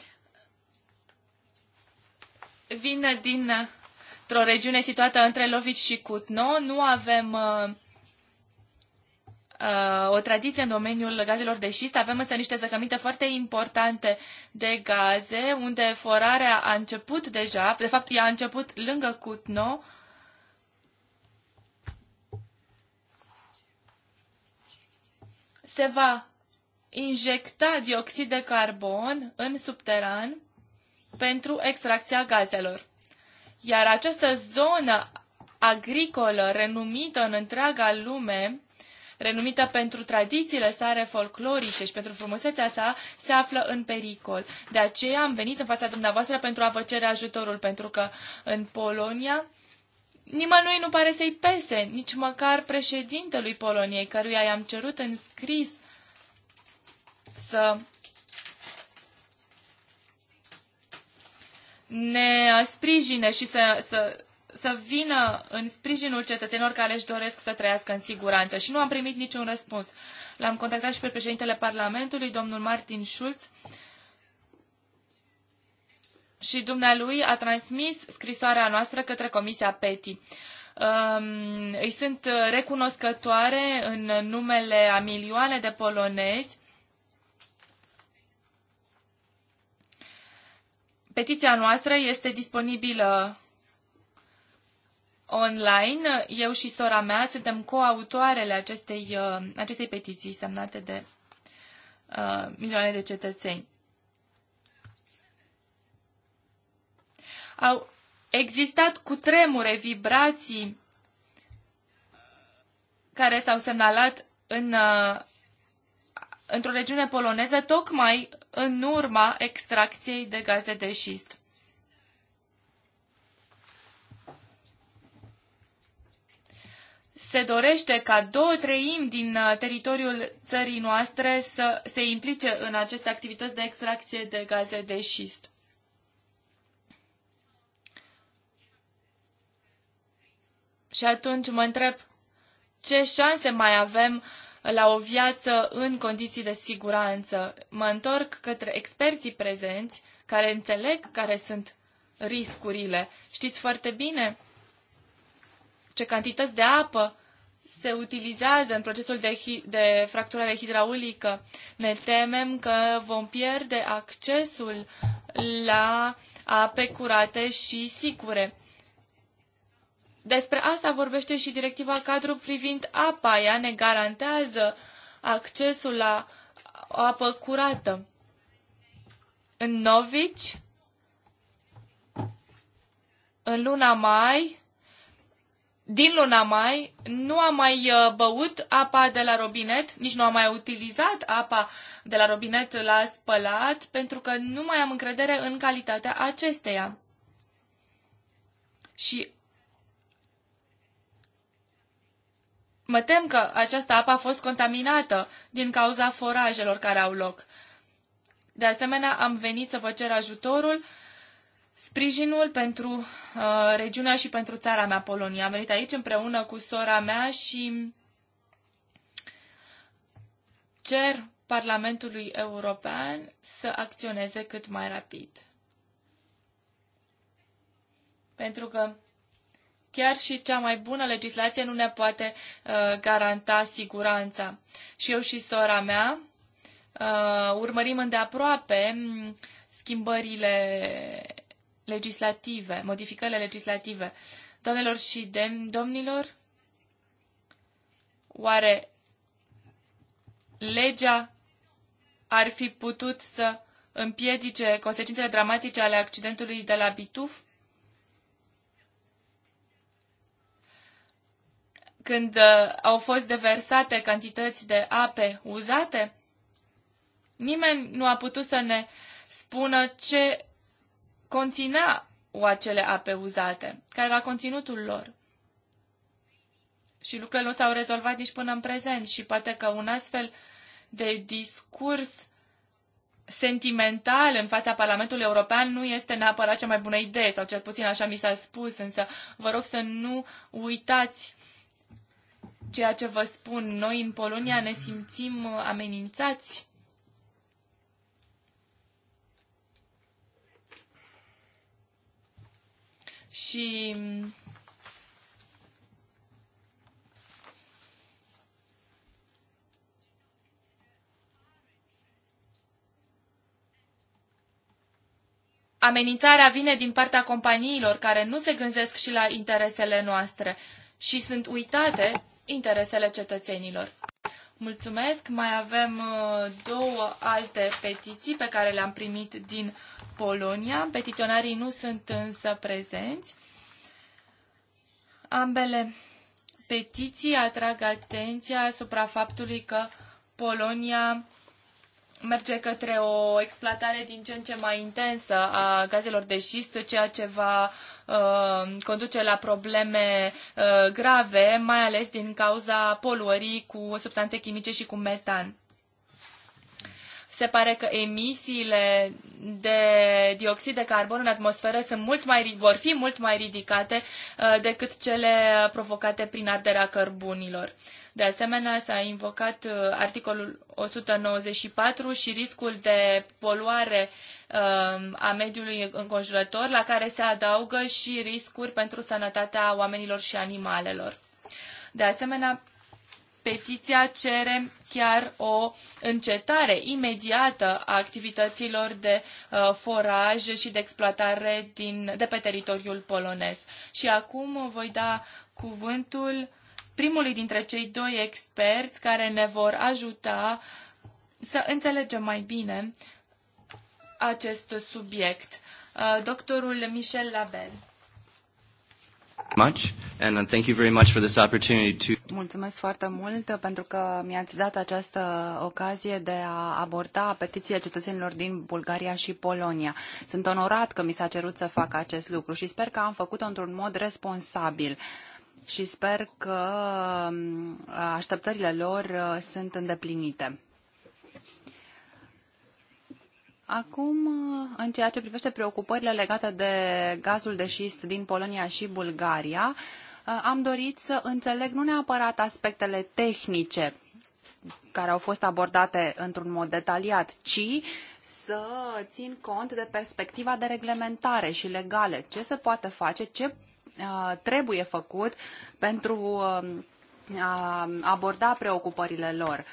Vin dintr-o regiune situată între Lovici și Cutno. Nu avem uh, uh, o tradiție în domeniul gazelor de șist. Avem însă niște zăcăminte foarte importante de gaze, unde forarea a început deja, de fapt ea a început lângă Cutno se va injecta dioxid de carbon în subteran pentru extracția gazelor. Iar această zonă agricolă renumită în întreaga lume, renumită pentru tradițiile sale folclorice și pentru frumusețea sa, se află în pericol. De aceea am venit în fața dumneavoastră pentru a vă cere ajutorul, pentru că în Polonia Nimănui nu pare să-i pese, nici măcar președintelui Poloniei, căruia i-am cerut în scris să ne sprijine și să, să, să vină în sprijinul cetățenilor care își doresc să trăiască în siguranță. Și nu am primit niciun răspuns. L-am contactat și pe președintele Parlamentului, domnul Martin Schulz, și dumnealui a transmis scrisoarea noastră către Comisia PETI. Um, îi sunt uh, recunoscătoare în numele a milioane de polonezi. Petiția noastră este disponibilă online. Eu și sora mea suntem coautoarele acestei, uh, acestei petiții semnate de uh, milioane de cetățeni. Au existat cu tremure vibrații care s-au semnalat în, uh, într-o regiune poloneză, tocmai în urma extracției de gaze de șist. se dorește ca două treimi din uh, teritoriul țării noastre să se implice în aceste activități de extracție de gaze de șist. Și atunci mă întreb ce șanse mai avem la o viață în condiții de siguranță. Mă întorc către experții prezenți care înțeleg care sunt riscurile. Știți foarte bine ce cantități de apă se utilizează în procesul de, de fracturare hidraulică. Ne temem că vom pierde accesul la ape curate și sigure. Despre asta vorbește și directiva cadru privind apa. Ea ne garantează accesul la apă curată. În Novici, în luna mai, din luna mai, nu am mai uh, băut apa de la robinet, nici nu am mai utilizat apa de la robinet la spălat, pentru că nu mai am încredere în calitatea acesteia. Și Mă tem că această apă a fost contaminată din cauza forajelor care au loc. De asemenea, am venit să vă cer ajutorul, sprijinul pentru uh, regiunea și pentru țara mea, Polonia. Am venit aici împreună cu sora mea și cer Parlamentului European să acționeze cât mai rapid. Pentru că chiar și cea mai bună legislație nu ne poate uh, garanta siguranța. Și eu și sora mea uh, urmărim îndeaproape mm, schimbările legislative, modificările legislative. Doamnelor și dem- domnilor, oare legea ar fi putut să împiedice consecințele dramatice ale accidentului de la Bituf? când uh, au fost deversate cantități de ape uzate, nimeni nu a putut să ne spună ce conținea o acele ape uzate, care era conținutul lor. Și lucrurile nu s-au rezolvat nici până în prezent și poate că un astfel de discurs sentimental în fața Parlamentului European nu este neapărat cea mai bună idee, sau cel puțin așa mi s-a spus, însă vă rog să nu uitați uh, ceea ce vă spun. Noi în Polonia ne simțim uh, amenințați. Și mm, Amenințarea vine din partea companiilor care nu se gândesc și la interesele noastre și sunt uitate interesele cetățenilor. Mulțumesc! Mai avem uh, două alte petiții pe care le-am primit din Polonia. Petiționarii nu sunt însă prezenți. Ambele petiții atrag atenția asupra faptului că Polonia merge către o exploatare din ce în ce mai intensă a gazelor de șist, ceea ce va uh, conduce la probleme uh, grave, mai ales din cauza poluării cu substanțe chimice și cu metan. Se pare că emisiile de dioxid de carbon în atmosferă sunt mult mai, vor fi mult mai ridicate uh, decât cele provocate prin arderea cărbunilor. De asemenea, s-a invocat uh, articolul 194 și riscul de poluare um, a mediului înconjurător, la care se adaugă și riscuri pentru sănătatea oamenilor și animalelor. De asemenea, petiția cere chiar o încetare imediată a activităților de uh, foraj și de exploatare din, de pe teritoriul polonez. Și acum voi da cuvântul primului dintre cei doi experți care ne vor ajuta să înțelegem mai bine acest subiect, uh, doctorul Michel Label. Much, and uh, thank you very much for this opportunity to... Mulțumesc foarte mult pentru că mi-ați dat această ocazie de a aborda petiția cetățenilor din Bulgaria și Polonia. Sunt onorat că mi s-a cerut să fac acest lucru și sper că am făcut-o într-un mod responsabil. Uh, și sper că mm, așteptările lor uh, sunt îndeplinite. Acum, uh, în ceea ce privește preocupările legate de gazul de șist din Polonia și Bulgaria, uh, am dorit să înțeleg nu neapărat aspectele tehnice care au fost abordate într-un mod detaliat, ci să țin cont de perspectiva de reglementare și legale. Ce se poate face, ce Uh, trebuie făcut pentru uh, a aborda preocupările lor.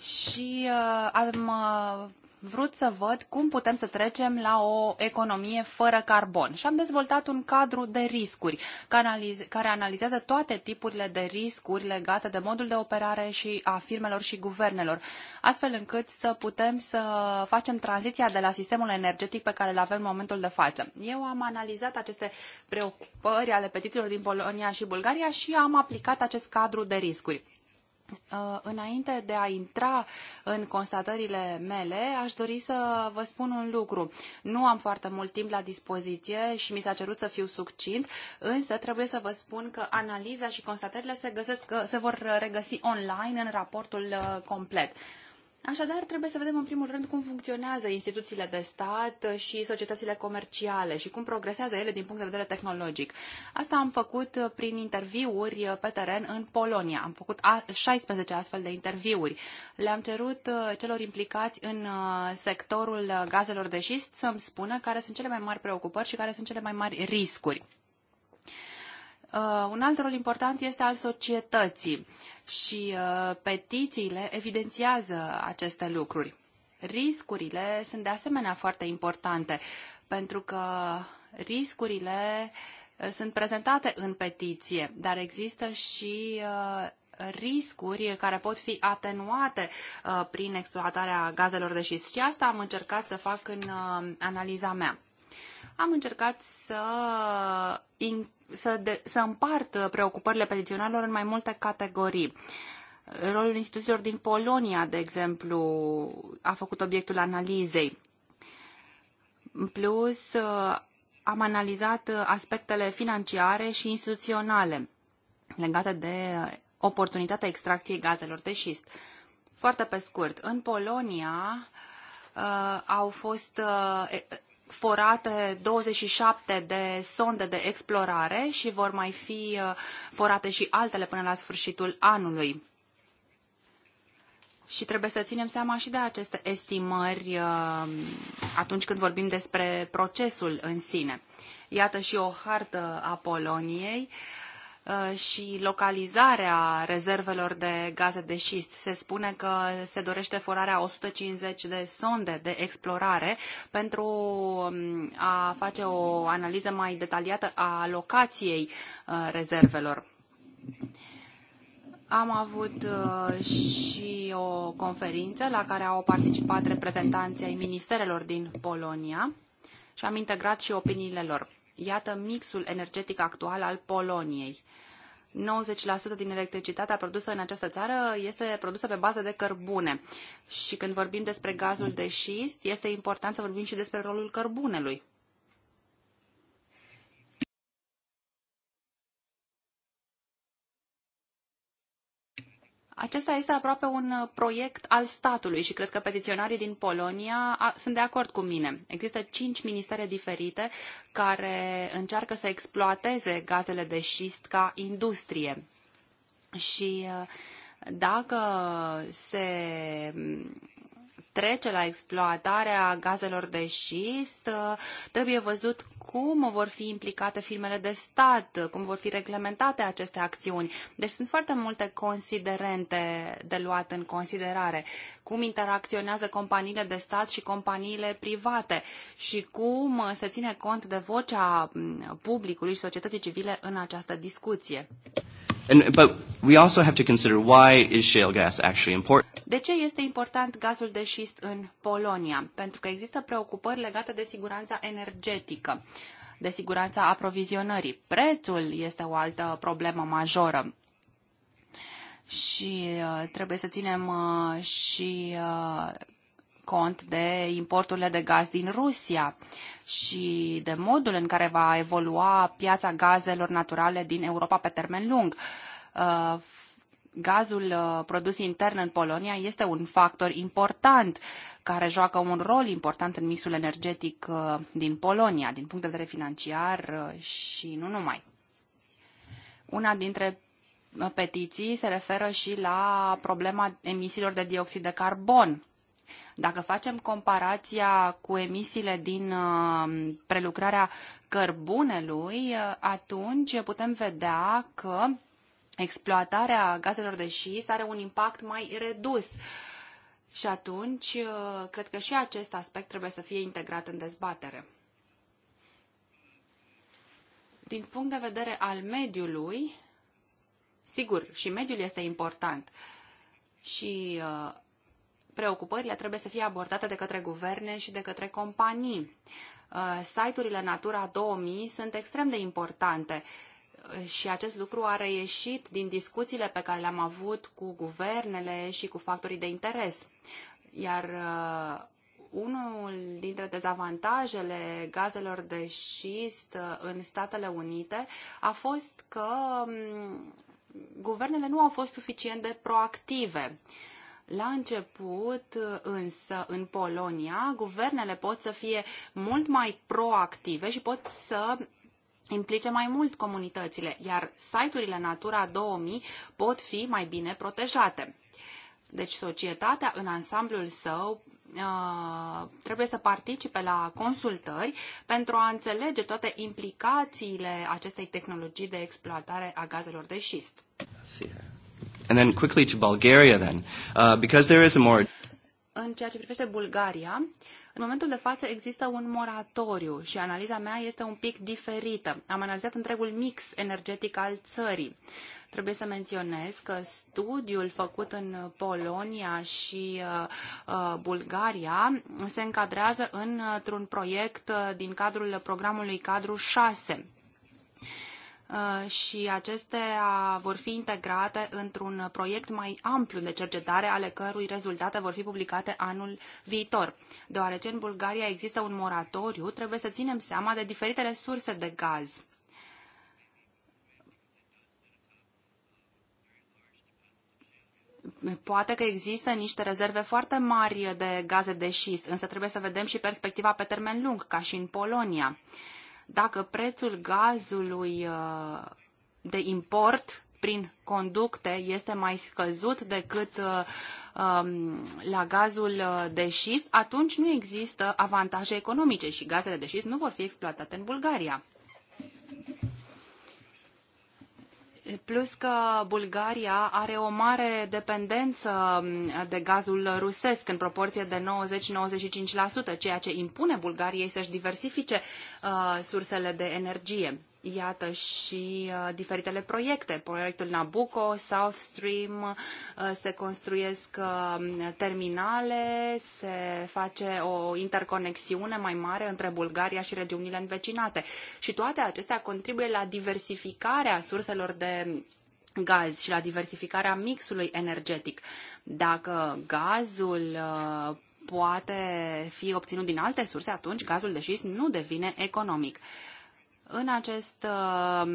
Și uh, am vrut să văd cum putem să trecem la o economie fără carbon și am dezvoltat un cadru de riscuri care analizează toate tipurile de riscuri legate de modul de operare și a firmelor și guvernelor, astfel încât să putem să facem tranziția de la sistemul energetic pe care îl avem în momentul de față. Eu am analizat aceste preocupări ale petițiilor din Polonia și Bulgaria și am aplicat acest cadru de riscuri. Uh, înainte de a intra în constatările mele, aș dori să vă spun un lucru. Nu am foarte mult timp la dispoziție și mi s-a cerut să fiu succint, însă trebuie să vă spun că analiza și constatările se, găsesc, se vor regăsi online în raportul uh, complet. Așadar, trebuie să vedem în primul rând cum funcționează instituțiile de stat și societățile comerciale și cum progresează ele din punct de vedere tehnologic. Asta am făcut prin interviuri pe teren în Polonia. Am făcut 16 astfel de interviuri. Le-am cerut uh, celor implicați în uh, sectorul gazelor de șist să-mi spună care sunt cele mai mari preocupări și care sunt cele mai mari riscuri. Uh, un alt rol important este al societății și uh, petițiile evidențiază aceste lucruri. Riscurile sunt de asemenea foarte importante, pentru că riscurile uh, sunt prezentate în petiție, dar există și riscuri care pot fi atenuate prin exploatarea gazelor de șist. Și asta am încercat să fac în analiza mea am încercat să, in, să, de, să împart preocupările petiționarilor în mai multe categorii. Rolul instituțiilor din Polonia, de exemplu, a făcut obiectul analizei. În plus, am analizat aspectele financiare și instituționale legate de oportunitatea extracției gazelor de șist. Foarte pe scurt, în Polonia uh, au fost uh, forate 27 de sonde de explorare și vor mai fi uh, forate și altele până la sfârșitul anului. Și trebuie să ținem seama și de aceste estimări uh, atunci când vorbim despre procesul în sine. Iată și o hartă a Poloniei. Uh, Uh, și localizarea rezervelor de gaze de șist. Se spune că se dorește forarea 150 de sonde de explorare pentru um, a face o analiză mai detaliată a locației uh, rezervelor. Am avut uh, și o conferință la care au participat reprezentanții ai ministerelor din Polonia și am integrat și opiniile lor. Iată mixul energetic actual al Poloniei. 90% din electricitatea produsă în această țară este produsă pe bază de cărbune. Și când vorbim despre gazul de șist, este important să vorbim și despre rolul cărbunelui. Acesta este aproape un uh, proiect al statului și cred că petiționarii din Polonia sunt de acord cu mine. Există cinci ministere diferite care încearcă să exploateze gazele de șist ca industrie. Și uh, dacă se trece la exploatarea gazelor de șist, uh, trebuie văzut cum vor fi implicate firmele de stat, uh, cum vor fi reglementate aceste acțiuni. Deci sunt foarte multe considerente de luat în considerare. Cum interacționează companiile de stat și companiile private și cum uh, se ține cont de vocea mm, publicului și societății civile în această discuție. And, but we also have to consider why is shale gas actually important. De ce este important gazul de șist în Polonia? Pentru că există preocupări legate de siguranța energetică, de siguranța aprovizionării. Prețul este o altă problemă majoră. Și uh, trebuie să ținem uh, și uh, cont de importurile de gaz din Rusia și de modul în care va evolua piața gazelor naturale din Europa pe termen lung. Uh, gazul uh, produs intern în Polonia este un factor important care joacă un rol important în mixul energetic uh, din Polonia, din punct de vedere financiar și nu numai. Una dintre petiții se referă și la problema emisiilor de dioxid de carbon dacă facem comparația cu emisiile din uh, prelucrarea cărbunelui, uh, atunci putem vedea că exploatarea gazelor de șist are un impact mai redus. Și atunci, uh, cred că și acest aspect trebuie să fie integrat în dezbatere. Din punct de vedere al mediului, sigur, și mediul este important. Și preocupările trebuie să fie abordate de către guverne și de către companii. Uh, site-urile Natura 2000 sunt extrem de importante uh, și acest lucru a reieșit din discuțiile pe care le-am avut cu guvernele și cu factorii de interes. Iar uh, unul dintre dezavantajele gazelor de șist în Statele Unite a fost că um, guvernele nu au fost suficient de proactive. Uh, la început, însă, în Polonia, guvernele pot să fie mult mai proactive și pot să implice mai mult comunitățile, iar site-urile Natura 2000 pot fi mai bine protejate. Deci societatea în ansamblul său uh, trebuie să participe la consultări pentru a înțelege toate implicațiile acestei tehnologii de exploatare a gazelor de șist. And then quickly to Bulgaria then, uh, because there is a more... În ceea ce privește Bulgaria, în momentul de față există un moratoriu și analiza mea este un pic diferită. Am analizat întregul mix energetic al țării. Trebuie să menționez că studiul făcut în Polonia și uh, uh Bulgaria se încadrează într-un proiect uh, din cadrul programului Cadru 6 Uh, și acestea vor fi integrate într-un proiect mai amplu de cercetare, ale cărui rezultate vor fi publicate anul viitor. Deoarece în Bulgaria există un moratoriu, trebuie să ținem seama de diferitele surse de gaz. poate că există niște rezerve foarte mari de gaze de șist, însă trebuie să vedem și perspectiva pe termen lung, ca și în Polonia. Uh, dacă prețul gazului uh, de import prin conducte este mai scăzut decât uh, um, la gazul uh, de șist, atunci nu există avantaje economice și gazele de șist nu vor fi exploatate în Bulgaria. Plus că Bulgaria are o mare dependență mm, de gazul rusesc în proporție de 90-95%, ceea ce impune Bulgariei să-și diversifice uh, sursele de energie iată și uh, diferitele proiecte. Proiectul Nabucco, South Stream, uh, se construiesc uh, terminale, se face o interconexiune mai mare între Bulgaria și regiunile învecinate. Și toate acestea contribuie la diversificarea surselor de gaz și la diversificarea mixului energetic. Dacă gazul uh, poate fi obținut din alte surse, atunci gazul de șist nu devine economic. Uh, în acest uh,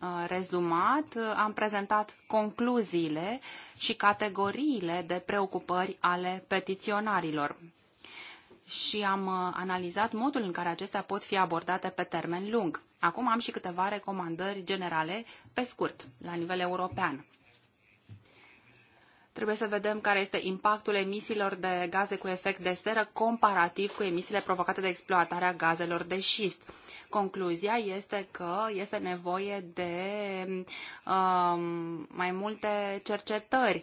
uh, rezumat uh, am prezentat concluziile și categoriile de preocupări ale petiționarilor și am analizat modul în care acestea pot fi abordate pe termen lung. Acum am și câteva recomandări generale, pe scurt, la nivel european. Trebuie să vedem care este impactul emisiilor de gaze cu efect de seră comparativ cu emisiile provocate de exploatarea gazelor de șist. Concluzia este că este nevoie de um, mai multe cercetări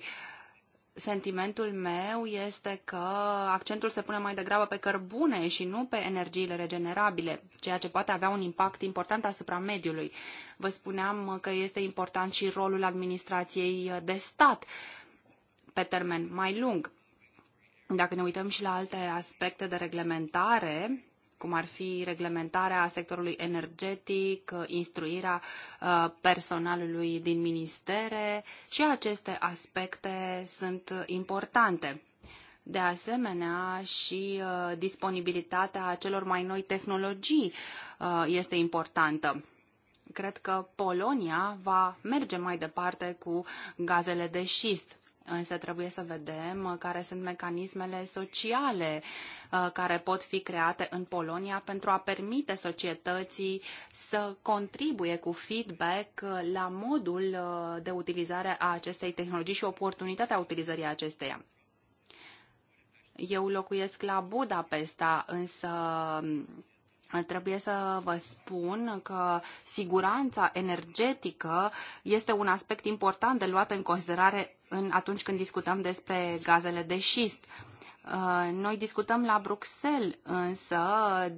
sentimentul meu este că accentul se pune mai degrabă pe cărbune și nu pe energiile regenerabile, ceea ce poate avea un impact important asupra mediului. Vă spuneam că este important și rolul administrației de stat pe termen mai lung. Dacă ne uităm și la alte aspecte de reglementare, cum ar fi reglementarea sectorului energetic, instruirea uh, personalului din ministere și aceste aspecte sunt importante. De asemenea, și uh, disponibilitatea celor mai noi tehnologii uh, este importantă. Cred că Polonia va merge mai departe cu gazele de șist Însă trebuie să vedem uh, care sunt mecanismele sociale uh, care pot fi create în Polonia pentru a permite societății să contribuie cu feedback uh, la modul de utilizare a acestei tehnologii și oportunitatea utilizării acesteia. Eu locuiesc la Budapesta, însă trebuie să vă spun că siguranța energetică este un aspect important de luat în considerare în, atunci când discutăm despre gazele de șist. Uh, noi discutăm la Bruxelles, însă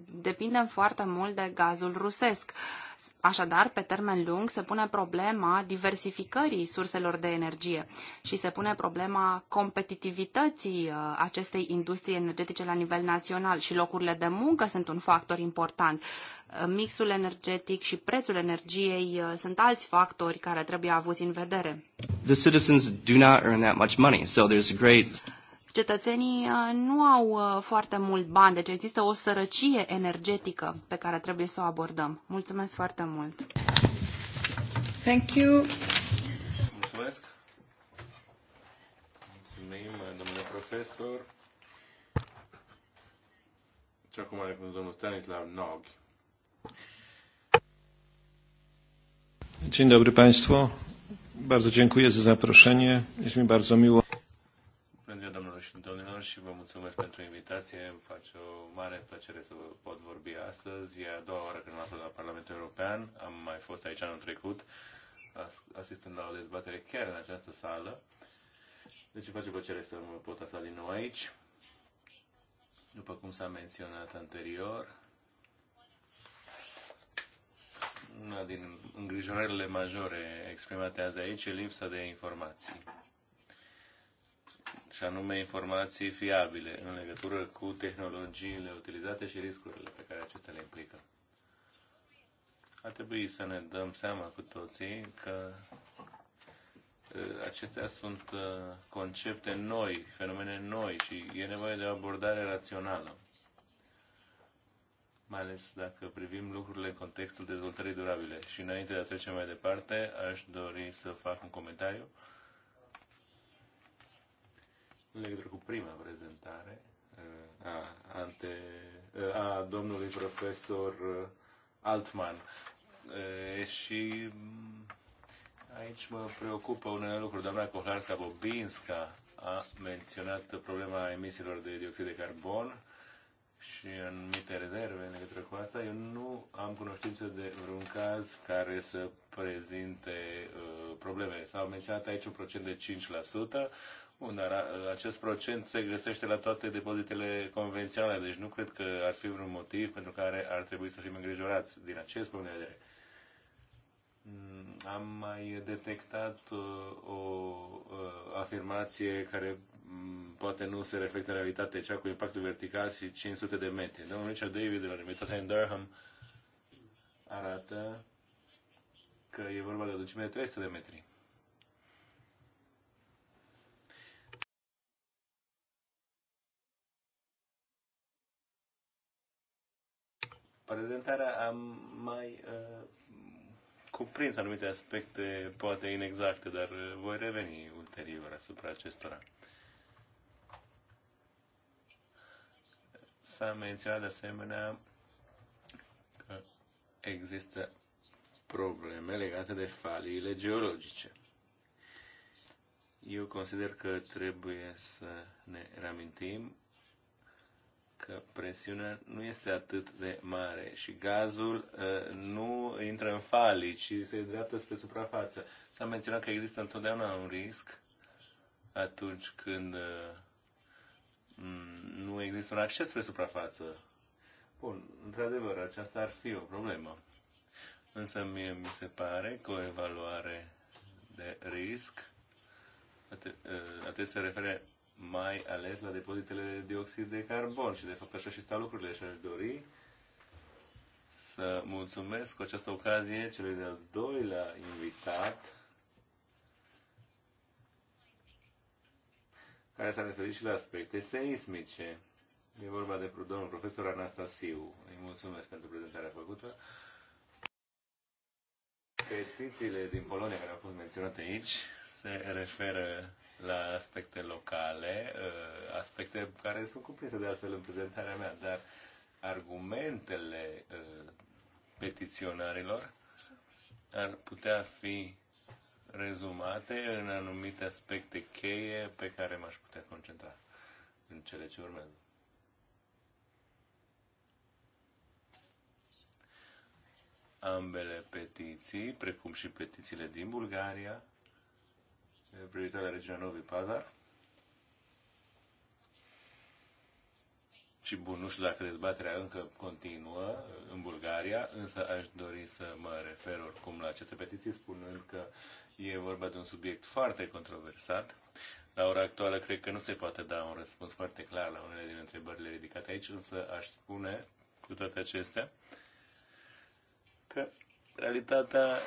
depindem foarte mult de gazul rusesc. Uh, Așadar, pe termen lung, se pune problema diversificării surselor de energie și se pune problema competitivității uh, acestei industrie energetice la nivel național și locurile de muncă sunt un factor important. Uh, mixul energetic și prețul energiei uh, sunt alți factori care trebuie avuți în vedere. The citizens do not earn that much money, so there's great cetățenii uh, nu au uh, foarte mult bani, deci există o sărăcie energetică pe care trebuie să o abordăm. Mulțumesc foarte mult! Thank you! Mulțumesc! Mulțumim, domnule profesor! Și acum are cuvântul domnul Stanislav Nog. Dzień dobry Państwu. Bardzo dziękuję za zaproszenie. Jest mi bardzo miło și domnilor, și vă mulțumesc pentru invitație. Îmi face o mare plăcere să vă pot vorbi astăzi. E a doua oară când am fost la Parlamentul European. Am mai fost aici anul trecut, asistând la o dezbatere chiar în această sală. Deci îmi face plăcere să mă pot afla din nou aici. După cum s-a menționat anterior, una din îngrijorările majore exprimate azi aici e lipsa de informații și anume informații fiabile în legătură cu tehnologiile utilizate și riscurile pe care acestea le implică. A trebuit să ne dăm seama cu toții că acestea sunt concepte noi, fenomene noi și e nevoie de o abordare rațională mai ales dacă privim lucrurile în contextul dezvoltării durabile. Și înainte de a trece mai departe, aș dori să fac un comentariu în legătură cu prima prezentare uh, a, ante, uh, a domnului profesor uh, Altman. E, și mm, aici mă preocupă unele lucruri. Doamna Kohlarska-Bobinska a menționat problema emisiilor de dioxid de carbon și în mite rezerve în legătură cu asta. Eu nu am cunoștință de vreun caz care să prezinte uh, probleme. S-au menționat aici un procent de Bun, dar uh, acest procent se găsește la toate depozitele convenționale, deci nu cred că ar fi vreun motiv pentru care ar trebui să fim îngrijorați din acest punct de vedere. Mm, am mai detectat uh, o uh, afirmație care mm, poate nu se reflectă în realitate, cea cu impactul vertical și 500 de metri. Domnul Richard David de la Universitatea în Durham arată că e vorba de o de 300 de metri. prezentarea am mai uh, cuprins anumite aspecte, poate inexacte, dar uh, voi reveni ulterior asupra acestora. S-a menționat de asemenea că există probleme legate de faliile geologice. Eu consider că trebuie să ne reamintim că presiunea nu este atât de mare și gazul uh, nu intră în falii, ci se îndreaptă spre suprafață. S-a menționat că există întotdeauna un risc atunci când uh, nu există un acces spre suprafață. Bun, într-adevăr, aceasta ar fi o problemă. Însă mie mi se pare că o evaluare de risc uh, trebui să refere mai ales la depozitele de dioxid de carbon și de fapt așa și stau lucrurile și aș dori să mulțumesc cu această ocazie celui de-al doilea invitat care s-a referit și la aspecte seismice. E vorba de domnul profesor Anastasiu. Îi mulțumesc pentru prezentarea făcută. Petițiile din Polonia care au fost menționate aici se referă la aspecte locale, uh, aspecte care sunt cuprinse de altfel în prezentarea mea, dar argumentele uh, petiționarilor ar putea fi rezumate în anumite aspecte cheie pe care m-aș putea concentra în cele ce urmează. Ambele petiții, precum și petițiile din Bulgaria, prioritar la Regiunii Novi Pazar. Și bun, nu știu dacă dezbaterea încă continuă în Bulgaria, însă aș dori să mă refer oricum la aceste petiții, spunând că e vorba de un subiect foarte controversat. La ora actuală cred că nu se poate da un răspuns foarte clar la unele din întrebările ridicate aici, însă aș spune cu toate acestea că realitatea,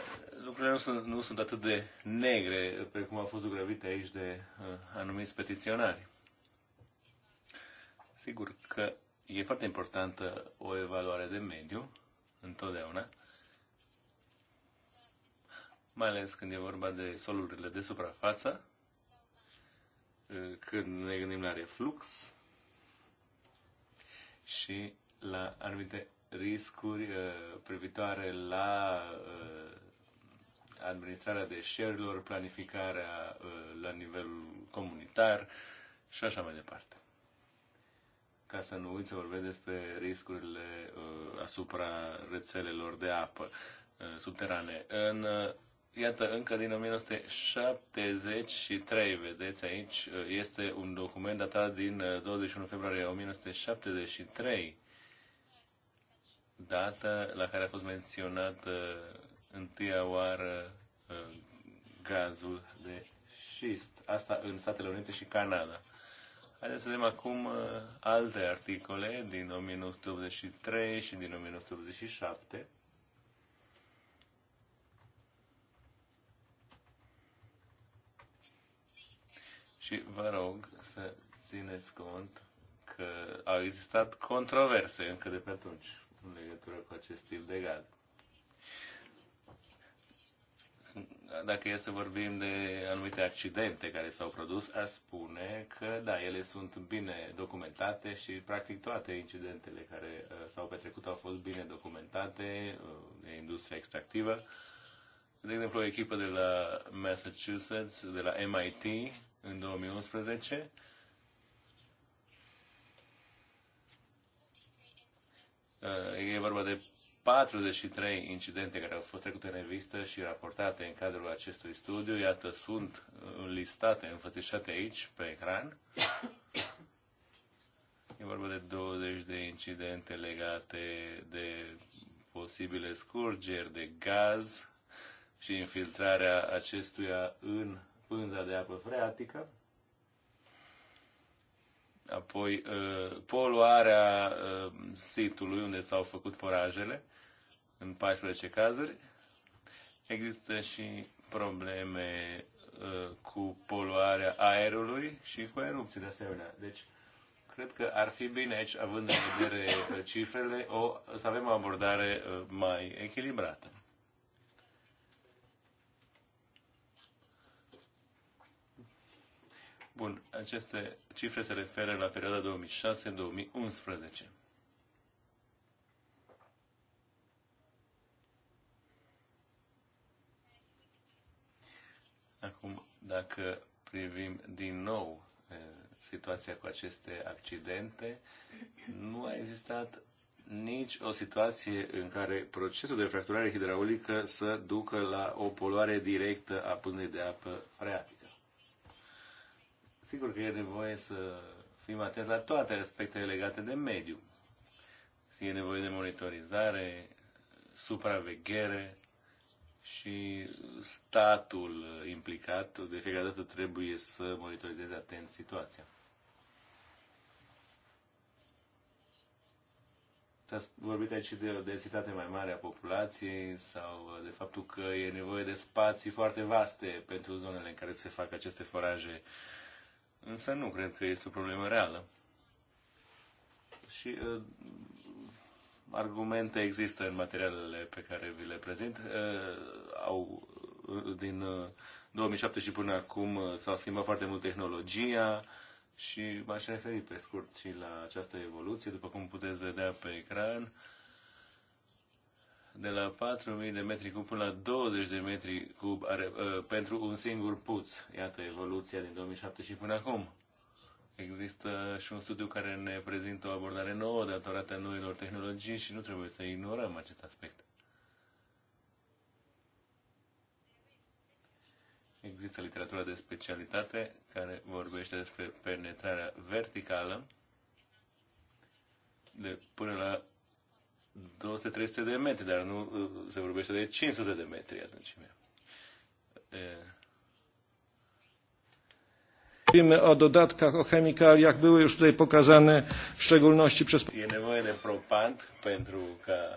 lucrurile nu sunt, nu sunt atât de negre precum au fost grăvite aici de uh, anumiți petiționari. Sigur că e foarte importantă o evaluare de mediu, întotdeauna, mai ales când e vorba de solurile de suprafață, uh, când ne gândim la reflux și la anumite riscuri uh, privitoare la uh, administrarea deșeurilor, planificarea uh, la nivel comunitar și așa mai departe. Ca să nu uiți să vorbesc despre riscurile asupra rețelelor de apă subterane. În, iată, încă din 1973, vedeți aici, este un document datat din 21 februarie 1973, data la care a fost menționat uh, întâia oară uh, gazul de șist. Asta în Statele Unite și Canada. Haideți să vedem acum uh, alte articole din 1983 și din 1987. Și vă rog să țineți cont că au existat controverse încă de pe atunci în legătură cu acest stil de gaz. Dacă e să vorbim de anumite accidente care s-au produs, aș spune că, da, ele sunt bine documentate și, practic, toate incidentele care uh, s-au petrecut au fost bine documentate uh, de industria extractivă. De exemplu, o echipă de la Massachusetts, de la MIT, în 2011, Uh, e vorba de 43 incidente care au fost trecute în revistă și raportate în cadrul acestui studiu. Iată, sunt listate, înfățișate aici, pe ecran. E vorba de 20 de incidente legate de posibile scurgeri de gaz și infiltrarea acestuia în pânza de apă freatică apoi uh, poluarea uh, sitului unde s-au făcut forajele, în 14 cazuri. Există și probleme uh, cu poluarea aerului și cu erupții de asemenea. Deci, cred că ar fi bine aici, având în vedere cifrele, o, să avem o abordare mai echilibrată. Bun, aceste cifre se referă la perioada 2006-2011. Acum, dacă privim din nou eh, situația cu aceste accidente, nu a existat nici o situație în care procesul de fracturare hidraulică să ducă la o poluare directă a pânzei de apă freatică. Sigur că e nevoie să fim atenți la toate aspectele legate de mediu. E nevoie de monitorizare, supraveghere și statul implicat de fiecare dată trebuie să monitorizeze atent situația. S-a vorbit aici de o densitate mai mare a populației sau de faptul că e nevoie de spații foarte vaste pentru zonele în care se fac aceste foraje uh, Însă nu cred că este o problemă reală. Și uh, argumente există în materialele pe care vi le prezint. Uh, au uh, din 2007 uh, și până acum uh, s-a schimbat foarte mult tehnologia și m-aș referi pe scurt și la această evoluție, după cum puteți vedea pe ecran. Uh, de la 4.000 de metri cub până la 20 de metri cub are, uh, pentru un singur puț. Iată evoluția din 2007 și până acum. Există și un studiu care ne prezintă o abordare nouă datorată noilor tehnologii și nu trebuie să ignorăm acest aspect. Există literatura de specialitate care vorbește despre penetrarea verticală de până la 200-300 de metri, dar nu uh, se vorbește de 500 de metri adâncimea. Mówimy o dodatkach, o chemikaliach, były już tutaj pokazane w szczególności przez... Jest nevoie de propant pentru ca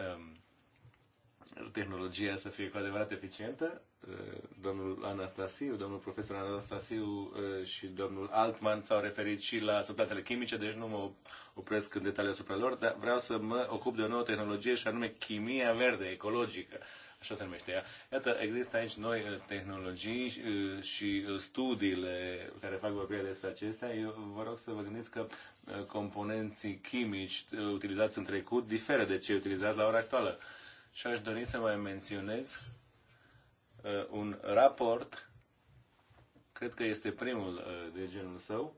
um, tehnologia să fie cu adevărat eficientă. Domnul Anastasiu, domnul profesor Anastasiu și domnul Altman s-au referit și la substanțele chimice, deci nu mă opresc în detalii asupra lor, dar vreau să mă ocup de o nouă tehnologie și anume chimia verde, ecologică. Așa se numește ea. Iată, există aici noi tehnologii și studiile care fac vorbirea despre acestea. Eu vă rog să vă gândiți că componenții chimici utilizați în trecut diferă de cei utilizați la ora actuală și aș dori să mai menționez uh, un raport, cred că este primul uh, de genul său,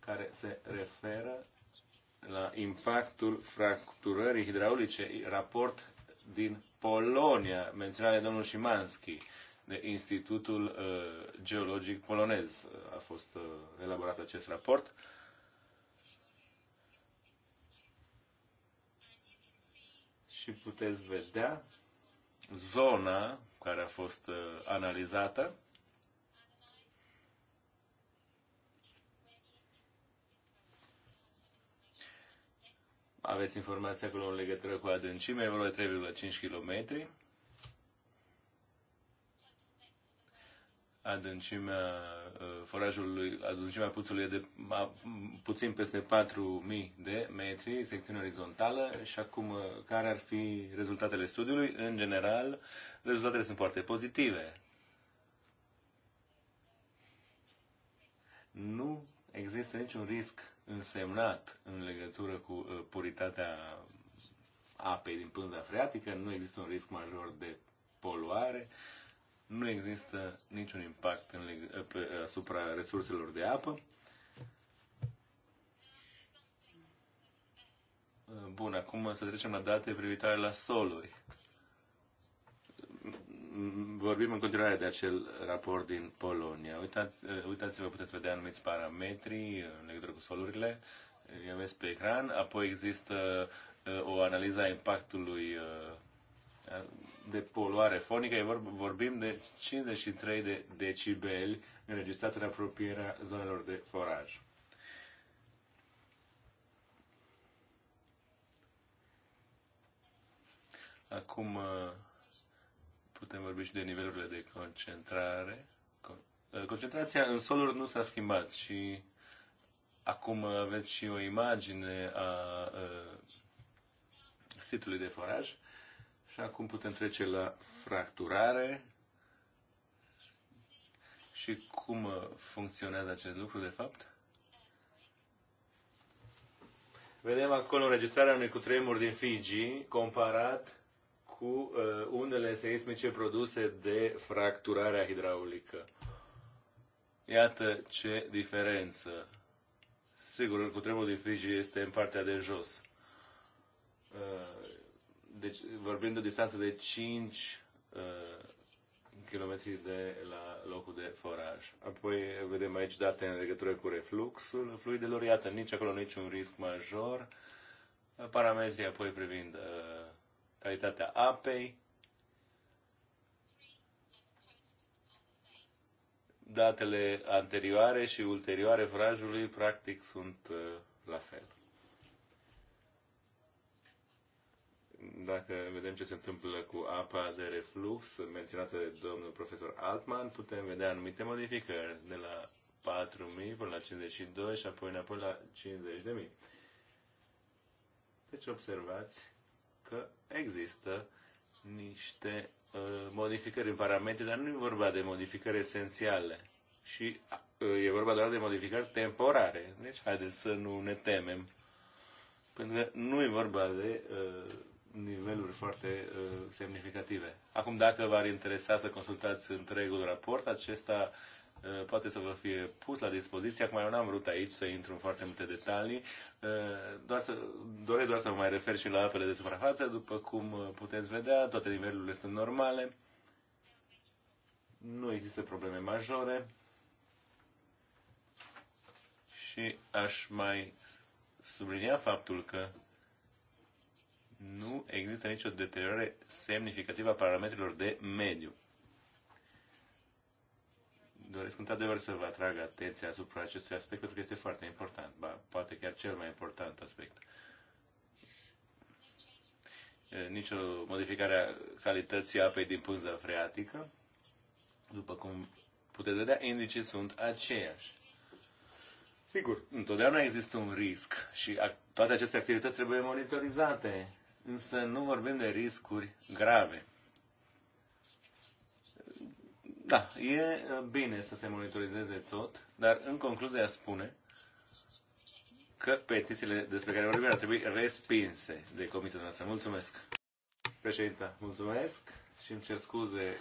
care se referă la impactul fracturării hidraulice, raport din Polonia, menționat de domnul Szymanski, de Institutul uh, Geologic Polonez. A fost elaborat acest raport. și puteți vedea zona care a fost uh, analizată. Aveți informația acolo în legătură cu adâncime, vreo 3,5 km. adâncimea uh, forajului, adâncimea puțului e de a, puțin peste 4.000 de metri, secțiune orizontală și acum uh, care ar fi rezultatele studiului? În general, rezultatele sunt foarte pozitive. Nu există niciun risc însemnat în legătură cu uh, puritatea apei din pânza freatică, nu există un risc major de poluare. Uh, nu există niciun impact în, asupra resurselor de apă. Bun, acum să trecem la date privitoare la soluri. Vorbim în continuare de acel raport din Polonia. Uitați, uitați-vă, puteți vedea anumiți parametri în legătură cu solurile. Eu aveți pe ecran. Apoi există uh, o analiză a impactului uh, de poluare fonică, vorbim de 53 de decibeli înregistrați în apropierea zonelor de foraj. Acum uh, putem vorbi și de nivelurile de concentrare. Uh, concentrația în soluri nu s-a schimbat și acum aveți și o imagine a uh, sitului de foraj. Și acum putem trece la fracturare și cum uh, funcționează acest lucru de fapt. Vedem acolo înregistrarea unui cutremur din Fiji comparat cu uh, undele seismice produse de fracturarea hidraulică. Iată ce diferență. Sigur, cutremurul din Fiji este în partea de jos. Uh, deci vorbim de o distanță de 5 uh, km de la locul de foraj. Apoi vedem aici date în legătură cu refluxul fluidelor, iată, nici acolo niciun risc major. Uh, parametrii apoi privind uh, calitatea apei. Datele anterioare și ulterioare forajului practic sunt uh, la fel. Dacă vedem ce se întâmplă cu apa de reflux menționată de domnul profesor Altman, putem vedea anumite modificări de la 4.000 până la 52 și apoi înapoi la 50.000. Deci observați că există niște uh, modificări în parametri, dar nu e vorba de modificări esențiale. Și uh, e vorba doar de modificări temporare. Deci haideți să nu ne temem. Pentru că nu e vorba de uh, niveluri foarte uh, semnificative. Acum, dacă v-ar interesa să consultați întregul raport, acesta uh, poate să vă fie pus la dispoziție. Acum, eu n-am vrut aici să intru în foarte multe detalii, uh, doar să, doresc doar să vă mai refer și la apele de suprafață. După cum uh, puteți vedea, toate nivelurile sunt normale, nu există probleme majore și aș mai sublinia faptul că nu există nicio deteriorare semnificativă a parametrilor de mediu. Doresc într-adevăr să vă atrag atenția asupra acestui aspect pentru că este foarte important, ba, poate chiar cel mai important aspect. Nici o modificare a calității apei din pânza freatică, după cum puteți vedea, indicii sunt aceiași. Sigur, întotdeauna există un risc și toate aceste activități trebuie monitorizate însă nu vorbim de riscuri grave. Da, e bine să se monitorizeze tot, dar în concluzie aș spune că petițiile despre care vorbim ar trebui respinse de Comisia noastră. Mulțumesc! Președinta, mulțumesc și îmi cer scuze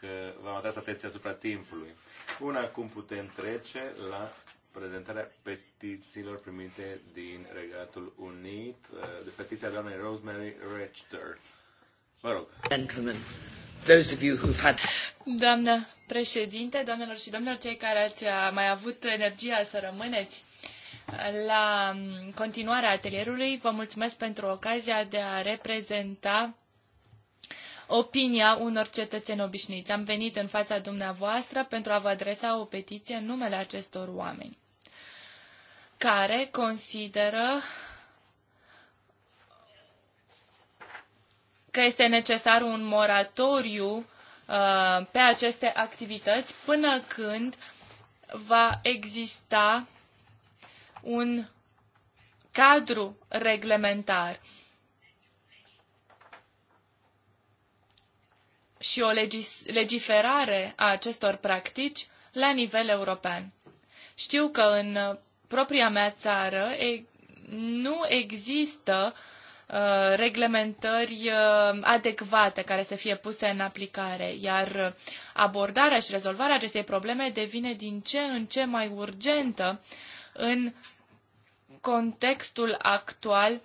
că v-am atras atenția asupra timpului. Până acum putem trece la prezentarea petițiilor primite din Regatul Unit, uh, de petiția doamnei Rosemary Rechter. Vă rog. Gentlemen, those of you who've had... Doamna președinte, doamnelor și domnilor, cei care ați uh, mai avut energia să rămâneți la um, continuarea atelierului, vă mulțumesc pentru ocazia de a reprezenta opinia unor cetățeni obișnuiți. Am venit în fața dumneavoastră pentru a vă adresa o petiție în numele acestor oameni care consideră că este necesar un moratoriu uh, pe aceste activități până când va exista un cadru reglementar și o legis- legiferare a acestor practici la nivel european. Știu că în propria mea țară nu există uh, reglementări uh, adecvate care să fie puse în aplicare, iar abordarea și rezolvarea acestei probleme devine din ce în ce mai urgentă în contextul actual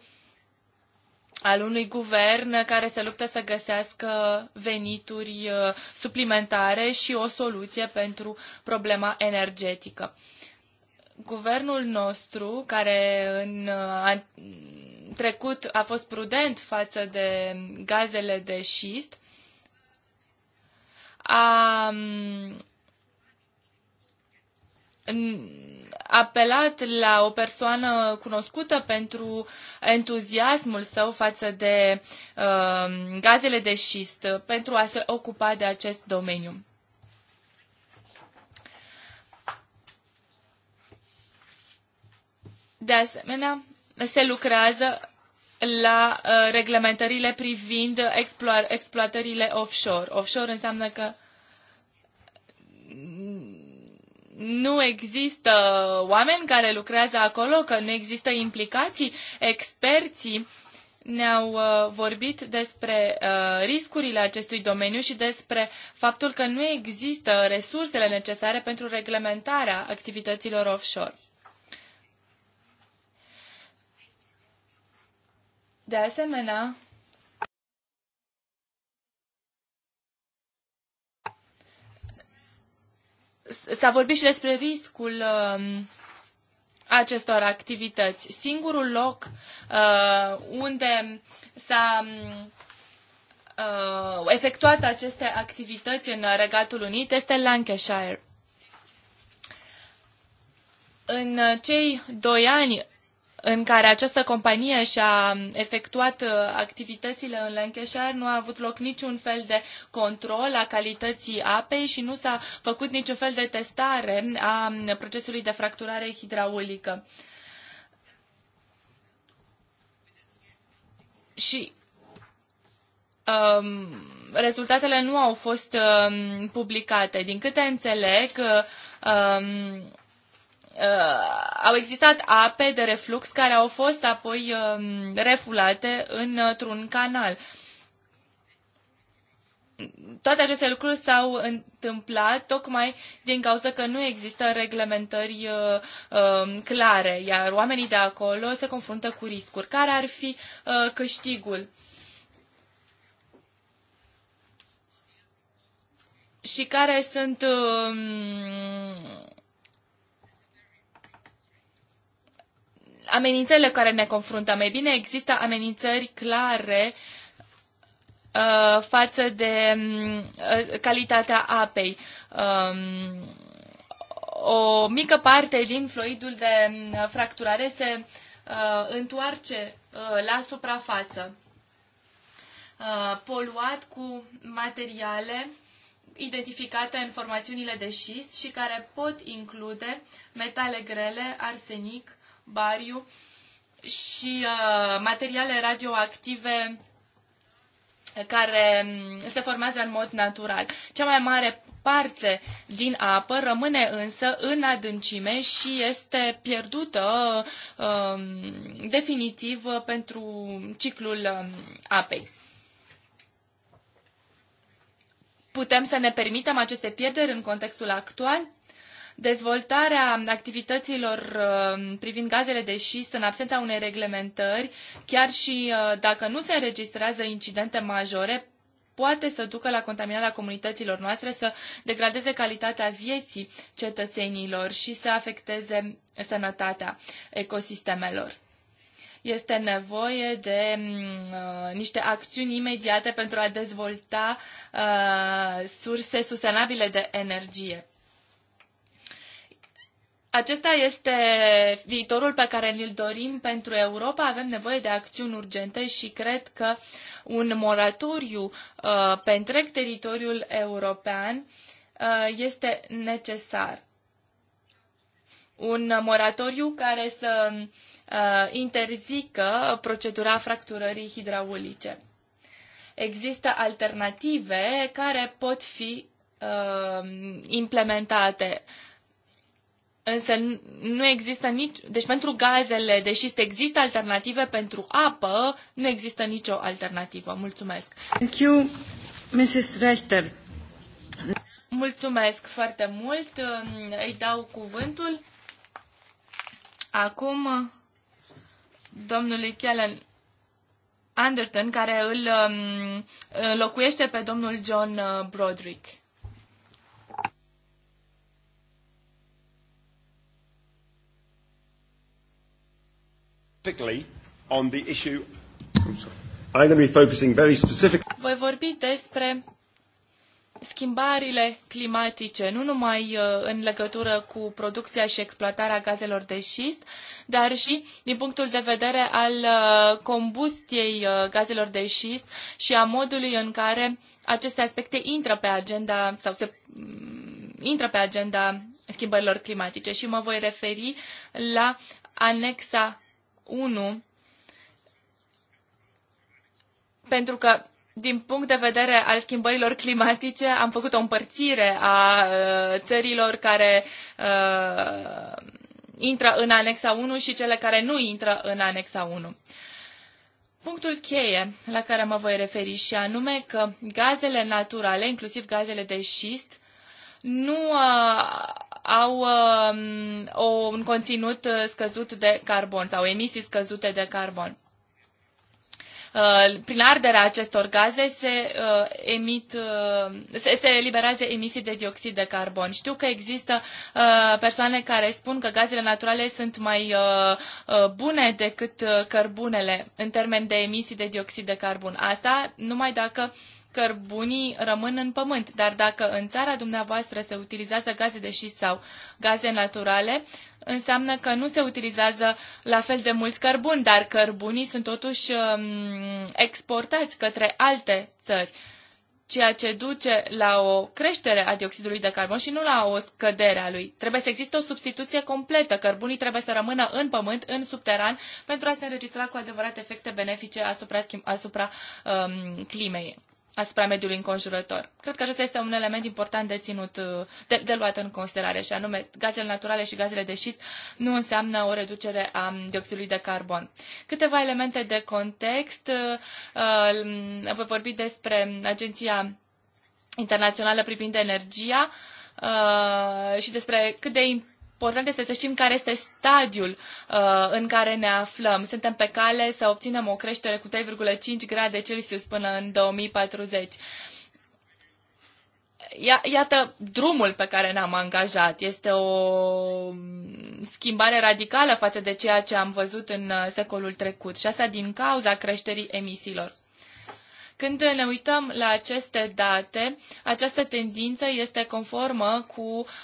al unui guvern care se luptă să găsească venituri uh, suplimentare și o soluție pentru problema energetică guvernul nostru, care în uh, trecut a fost prudent față de gazele de șist, mm, a apelat la o persoană cunoscută pentru entuziasmul său față de uh, gazele de șist pentru a se ocupa de acest domeniu. De asemenea, se lucrează la uh, reglementările privind explo- exploatările offshore. Offshore înseamnă că nu există oameni care lucrează acolo, că nu există implicații. Experții ne-au uh, vorbit despre uh, riscurile acestui domeniu și despre faptul că nu există resursele necesare pentru reglementarea activităților offshore. De asemenea, s-a vorbit și despre riscul um, acestor activități. Singurul loc uh, unde s-a um, uh, efectuat aceste activități în Regatul Unit este Lancashire. În cei doi ani în care această companie și-a efectuat uh, activitățile în Lancashire, nu a avut loc niciun fel de control a calității apei și nu s-a făcut niciun fel de testare a um, procesului de fracturare hidraulică. Și um, rezultatele nu au fost um, publicate. Din câte înțeleg, um, Uh, au existat ape de reflux care au fost apoi um, refulate uh, într-un canal. Toate aceste lucruri s-au întâmplat tocmai din cauza că nu există reglementări uh, um, clare, iar oamenii de acolo se confruntă cu riscuri. Care ar fi uh, câștigul? Și care sunt uh, amenințările care ne confruntăm. Mai bine, există amenințări clare uh, față de uh, calitatea apei. Um, o mică parte din fluidul de uh, fracturare se întoarce la suprafață, poluat cu materiale identificate în formațiunile de șist și care pot include metale grele, arsenic, bariu și uh, materiale radioactive care mm, se formează în mod natural. Cea mai mare parte din apă rămâne însă în adâncime și este pierdută um, definitiv pentru ciclul um, apei. Putem să ne permitem aceste pierderi în contextul actual? Dezvoltarea activităților uh, privind gazele de șist în absența unei reglementări, chiar și uh, dacă nu se înregistrează incidente majore, poate să ducă la contaminarea comunităților noastre, să degradeze calitatea vieții cetățenilor și să afecteze sănătatea ecosistemelor este nevoie de mm, uh, niște acțiuni imediate pentru a dezvolta uh, surse sustenabile de energie. Acesta este viitorul pe care ni-l dorim pentru Europa. Avem nevoie de acțiuni urgente și cred că un moratoriu uh, pe întreg teritoriul european uh, este necesar. Un moratoriu care să uh, interzică procedura fracturării hidraulice. Există alternative care pot fi uh, implementate Însă nu există nici. Deci pentru gazele deși există alternative, pentru apă nu există nicio alternativă. Mulțumesc. Thank you, Mrs. Rechter. Mulțumesc foarte mult. Îi dau cuvântul. Acum domnului Kellen Anderton, care îl locuiește pe domnul John uh, Broderick. particularly on the issue. I'm going to be focusing very specific. Voi vorbi despre schimbările climatice, nu numai uh, în legătură cu producția și exploatarea gazelor de șist, dar și din punctul de vedere al uh, combustiei uh, gazelor de șist și a modului în care aceste aspecte intră pe agenda sau se mm, intră pe agenda schimbărilor climatice și mă voi referi la anexa 1, pentru că din punct de vedere al schimbărilor climatice am făcut o împărțire a uh, țărilor care uh, intră în anexa 1 și cele care nu intră în anexa 1. Punctul cheie la care mă voi referi și anume că gazele naturale, inclusiv gazele de șist, nu uh, au um, o, un conținut uh, scăzut de carbon sau emisii scăzute de carbon. Uh, prin arderea acestor gaze se uh, emit, uh, se, se eliberează emisii de dioxid de carbon. Știu că există uh, persoane care spun că gazele naturale sunt mai bune decât cărbunele în termen de emisii de dioxid de carbon. Asta numai dacă cărbunii rămân în pământ, dar dacă în țara dumneavoastră se utilizează gaze de șist sau gaze naturale, înseamnă că nu se utilizează la fel de mulți cărbuni, dar cărbunii sunt totuși um, exportați către alte țări, ceea ce duce la o creștere a dioxidului de carbon și nu la o scădere a lui. Trebuie să existe o substituție completă. Cărbunii trebuie să rămână în pământ, în subteran, pentru a se înregistra cu adevărat efecte benefice asupra, asupra um, climei asupra mediului înconjurător. Cred că acesta este un element important de, ținut, de, de luat în considerare, și anume gazele naturale și gazele de șist nu înseamnă o reducere a dioxidului de carbon. Câteva elemente de context. Uh, voi vorbi despre Agenția Internațională privind energia uh, și despre cât de important important este să știm care este stadiul uh, în care ne aflăm. Suntem pe cale să obținem o creștere cu 3,5 grade Celsius până în 2040. Ia, iată drumul pe care ne-am angajat. Este o schimbare radicală față de ceea ce am văzut în uh, secolul trecut și asta din cauza creșterii emisiilor. Când ne uităm la aceste date, această tendință este conformă cu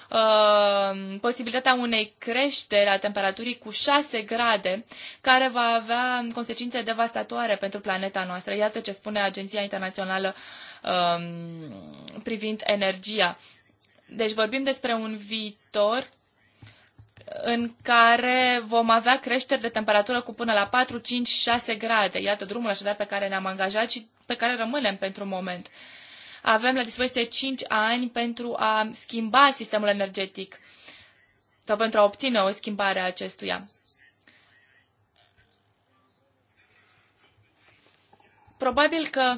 uh, posibilitatea unei creșteri a temperaturii cu 6 grade, care va avea consecințe devastatoare pentru planeta noastră. Iată ce spune Agenția Internațională uh, privind energia. Deci vorbim despre un viitor în care vom avea creșteri de temperatură cu până la 4, 5, 6 grade. Iată drumul așadar pe care ne-am angajat și pe care rămânem pentru moment. Avem la dispoziție 5 ani pentru a schimba sistemul energetic sau pentru a obține o schimbare a acestuia. Probabil că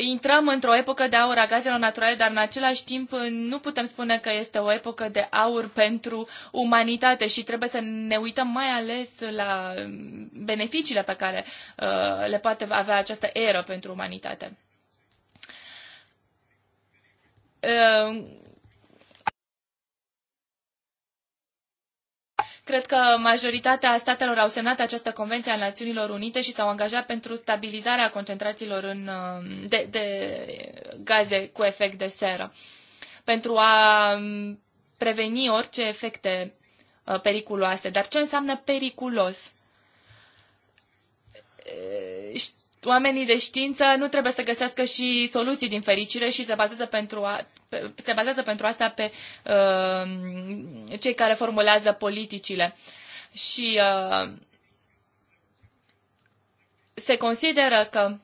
intrăm într-o epocă de aur a gazelor naturale, dar în același timp uh, nu putem spune că este o epocă de aur pentru umanitate și trebuie să ne uităm mai ales la um, beneficiile pe care uh, le poate avea această eră pentru umanitate. Uh, Cred că majoritatea statelor au semnat această convenție a Națiunilor Unite și s-au angajat pentru stabilizarea concentrațiilor în, um, de, de gaze cu efect de seră, pentru a um, preveni orice efecte uh, periculoase. Dar ce înseamnă periculos? oamenii de știință nu trebuie să găsească și soluții din fericire și se bazează pentru, a, se bazează pentru asta pe uh, cei care formulează politicile. Și uh, se consideră că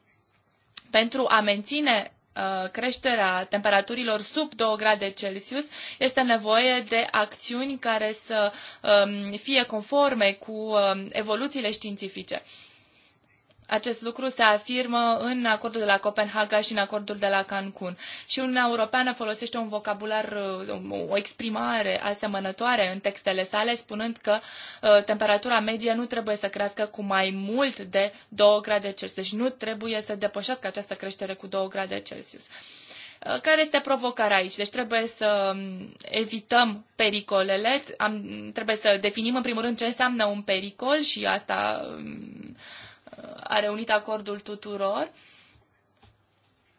pentru a menține uh, creșterea temperaturilor sub 2 grade Celsius, este nevoie de acțiuni care să um, fie conforme cu um, evoluțiile științifice. Uh, acest lucru se afirmă în acordul de la Copenhaga și în acordul de la Cancun. Și Uniunea Europeană folosește un vocabular, uh, o exprimare asemănătoare în textele sale, spunând că uh, temperatura medie nu trebuie să crească cu mai mult de 2 grade Celsius. Deci nu trebuie să depășească această creștere cu 2 grade Celsius. Uh, care este provocarea aici? Deci trebuie să um, evităm pericolele, Am, trebuie să definim în primul rând ce înseamnă un pericol și asta um, Uh, a reunit acordul tuturor.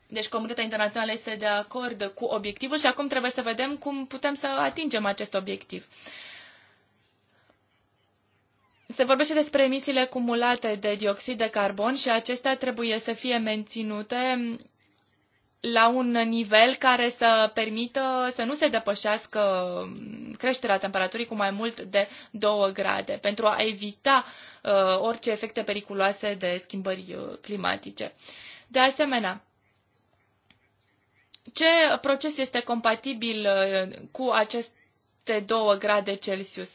Deci comunitatea internațională este de acord cu obiectivul și acum trebuie să vedem cum putem să atingem acest obiectiv. Se vorbește despre emisiile cumulate de dioxid de carbon și acestea trebuie să fie menținute la un nivel care să permită să nu se depășească creșterea temperaturii cu mai mult de 2 grade pentru a evita uh, Uh, orice efecte periculoase de schimbări uh, climatice. De asemenea, ce proces este compatibil uh, cu aceste două grade Celsius?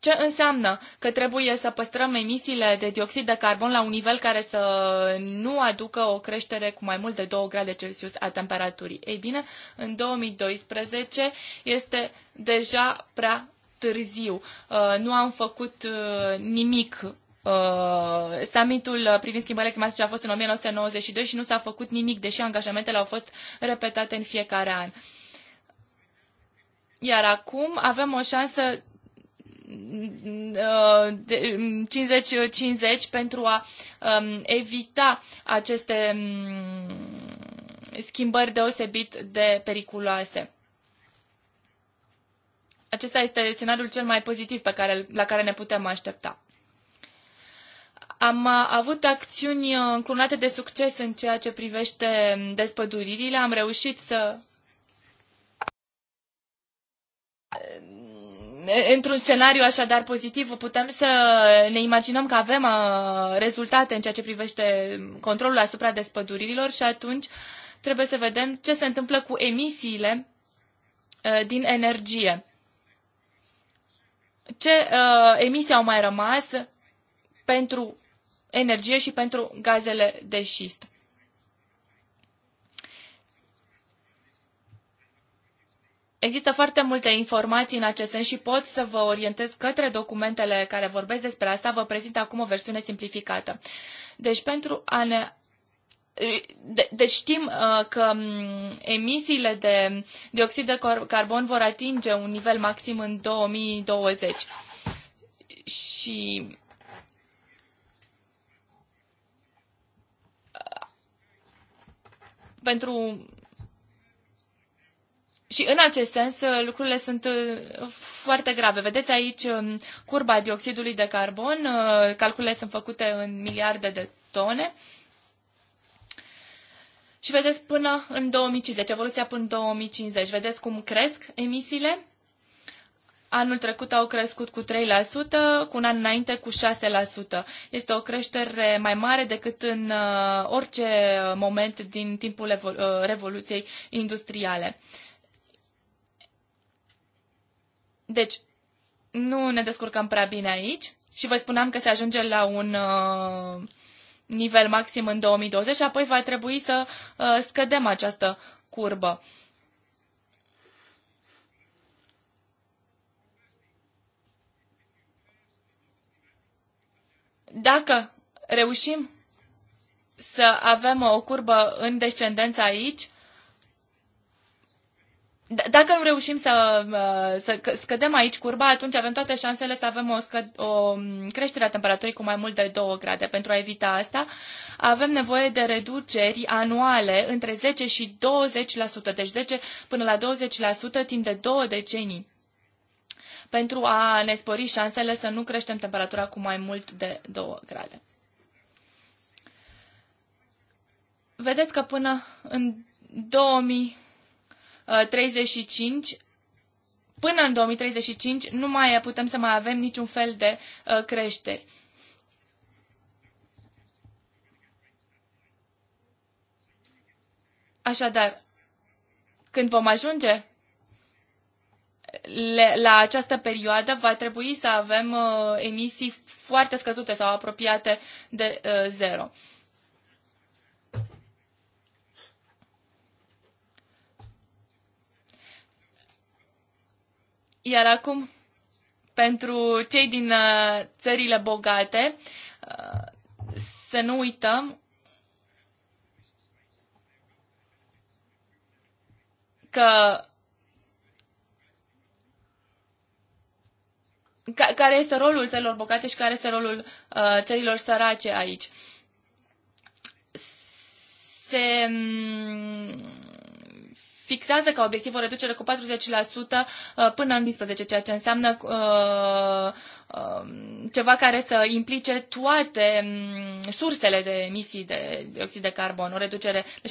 Ce înseamnă că trebuie să păstrăm emisiile de dioxid de carbon la un nivel care să nu aducă o creștere cu mai mult de 2 grade Celsius a temperaturii? Ei bine, în 2012 este deja prea târziu. Uh, nu am făcut uh, nimic. Uh, summitul privind schimbările climatice a fost în 1992 și nu s-a făcut nimic, deși angajamentele au fost repetate în fiecare an. Iar acum avem o șansă 50-50 pentru a um, evita aceste um, schimbări deosebit de periculoase acesta este scenariul cel mai pozitiv pe care, la care ne putem aștepta. Am uh, avut acțiuni uh, înclunate de succes în ceea ce privește um, despăduririle. Am reușit să uh, într-un scenariu așadar pozitiv, putem să ne imaginăm că avem rezultate în ceea ce privește um, controlul asupra despăduririlor și atunci trebuie să vedem ce se întâmplă cu emisiile din energie ce uh, emisii au mai rămas pentru energie și pentru gazele de șist. Există foarte multe informații în acest sens și pot să vă orientez către documentele care vorbesc despre asta. Vă prezint acum o versiune simplificată. Deci, pentru a ne de, deci știm uh, că mm, emisiile de dioxid de carbon vor atinge un nivel maxim în 2020. Și uh, pentru și în acest sens uh, lucrurile sunt uh, foarte grave. Vedeți aici um, curba dioxidului de carbon, calculele sunt făcute în miliarde de tone. Uh, și vedeți până în 2050, evoluția până în 2050. Vedeți cum cresc emisiile? Anul trecut au crescut cu 3%, cu un an înainte cu 6%. Este o creștere mai mare decât în uh, orice moment din timpul uh, Revoluției Industriale. Deci, nu ne descurcăm prea bine aici și vă spuneam că se ajunge la un uh, nivel maxim în 2020 și apoi va trebui să uh, scădem această curbă. Dacă reușim să avem o curbă în descendență aici, dacă nu reușim să, uh, să scădem aici curba, atunci avem toate șansele să avem o, scăd, o mm, creștere a temperaturii cu mai mult de 2 grade. Pentru a evita asta, avem nevoie de reduceri anuale între 10 și 20%, deci 10 până la 20% timp de două decenii pentru a ne spori șansele să nu creștem temperatura cu mai mult de 2 grade. Vedeți că până în 2000 35 uh, până în 2035 nu mai putem să mai avem niciun fel de uh, creșteri. Așadar, când vom ajunge la această perioadă, va trebui să avem uh, emisii foarte scăzute sau apropiate de zero. Iar acum, pentru cei din uh, țările bogate, uh, să nu uităm că care este rolul țărilor bogate și care este rolul uh, țărilor sărace aici. Se mm, fixează ca obiectiv o reducere cu 40% uh, până în 15, ceea ce înseamnă uh, uh, ceva care să implice toate mm, sursele de emisii de dioxid de carbon, o reducere de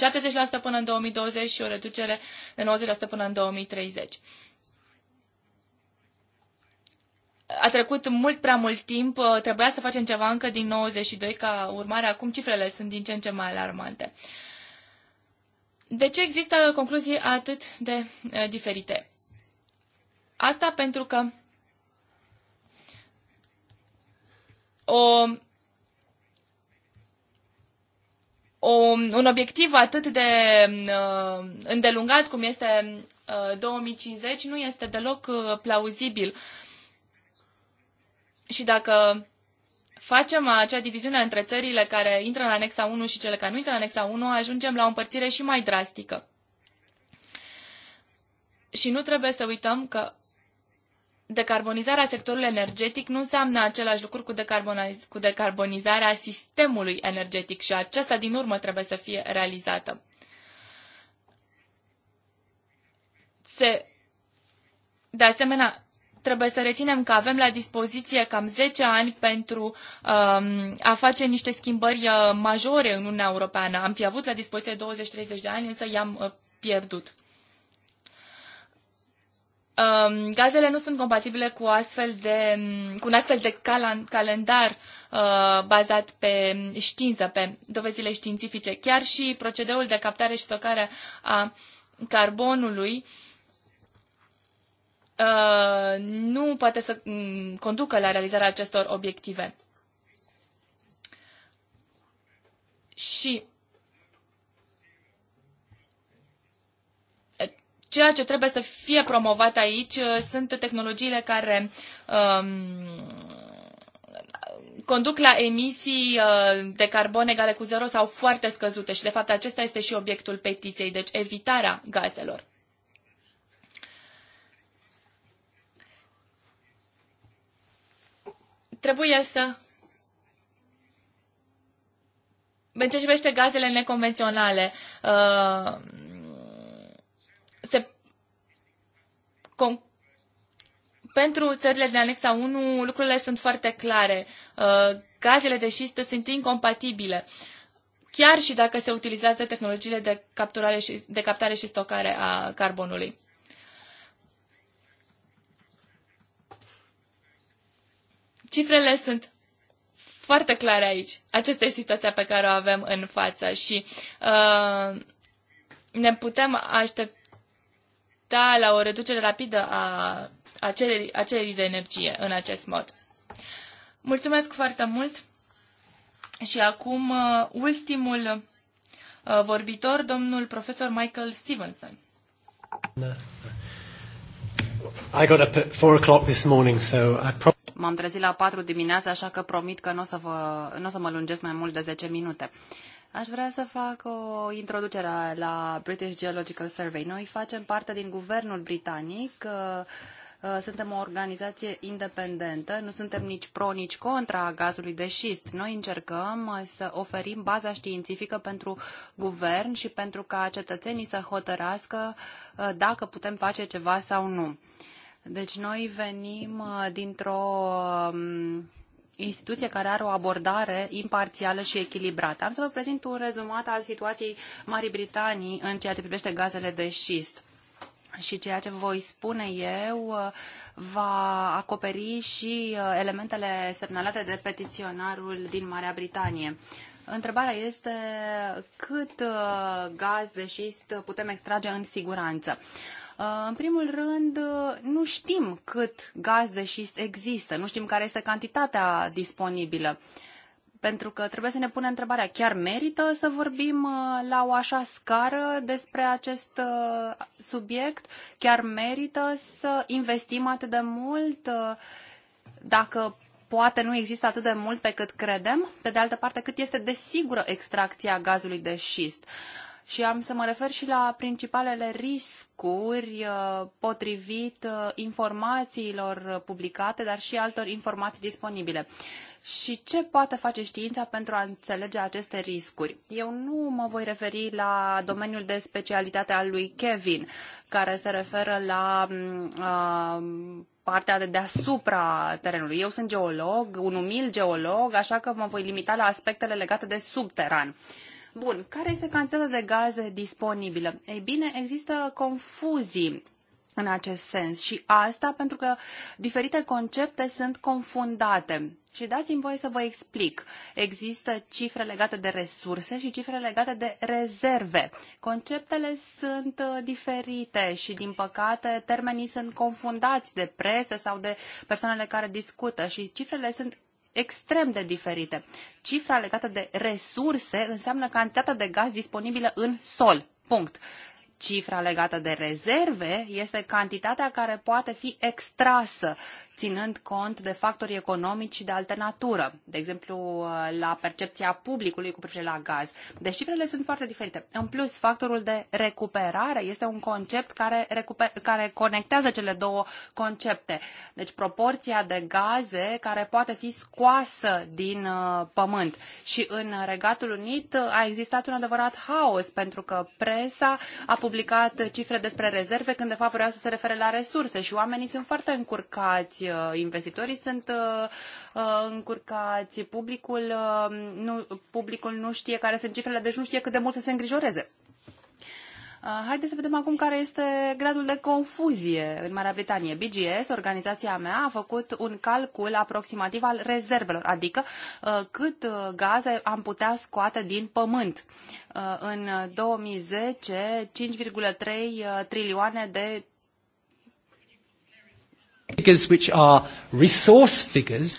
70% până în 2020 și o reducere de 90% până în 2030 a trecut mult prea mult timp, trebuia să facem ceva încă din 92 ca urmare, acum cifrele sunt din ce în ce mai alarmante. Uh, de ce există concluzii atât de uh, diferite? Asta pentru că o, o, un obiectiv atât de uh, îndelungat cum este uh, 2050 nu este deloc uh, plauzibil. Și dacă facem acea diviziune între țările care intră în anexa 1 și cele care nu intră în anexa 1, ajungem la o împărțire și mai drastică. Și nu trebuie să uităm că decarbonizarea sectorului energetic nu înseamnă același lucru cu, decarboniz- cu decarbonizarea sistemului energetic și aceasta din urmă trebuie să fie realizată. Se, de asemenea, trebuie să reținem că avem la dispoziție cam 10 ani pentru um, a face niște schimbări uh, majore în Uniunea Europeană. Am fi avut la dispoziție 20-30 de ani, însă i-am uh, pierdut. Um, gazele nu sunt compatibile cu, astfel de, um, cu un astfel de cal- calendar uh, bazat pe um, știință, pe dovezile științifice. Chiar și procedeul de captare și stocare a carbonului uh, Uh, nu poate să mm, conducă la realizarea acestor obiective. Și ceea ce trebuie să fie promovat aici uh, sunt tehnologiile care um, conduc la emisii uh, de carbon egale cu zero sau foarte scăzute și, de fapt, acesta este și obiectul petiției, deci evitarea gazelor trebuie să în ce privește gazele neconvenționale, uh, se, con, pentru țările din anexa 1 lucrurile sunt foarte clare. Uh, gazele de șist sunt incompatibile. Chiar și dacă se utilizează tehnologiile de, capturare și, de captare și stocare a carbonului. Cifrele sunt foarte clare aici. Aceasta este situația pe care o avem în față și uh, ne putem aștepta la o reducere rapidă a, a, cererii, a cererii de energie în acest mod. Mulțumesc foarte mult și acum uh, ultimul uh, vorbitor, domnul profesor Michael Stevenson. I got up at four o'clock this morning, so I probably M-am trezit la 4 dimineața, așa că promit că nu o să, vă, nu o să mă lungesc mai mult de 10 minute. Aș vrea să fac o introducere la British Geological Survey. Noi facem parte din guvernul britanic. Uh, uh, suntem o organizație independentă, nu suntem nici pro, nici contra gazului de șist. Noi încercăm uh, să oferim baza științifică pentru guvern și pentru ca cetățenii să hotărască dacă putem face ceva sau nu. Deci noi venim uh, dintr-o um, instituție care are o abordare imparțială și echilibrată. Am să vă prezint un rezumat al situației Marii Britanii în ceea ce privește gazele de șist. Și ceea ce voi spune eu uh, va acoperi și uh, elementele semnalate de petiționarul din Marea Britanie. Întrebarea este cât gaz de șist putem extrage în siguranță. Uh, în primul rând, uh, nu știm cât gaz de șist există, nu știm care este cantitatea disponibilă. Pentru că trebuie să ne punem întrebarea, chiar merită să vorbim uh, la o așa scară despre acest subiect? Chiar merită să investim atât de mult? Dacă poate nu există atât de mult pe cât credem, pe de altă parte cât este de sigură extracția gazului de șist. Și am să mă refer și la principalele riscuri uh, potrivit uh, informațiilor publicate, dar și altor informații disponibile. Și ce poate face știința pentru a înțelege aceste riscuri? Eu nu mă voi referi la domeniul de specialitate al lui Kevin, care se referă la mm, uh, partea de deasupra terenului. Eu sunt geolog, un umil geolog, așa că mă voi limita la aspectele legate de subteran. Uh, Bun, care este cantitatea de gaze disponibilă? Ei bine, există confuzii în acest sens și asta pentru că diferite concepte sunt confundate. Și dați-mi voie să vă explic. Există cifre legate de resurse și cifre legate de rezerve. Conceptele sunt uh, diferite și, din păcate, termenii sunt confundați de presă sau de persoanele care discută și cifrele sunt extrem de diferite. Cifra legată de resurse înseamnă cantitatea de gaz disponibilă în sol. Punct cifra legată de rezerve este cantitatea care poate fi extrasă, ținând cont de factori economici și de altă natură, de exemplu la percepția publicului cu privire la gaz. Deci cifrele sunt foarte diferite. În plus, factorul de recuperare este un concept care, recuper- care conectează cele două concepte. Deci proporția de gaze care poate fi scoasă din uh, pământ. Și în Regatul Unit uh, a existat un adevărat haos, pentru că presa a publicat cifre despre rezerve când de fapt vreau să se refere la resurse și oamenii sunt foarte încurcați, uh, investitorii sunt uh, uh, încurcați, publicul nu, publicul nu știe care sunt cifrele, deci nu știe cât de mult să se îngrijoreze. Ah, haideți să vedem acum care este gradul de confuzie în Marea Britanie. BGS, organizația mea, a făcut un calcul aproximativ al rezervelor, adică ah, cât ah, gaze am putea scoate din pământ. În 2010, 5,3 trilioane de figures which are resource figures,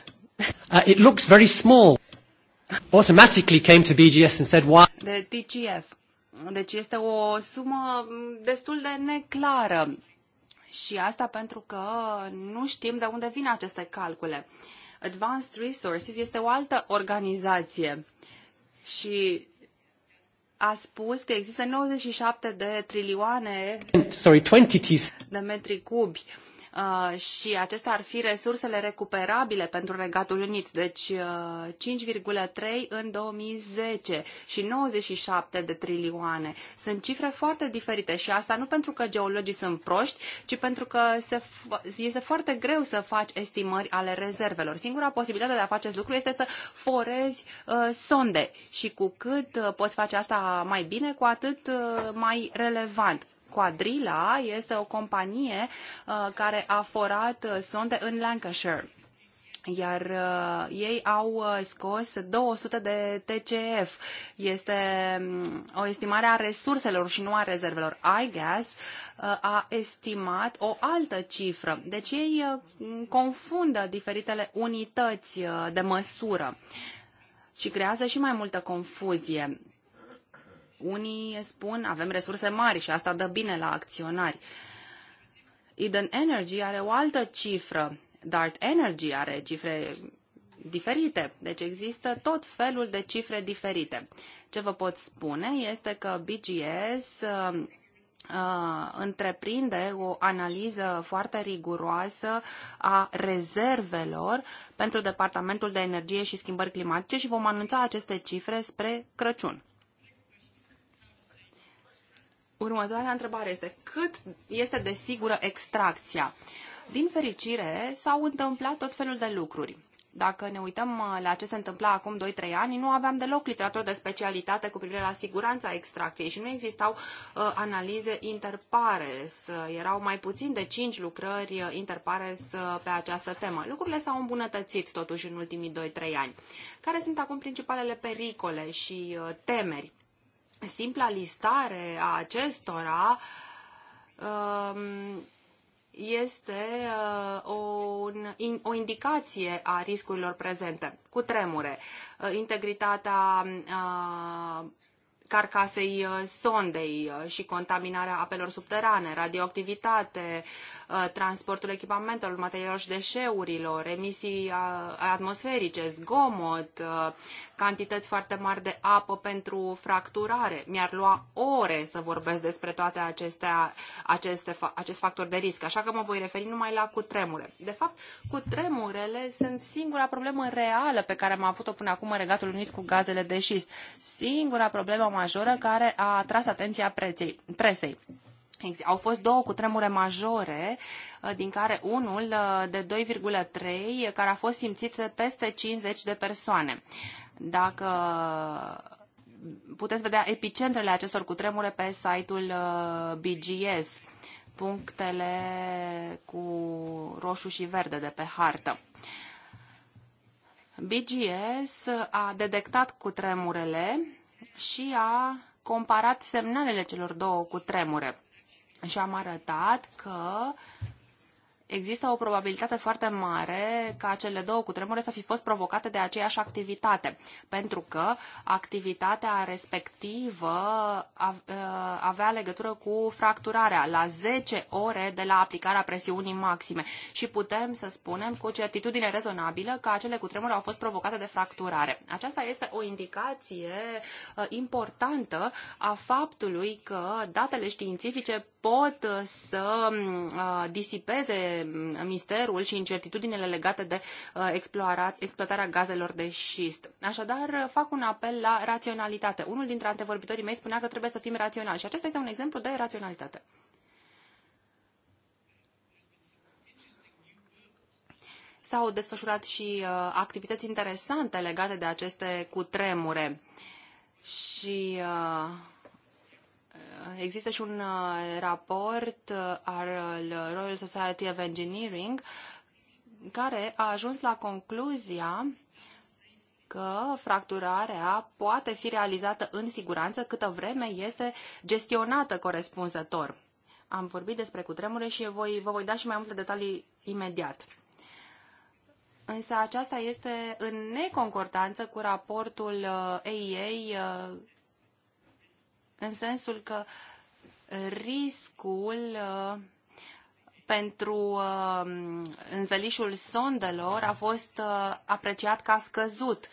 uh, it looks very small. Automatically came to BGS and said, why? the TGF. Deci este o sumă destul de neclară. Și asta pentru că nu știm de unde vin aceste calcule. Advanced Resources este o altă organizație și a spus că există 97 de trilioane Sorry, 20 de metri cubi. Uh, Uh, și acestea ar fi resursele recuperabile pentru Regatul Unit, deci 5,3 uh, în 2010 și 97 de trilioane. Sunt cifre foarte diferite și asta nu pentru că geologii sunt proști, ci pentru că se, este foarte greu să faci estimări ale rezervelor. Singura posibilitate de a face acest lucru este să forezi uh, sonde și cu cât uh, poți face asta mai bine, cu atât uh, mai relevant. Quadrilla este o companie uh, care a forat uh, sonde în Lancashire iar uh, ei au uh, scos 200 de TCF. Este um, o estimare a resurselor și nu a rezervelor. IGAS uh, a estimat o altă cifră. Deci ei uh, confundă diferitele unități de măsură și creează și mai multă confuzie. Unii spun avem resurse mari și asta dă bine la acționari. Eden Energy are o altă cifră. Dart Energy are cifre diferite. Deci există tot felul de cifre diferite. Ce vă pot spune este că BGS uh, uh, întreprinde o analiză foarte riguroasă a rezervelor pentru Departamentul de Energie și Schimbări Climatice și vom anunța aceste cifre spre Crăciun. Următoarea întrebare este cât este de sigură extracția? Din fericire, s-au întâmplat tot felul de lucruri. Dacă ne uităm uh, la ce se întâmpla acum 2-3 ani, nu aveam deloc literatură de specialitate cu privire la siguranța extracției și nu existau uh, analize interpares. Uh, erau mai puțin de 5 lucrări uh, interpares uh, pe această temă. Lucrurile s-au îmbunătățit totuși în ultimii 2-3 ani. Care sunt acum principalele pericole și uh, temeri? simpla listare a acestora um, este uh, o indicație a riscurilor prezente. Cu tremure, uh, integritatea uh, carcasei uh, sondei uh, și contaminarea apelor subterane, radioactivitate, uh, transportul echipamentelor, materialelor și deșeurilor, emisii atmosferice, zgomot, cantități foarte mari de apă pentru fracturare. Mi-ar lua ore să vorbesc despre toate acestea, aceste, acest factor de risc, așa că mă voi referi numai la cutremure. De fapt, cutremurele sunt singura problemă reală pe care am avut-o până acum în Regatul Unit cu gazele de șist. Singura problemă majoră care a atras atenția preței, presei. Au fost două cutremure majore, uh, din care unul uh, de 2,3, care a fost simțit de peste 50 de persoane. Dacă puteți vedea epicentrele acestor cutremure pe site-ul uh, BGS, punctele cu roșu și verde de pe hartă. BGS a detectat cutremurele și a comparat semnalele celor două cu tremure și am arătat că există o probabilitate foarte mare ca cele două cutremure să fi fost provocate de aceeași activitate, pentru că activitatea respectivă ă, avea legătură cu fracturarea la 10 ore de la aplicarea presiunii maxime și putem să spunem cu certitudine rezonabilă că acele cutremure au fost provocate de fracturare. Aceasta este o indicație ă, importantă a faptului că datele științifice pot să ă, disipeze misterul și incertitudinile legate de uh, exploatarea gazelor de șist. Așadar, fac un apel la raționalitate. Unul dintre antevorbitorii mei spunea că trebuie să fim raționali și acesta este un exemplu de raționalitate. s-au desfășurat și uh, activități interesante legate de aceste cutremure. Și uh, există și un uh, raport uh, al uh, Royal Society of Engineering care a ajuns la concluzia că fracturarea poate fi realizată în siguranță câtă vreme este gestionată corespunzător. Am vorbit despre cutremure și voi, vă voi da și mai multe detalii imediat. Însă aceasta este în neconcordanță cu raportul AEA în sensul că uh, riscul uh, pentru uh, învelișul sondelor a fost apreciat ca scăzut,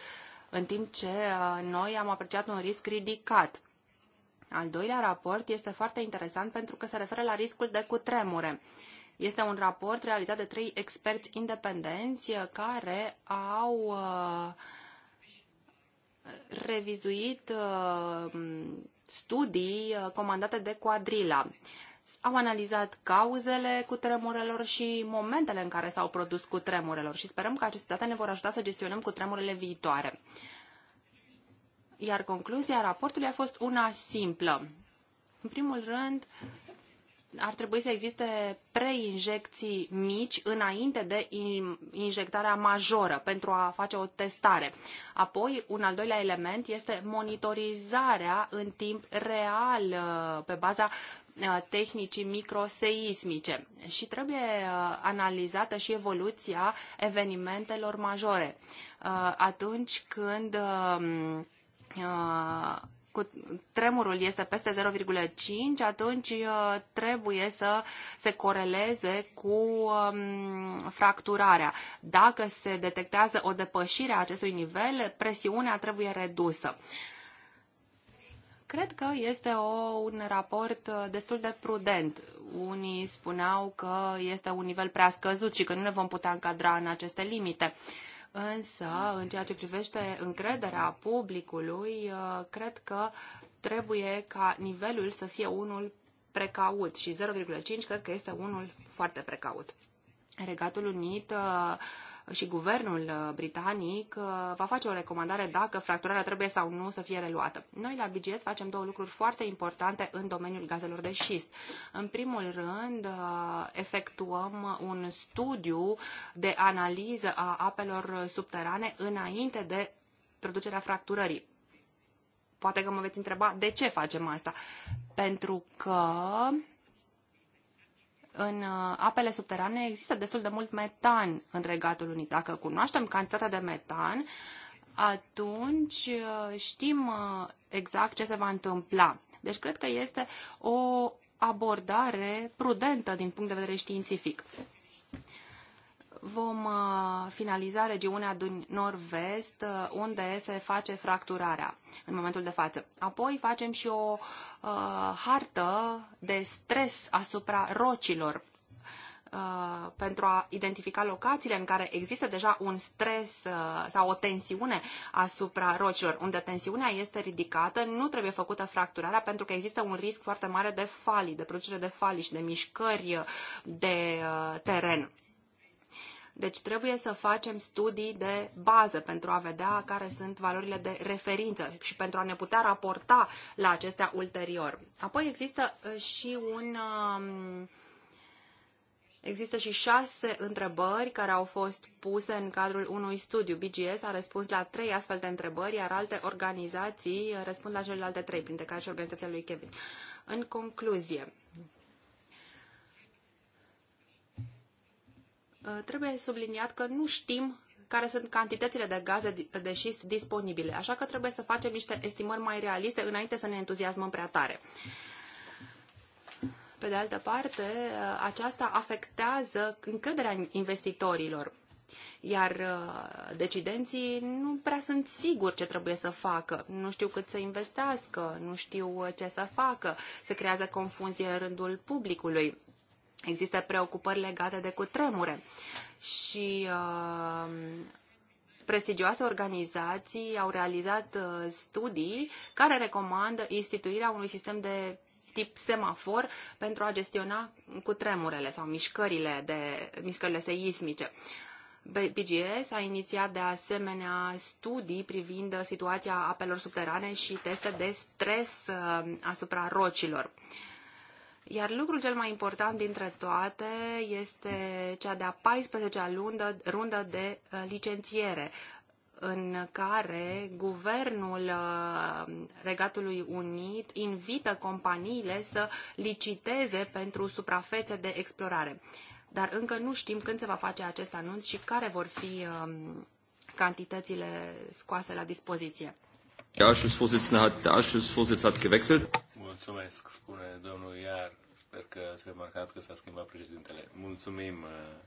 în timp ce noi am apreciat un risc ridicat. Al doilea raport este foarte interesant pentru că se referă la riscul de cutremure. Este un raport realizat de trei experți independenți care au revizuit studii uh, comandate de Quadrilla. Au analizat cauzele cu tremurelor și momentele în care s-au produs cu tremurelor și sperăm că aceste date ne vor ajuta să gestionăm cu tremurele viitoare. Iar concluzia raportului a fost una simplă. În primul rând, ar trebui să existe preinjecții mici înainte de injectarea majoră pentru a face o testare. Apoi, un al doilea element este monitorizarea în timp real uh, pe baza uh, tehnicii microseismice și trebuie uh, analizată și evoluția evenimentelor majore. Atunci când cu tremurul este peste 0,5, atunci uh, trebuie să se coreleze cu um, fracturarea. Dacă se detectează o depășire a acestui nivel, presiunea trebuie redusă. Cred că este o, un raport uh, destul de prudent. Unii spuneau că este un nivel prea scăzut și că nu ne vom putea încadra în aceste limite. Însă, în ceea ce privește încrederea publicului, uh, cred că trebuie ca nivelul să fie unul precaut și 0,5 cred că este unul foarte precaut. Regatul Unit uh, și guvernul uh, britanic uh, va face o recomandare dacă fracturarea trebuie sau nu să fie reluată. Noi la BGS facem două lucruri foarte importante în domeniul gazelor de șist. În primul rând, uh, efectuăm un studiu de analiză a apelor subterane înainte de producerea fracturării. Poate că mă veți întreba de ce facem asta. Pentru că în uh, apele subterane există destul de mult metan în Regatul Unit. Dacă cunoaștem cantitatea de metan, atunci uh, știm uh, exact ce se va întâmpla. Deci cred că este o abordare prudentă din punct de vedere științific vom uh, finaliza regiunea din nord-vest, uh, unde se face fracturarea în momentul de față. Apoi facem și o uh, hartă de stres asupra rocilor uh, pentru a identifica locațiile în care există deja un stres sau o tensiune asupra rocilor. Unde tensiunea este ridicată, nu trebuie făcută fracturarea pentru că există un risc foarte mare de falii, de producere de falii și de mișcări de teren deci trebuie să facem studii de bază pentru a vedea care sunt valorile de referință și pentru a ne putea raporta la acestea ulterior. Apoi există uh, și un um, Există și șase întrebări care au fost puse în cadrul unui studiu. BGS a răspuns la trei astfel de întrebări, iar alte organizații răspund la celelalte trei, printre care și organizația lui Kevin. În concluzie, Uh, trebuie subliniat că nu știm care sunt cantitățile de gaze de șist disponibile, așa că trebuie să facem niște estimări mai realiste înainte să ne entuziasmăm prea tare. Pe de altă parte, uh, aceasta afectează încrederea investitorilor, iar uh, decidenții nu prea sunt siguri ce trebuie să facă. Nu știu cât să investească, nu știu ce să facă. Se creează confuzie în rândul publicului Există preocupări legate de cutremure și uh, prestigioase organizații au realizat uh, studii care recomandă instituirea unui sistem de tip semafor pentru a gestiona cutremurele sau mișcările, de, mișcările seismice. BGS a inițiat de asemenea studii privind situația apelor subterane și teste de stres uh, asupra rocilor. Uh, iar lucrul cel mai important dintre toate este cea de-a 14-a rundă, rundă de uh, licențiere, în care guvernul uh, Regatului Unit invită companiile să liciteze pentru suprafețe de explorare. Dar încă nu știm când se va face acest anunț și care vor fi um, cantitățile scoase la dispoziție. Der Ausschussvorsitzende hat, der Ausschussvorsitz hat gewechselt. Mulțumesc, spune domnul Iar. Sper că ați remarcat că s-a schimbat președintele. Mulțumim uh,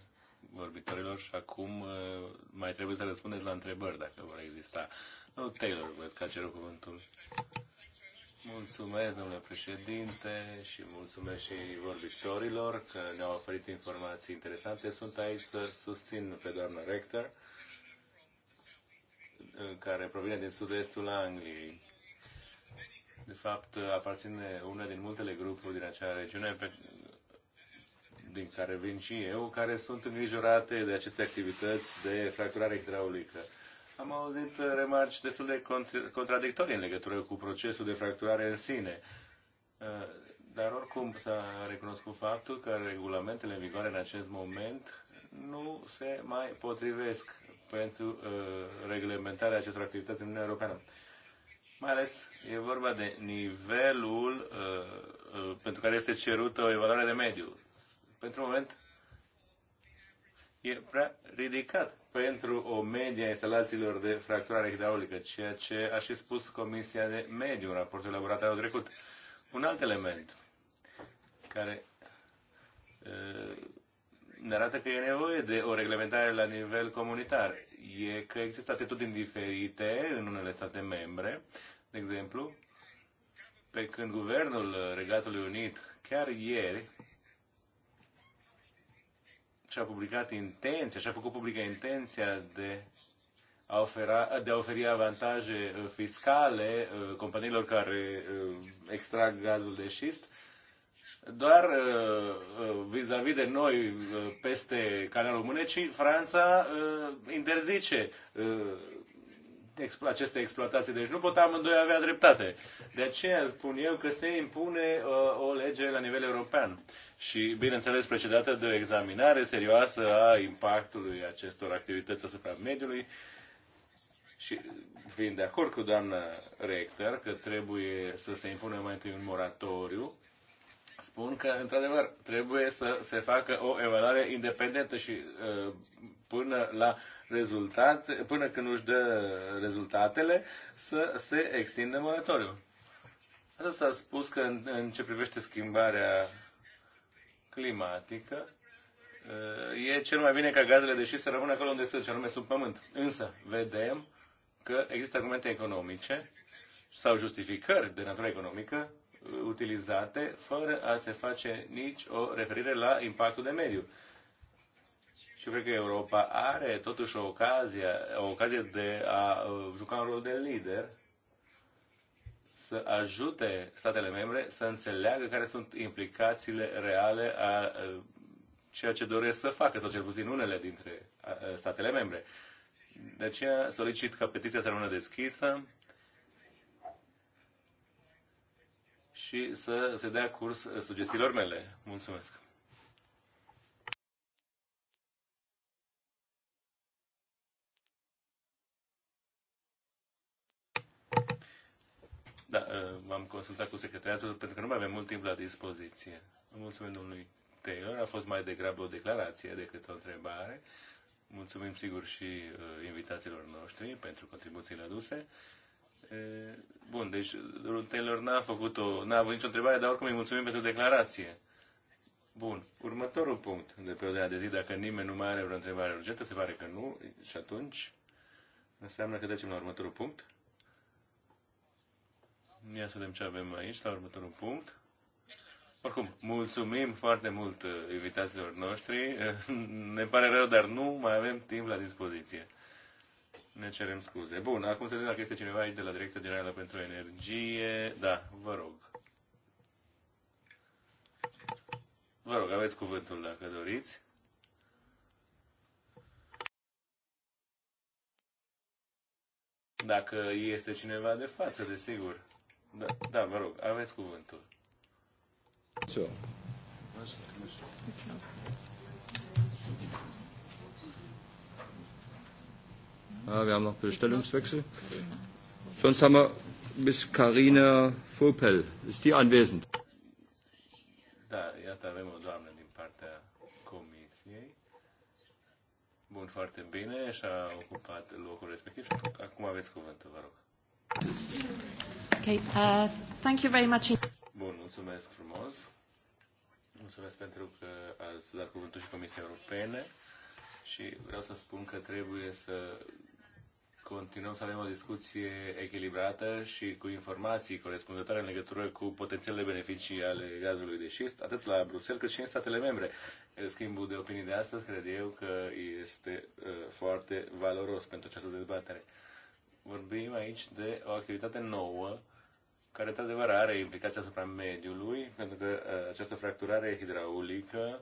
vorbitorilor și acum uh, mai trebuie să răspundeți la întrebări dacă vor exista. Domnul Taylor, văd că a cerut cuvântul. Mulțumesc, domnule președinte, și mulțumesc și vorbitorilor că ne-au oferit informații interesante. Sunt aici să susțin pe doamna rector Uh, care provine din sud-estul Angliei. De fapt, uh, aparține una din multele grupuri din acea regiune pe, din care vin și eu, care sunt îngrijorate de aceste activități de fracturare hidraulică. Am auzit uh, remarci destul de contradictorii în legătură cu procesul de fracturare în sine. Dar oricum s-a recunoscut faptul că regulamentele în vigoare în acest moment nu se mai potrivesc pentru uh, reglementarea acestor activități în Uniunea Europeană. Mai ales e vorba de nivelul uh, uh, pentru care este cerută o evaluare de mediu. Pentru moment e prea ridicat pentru o medie a instalațiilor de fracturare hidraulică, ceea ce a și spus Comisia de Mediu în raportul elaborat anul trecut. Un alt element care uh, ne arată că e nevoie de o reglementare la nivel comunitar. E că există atitudini diferite în unele state membre, de exemplu, pe când guvernul Regatului Unit chiar ieri și-a publicat intenția, și-a făcut publică intenția de a, ofera, de a oferi avantaje uh, fiscale uh, companiilor care uh, extrag gazul de șist doar uh, uh, vis-a-vis -vis de noi uh, peste canalul Mânecii, Franța interzice aceste exploatații. Deci nu pot amândoi avea dreptate. De aceea spun eu că se impune uh, o lege la nivel european și, bineînțeles, precedată de o examinare serioasă a impactului acestor activități asupra mediului și fiind de acord cu doamna Rector că trebuie să se impună mai întâi un moratoriu spun că, într-adevăr, trebuie să se facă o evaluare independentă și uh, până la rezultate, până când își dă rezultatele, să se extindă moratoriul. Asta s-a spus că în, în ce privește schimbarea climatică, uh, e cel mai bine ca gazele de să rămână acolo unde sunt, ce anume sub pământ. Însă, vedem că există argumente economice sau justificări de natură economică utilizate fără a se face nici o referire la impactul de mediu. Și eu cred că Europa are totuși o ocazie, o ocazie de a uh, juca un rol de lider, să ajute statele membre să înțeleagă care sunt implicațiile reale a uh, ceea ce doresc să facă, sau cel puțin unele dintre uh, statele membre. De aceea solicit ca petiția să rămână deschisă și să se dea curs uh, sugestiilor mele. Mulțumesc! Da, uh, m-am consultat cu secretariatul pentru că nu mai avem mult timp la dispoziție. Mulțumim domnului Taylor, a fost mai degrabă o declarație decât o întrebare. Mulțumim sigur și uh, invitațiilor noștri pentru contribuțiile aduse. Bun, deci domnul Taylor n-a făcut o, n-a avut nicio întrebare, dar oricum îi mulțumim pentru declarație. Bun, următorul punct de pe ordinea de zi, dacă nimeni nu mai are vreo întrebare urgentă, se pare că nu, și atunci înseamnă că trecem la următorul punct. Ia să vedem ce avem aici, la următorul punct. Oricum, mulțumim foarte mult uh, invitațiilor noștri. Ne pare rău, dar nu mai avem timp la dispoziție. Ne cerem scuze. Bun, acum să vedem dacă este cineva aici de la Direcția Generală pentru Energie. Da, vă rog. Vă rog, aveți cuvântul dacă doriți. Dacă este cineva de față, desigur. Da, da, vă rog, aveți cuvântul. So. Ja, wir haben noch Bestellungswechsel. Sonst haben wir Karina Vopel. Ist die anwesend? Da, iată avem o doamnă din partea comisiei. Bun, foarte bine, și-a ocupat locul respectiv. Acum aveți cuvântul, vă rog. uh, thank you very much. Bun, mulțumesc frumos. Mulțumesc pentru că ați dat cuvântul și Comisiei Europene și vreau să spun că trebuie să continuăm să avem o discuție echilibrată și cu informații corespunzătoare în legătură cu potențialele beneficii ale gazului de șist, atât la Bruxelles cât și în statele membre. Schimbul de opinii de astăzi cred eu că este uh, foarte valoros pentru această dezbatere. Vorbim aici de o activitate nouă care, într-adevăr, are implicația asupra mediului, pentru că uh, această fracturare hidraulică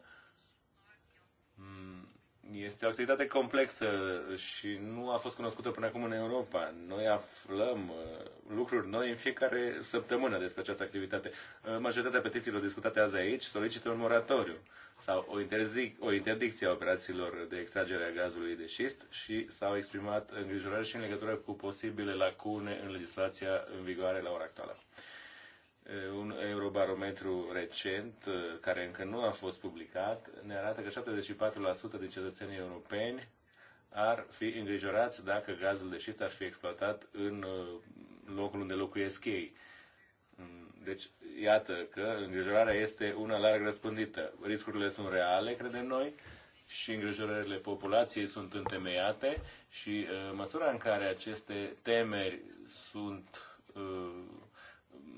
mm, este o activitate complexă și nu a fost cunoscută până acum în Europa. Noi aflăm uh, lucruri noi în fiecare săptămână despre această activitate. Uh, majoritatea petițiilor discutate azi aici solicită un moratoriu sau o, interzic, o interdicție a operațiilor de extragere a gazului de șist și s-au exprimat îngrijorări și în legătură cu posibile lacune în legislația în vigoare la ora actuală. Eh, un eurobarometru recent, eh, care încă nu a fost publicat, ne arată că 74% din cetățenii europeni ar fi îngrijorați dacă gazul de șist ar fi exploatat în eh, locul unde locuiesc ei. Mm, deci, iată că îngrijorarea este una larg răspândită. Riscurile sunt reale, credem noi, și îngrijorările populației sunt întemeiate și uh, măsura în care aceste temeri sunt uh,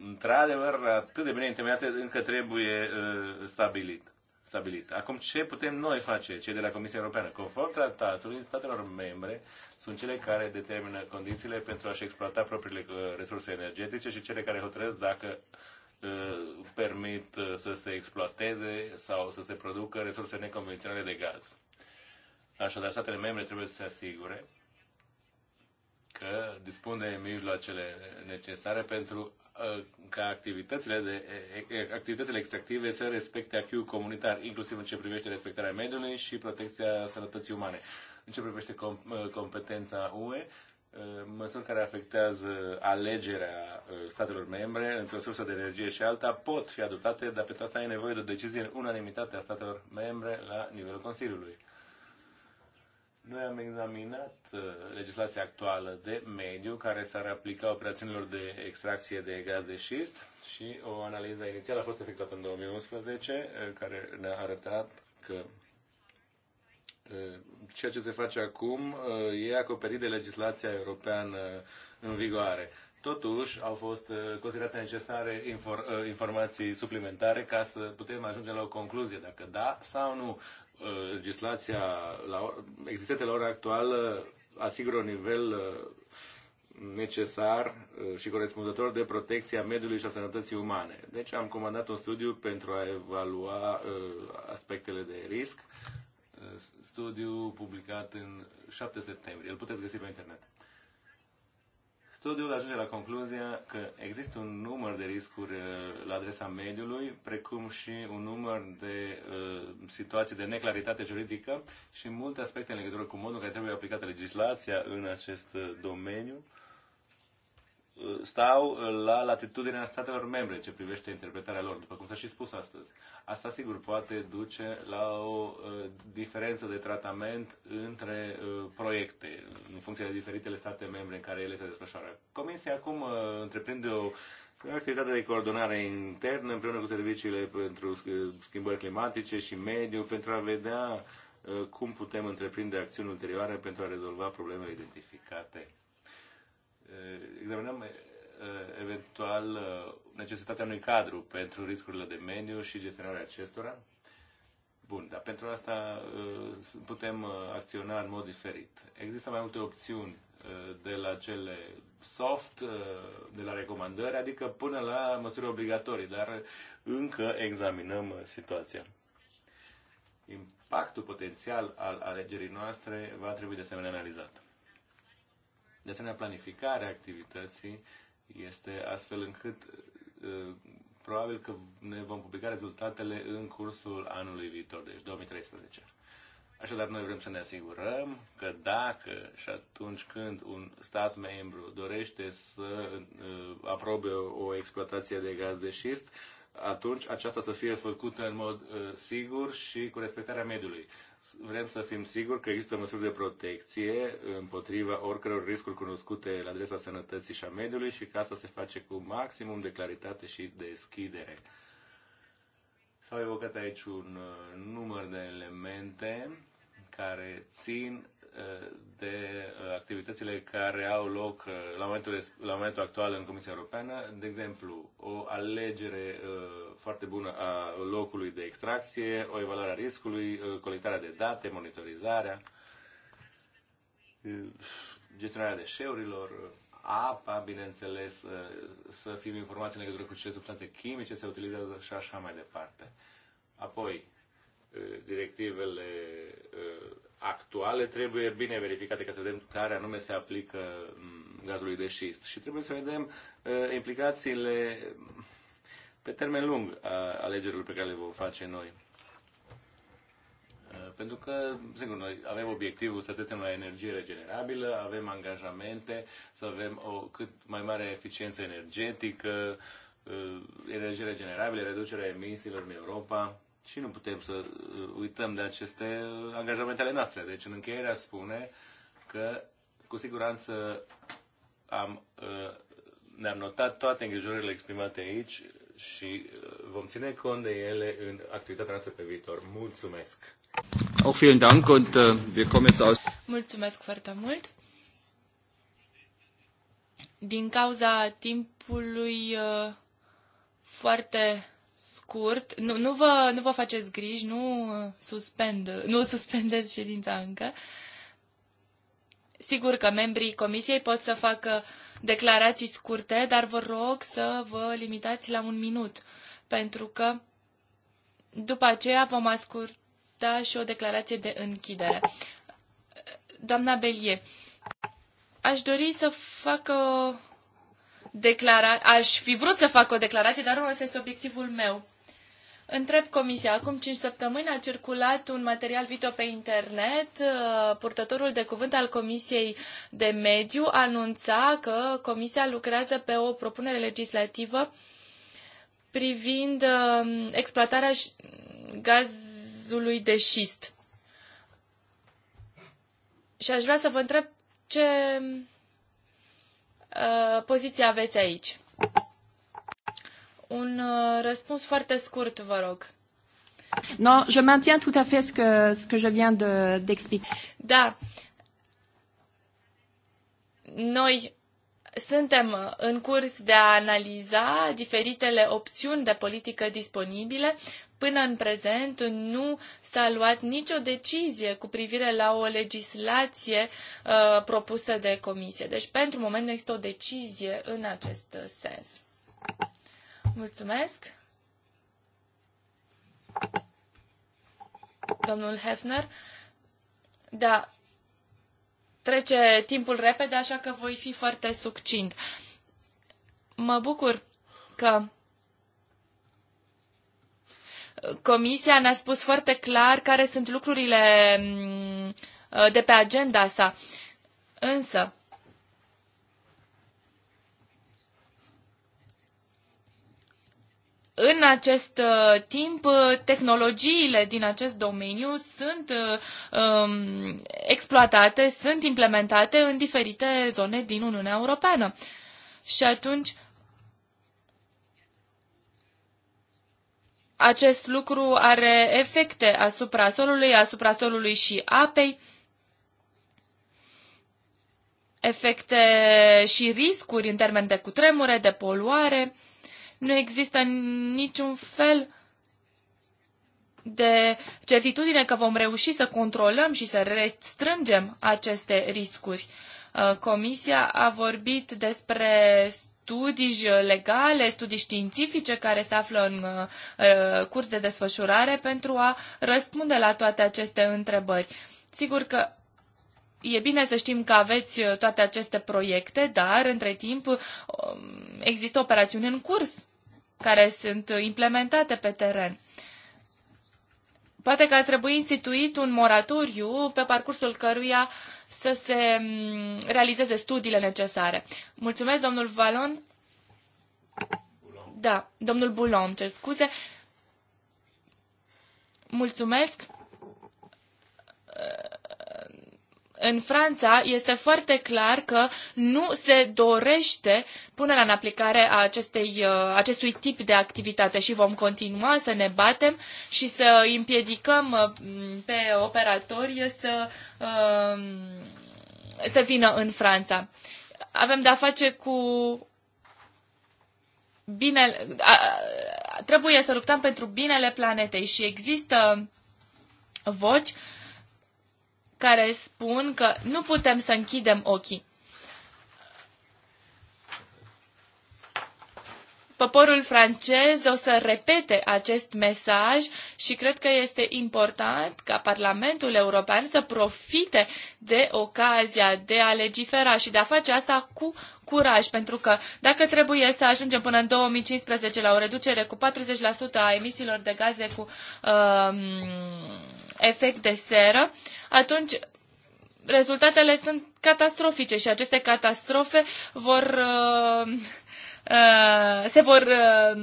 într-adevăr, atât de bine întemeiate încă trebuie uh, stabilit. Stabilit. Acum, ce putem noi face, cei de la Comisia Europeană? Conform tratatului, statelor membre sunt cele care determină condițiile pentru a-și exploata propriile uh, resurse energetice și cele care hotărăsc dacă uh, permit să se exploateze sau să se producă resurse neconvenționale de gaz. Așadar, statele membre trebuie să se asigure că dispun de mijloacele necesare pentru ca activitățile, de, activitățile extractive să respecte acquis comunitar, inclusiv în ce privește respectarea mediului și protecția sănătății umane. În ce privește com, uh, competența UE, uh, măsuri care afectează alegerea uh, statelor membre într-o sursă de energie și alta pot fi adoptate, dar pentru asta e nevoie de o decizie în unanimitate a statelor membre la nivelul Consiliului. Noi am examinat uh, legislația actuală de mediu care s-ar aplica operațiunilor de extracție de gaz de șist și o analiză inițială a fost efectuată în 2011 uh, care ne-a arătat că uh, ceea ce se face acum e acoperit de legislația europeană în vigoare. Totuși, au fost considerate necesare informații suplimentare ca să putem ajunge la o concluzie, dacă da sau nu. Uh, legislația la, existentă la ora actuală asigură un nivel uh, necesar uh, și corespunzător de protecție a mediului și a sănătății umane. Deci am comandat un studiu pentru a evalua aspectele de risc, studiu publicat în 7 septembrie. Îl puteți găsi pe internet. Studiul ajunge la concluzia că există un număr de riscuri uh, la adresa mediului, precum și un număr de uh, situații de neclaritate juridică și multe aspecte în legătură cu modul în care trebuie aplicată legislația în acest uh, domeniu stau la latitudinea statelor membre ce privește interpretarea lor, după cum s-a și spus astăzi. Asta, sigur, poate duce la o uh, diferență de tratament între uh, proiecte, în funcție de diferitele state membre în care ele se desfășoară. Comisia acum uh, întreprinde o activitate de coordonare internă împreună cu serviciile pentru schimbări climatice și mediu pentru a vedea cum putem întreprinde acțiuni ulterioare pentru a rezolva problemele identificate. Eh, examinăm eh, eventual eh, necesitatea unui cadru pentru riscurile de mediu și gestionarea acestora. Bun, dar pentru asta putem acționa în mod diferit. Există mai multe opțiuni de la cele soft, de la recomandări, adică până la măsuri obligatorii, dar încă examinăm situația. Impactul potențial al alegerii noastre va trebui de asemenea analizat. De asemenea, planificarea activității este astfel încât probabil că ne vom publica rezultatele în cursul anului viitor, deci 2013. Așadar, noi vrem să ne asigurăm că dacă și atunci când un stat membru dorește să aprobe o exploatație de gaz de șist, atunci aceasta să fie făcută în mod sigur și cu respectarea mediului. Vrem să fim siguri că există măsuri de protecție împotriva oricăror riscuri cunoscute la adresa sănătății și a mediului și că asta se face cu maximum de claritate și deschidere. S-au evocat aici un uh, număr de elemente care țin de uh, activitățile care au loc uh, la momentul, la momentul actual în Comisia Europeană. De exemplu, o alegere uh, foarte bună a locului de extracție, o evaluare a riscului, colectarea de date, monitorizarea, gestionarea deșeurilor, apa, bineînțeles, să fim informați în legătură cu ce substanțe chimice se utilizează și așa mai departe. Apoi, directivele actuale trebuie bine verificate ca să vedem care anume se aplică mm, gazului de șist. Și trebuie să vedem uh, implicațiile pe termen lung a alegerilor pe care le vom face noi. Uh, pentru că, sigur, noi avem obiectivul să trecem la energie regenerabilă, avem angajamente, să avem o cât mai mare eficiență energetică, uh, energie regenerabilă, reducerea emisiilor în Europa. Și nu putem să uh, uităm de aceste uh, angajamente ale noastre. Deci, în încheiere, spune că, cu siguranță, am, uh, ne-am notat toate îngrijorările exprimate aici și vom ține cont de ele în activitatea noastră pe viitor. Mulțumesc! Auch vielen Dank und uh, wir kommen jetzt aus. Mulțumesc foarte mult. Din cauza timpului uh, foarte scurt. Nu, nu, vă, nu vă faceți griji, nu, suspend, nu suspendeți ședința încă. Sigur că membrii comisiei pot să facă declarații scurte, dar vă rog să vă limitați la un minut, pentru că după aceea vom asculta și o declarație de închidere. Doamna Belie, aș dori să fac o declara- aș fi vrut să fac o declarație, dar nu ăsta este obiectivul meu. Întreb comisia, acum 5 săptămâni a circulat un material video pe internet. Uh, purtătorul de cuvânt al Comisiei de Mediu anunța că comisia lucrează pe o propunere legislativă privind um, exploatarea gazului de șist. Și aș vrea să vă întreb ce Uh, poziție aveți aici? Un uh, răspuns foarte scurt, vă rog. No, je maintiens tout à fait ce que, ce que je viens d'expliquer. da. Noi suntem în curs de a analiza diferitele opțiuni de politică disponibile Până în prezent nu s-a luat nicio decizie cu privire la o legislație uh, propusă de comisie. Deci, pentru moment, nu există o decizie în acest sens. Mulțumesc. Domnul Hefner. Da, trece timpul repede, așa că voi fi foarte succint. Mă bucur că Comisia ne-a spus foarte clar care sunt lucrurile mm, uh, de pe agenda sa. Însă, în acest uh, timp, uh, tehnologiile din acest domeniu sunt um, exploatate, sunt implementate în diferite zone din Uniunea Europeană. Și atunci, Acest lucru are efecte asupra solului, asupra solului și apei, efecte și riscuri în termen de cutremure, de poluare. Nu există niciun fel de certitudine că vom reuși să controlăm și să restrângem aceste riscuri. Uh, Comisia a vorbit despre studii legale, studii științifice care se află în uh, curs de desfășurare pentru a răspunde la toate aceste întrebări. Sigur că E bine să știm că aveți uh, toate aceste proiecte, dar între timp um, există operațiuni în curs care sunt implementate pe teren. Poate că ar trebui instituit un moratoriu pe parcursul căruia să se mm, realizeze studiile necesare. Mulțumesc, domnul Valon. Da, domnul Bulon, cer scuze. Mulțumesc. în Franța este foarte clar că nu se dorește punerea în aplicare a acestei, uh, acestui tip de activitate și vom continua să ne batem și să împiedicăm uh, pe operatori să, uh, să vină în Franța. Avem de-a face cu bine, trebuie să luptăm pentru binele planetei și există voci uh, care spun că nu putem să închidem ochii poporul francez o să repete acest mesaj și cred că este important ca Parlamentul European să profite de ocazia de a legifera și de a face asta cu curaj, pentru că dacă trebuie să ajungem până în 2015 la o reducere cu 40% a emisiilor de gaze cu um, efect de seră, atunci rezultatele sunt catastrofice și aceste catastrofe vor uh, Uh, se vor uh,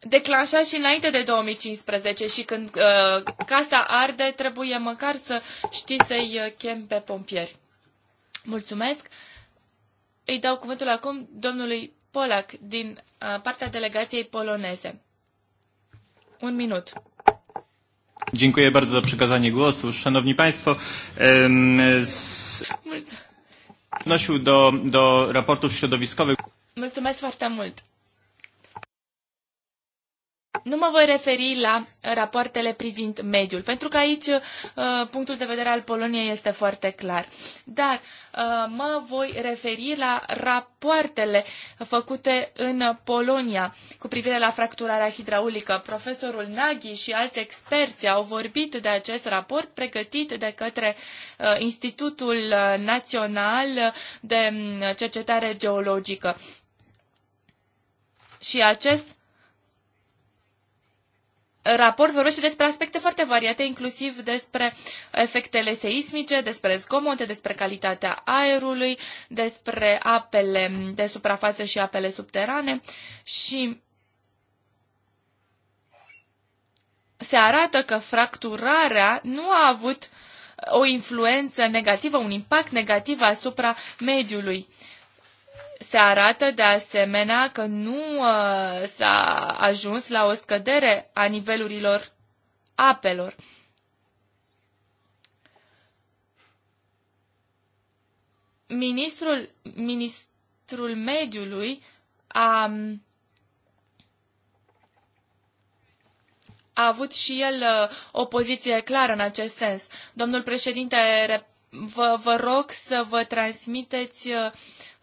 declanșa și înainte de 2015 și când uh, casa arde, trebuie măcar să știi să-i chem pe pompieri. Mulțumesc! Îi dau cuvântul acum domnului Polak din partea delegației poloneze. Un minut. Dziękuję bardzo za przekazanie głosu. Szanowni Państwo, z... do, do raportów środowiskowych. Mulțumesc foarte mult! Nu mă voi referi la rapoartele privind mediul, pentru că aici uh, punctul de vedere al Poloniei este foarte clar. Dar uh, mă voi referi la rapoartele făcute în Polonia cu privire la fracturarea hidraulică. Profesorul Nagy și alți experți au vorbit de acest raport pregătit de către uh, Institutul Național de Cercetare Geologică. Și acest raport vorbește despre aspecte foarte variate, inclusiv despre efectele seismice, despre zgomote, despre calitatea aerului, despre apele de suprafață și apele subterane și se arată că fracturarea nu a avut o influență negativă, un impact negativ asupra mediului. Uh, se arată de asemenea că nu uh, s-a ajuns la o scădere a nivelurilor apelor. Ministrul, ministrul mediului a, a avut și el uh, o poziție clară în acest sens. Domnul președinte, vă, vă rog să vă transmiteți uh,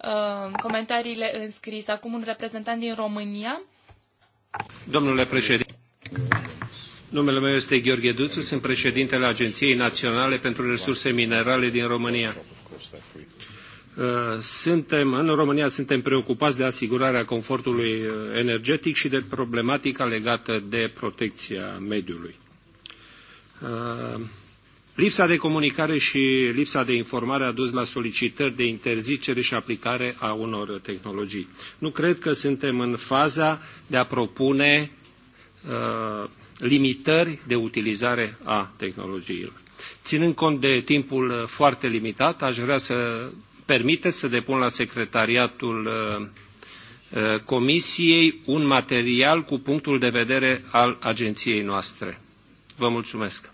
Uh, comentariile în scris. Acum un reprezentant din România. Domnule președinte, numele meu este Gheorghe Duțu, sunt președintele Agenției Naționale pentru Resurse Minerale din România. Uh, suntem, în România suntem preocupați de asigurarea confortului uh, energetic și de problematica legată de protecția mediului. Lipsa de comunicare și lipsa de informare a dus la solicitări de interzicere și aplicare a unor tehnologii. Nu cred că suntem în faza de a propune uh, limitări de utilizare a tehnologiilor. Ținând cont de timpul uh, foarte limitat, aș vrea să permiteți să depun la secretariatul uh, uh, Comisiei un material cu punctul de vedere al agenției noastre. Vă mulțumesc.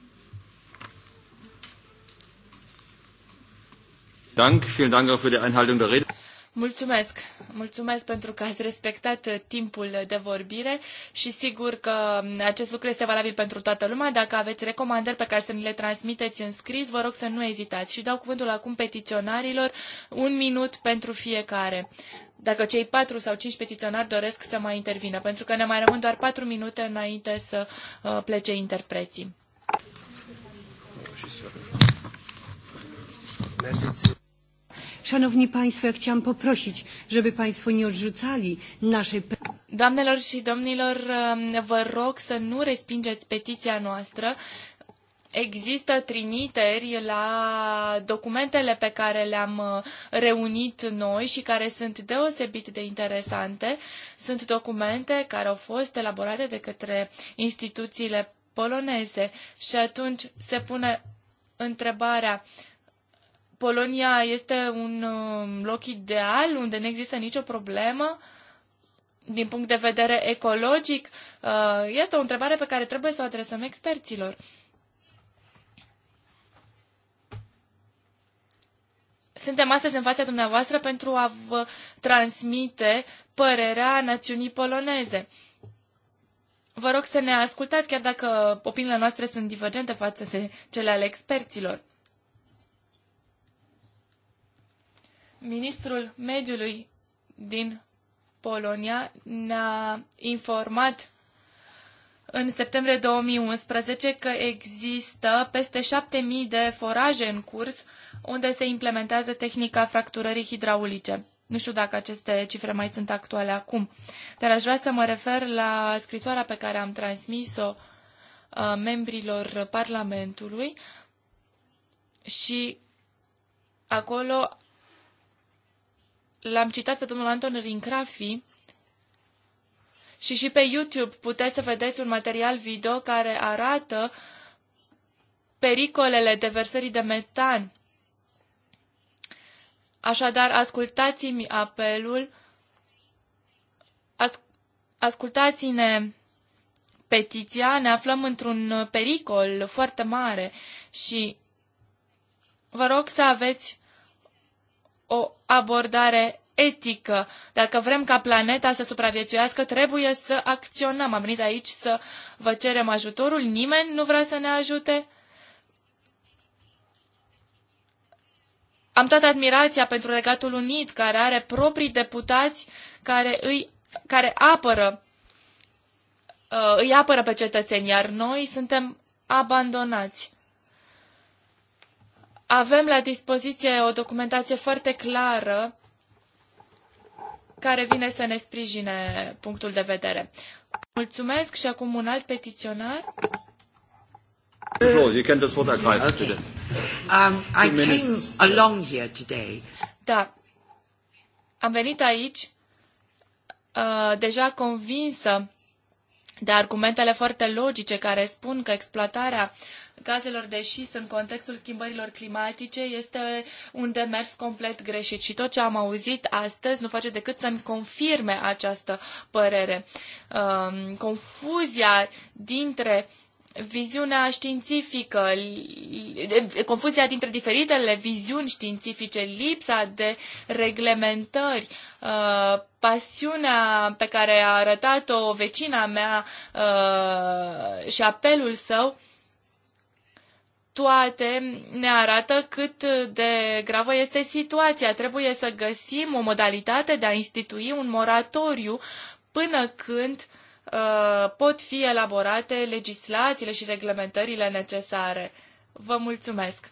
Dank, vielen Dank auch für die Einhaltung der Rede. Mulțumesc! Mulțumesc pentru că ați respectat uh, timpul de vorbire și sigur că um, acest lucru este valabil pentru toată lumea. Dacă aveți recomandări pe care să ni le transmiteți în scris, vă rog să nu ezitați și dau cuvântul acum petiționarilor, un minut pentru fiecare. Dacă cei patru sau cinci petiționari doresc să mai intervină, pentru că ne mai rămân doar patru minute înainte să uh, plece interpreții. Mergeți. Szanowni Państwo, ja chciałam poprosić, żeby Państwo nie odrzucali naszej... Doamnelor și domnilor, um, vă rog să nu respingeți petiția noastră. Există trimiteri la documentele pe care le-am uh, reunit noi și care sunt deosebit de interesante. Sunt documente care au fost elaborate de către instituțiile poloneze și atunci se pune întrebarea Polonia este un um, loc ideal unde nu există nicio problemă din punct de vedere ecologic? Uh, iată o întrebare pe care trebuie să o adresăm experților. Suntem astăzi în fața dumneavoastră pentru a vă transmite părerea națiunii poloneze. Vă rog să ne ascultați, chiar dacă opiniile noastre sunt divergente față de cele ale experților. Ministrul Mediului din Polonia ne-a informat în septembrie 2011 că există peste 7000 de foraje în curs unde se implementează tehnica fracturării hidraulice. Nu știu dacă aceste cifre mai sunt actuale acum, dar aș vrea să mă refer la scrisoarea pe care am transmis-o uh, membrilor Parlamentului și acolo l-am citat pe domnul Anton Rincrafi și și pe YouTube puteți să vedeți un material video care arată pericolele de versării de metan. Așadar, ascultați-mi apelul, as, ascultați-ne petiția, ne aflăm într-un pericol foarte mare și vă rog să aveți o abordare etică. Dacă vrem ca planeta să supraviețuiască, trebuie să acționăm. Am venit aici să vă cerem ajutorul, nimeni nu vrea să ne ajute. Am toată admirația pentru Regatul Unit, care are proprii deputați care, îi, care apără, uh, îi apără pe cetățeni, iar noi suntem abandonați. Avem la dispoziție o documentație foarte clară care vine să ne sprijine punctul de vedere. Mulțumesc și acum un alt petiționar. Um, da. Am venit aici uh, deja convinsă de argumentele foarte logice care spun că exploatarea gazelor de șist în contextul schimbărilor climatice este un demers complet greșit și tot ce am auzit astăzi nu face decât să-mi confirme această părere. Um, confuzia dintre viziunea științifică, confuzia dintre diferitele viziuni științifice, lipsa de reglementări, uh, pasiunea pe care a arătat-o vecina mea uh, și apelul său toate ne arată cât de gravă este situația. Trebuie să găsim o modalitate de a institui un moratoriu până când uh, pot fi elaborate legislațiile și reglementările necesare. Vă mulțumesc!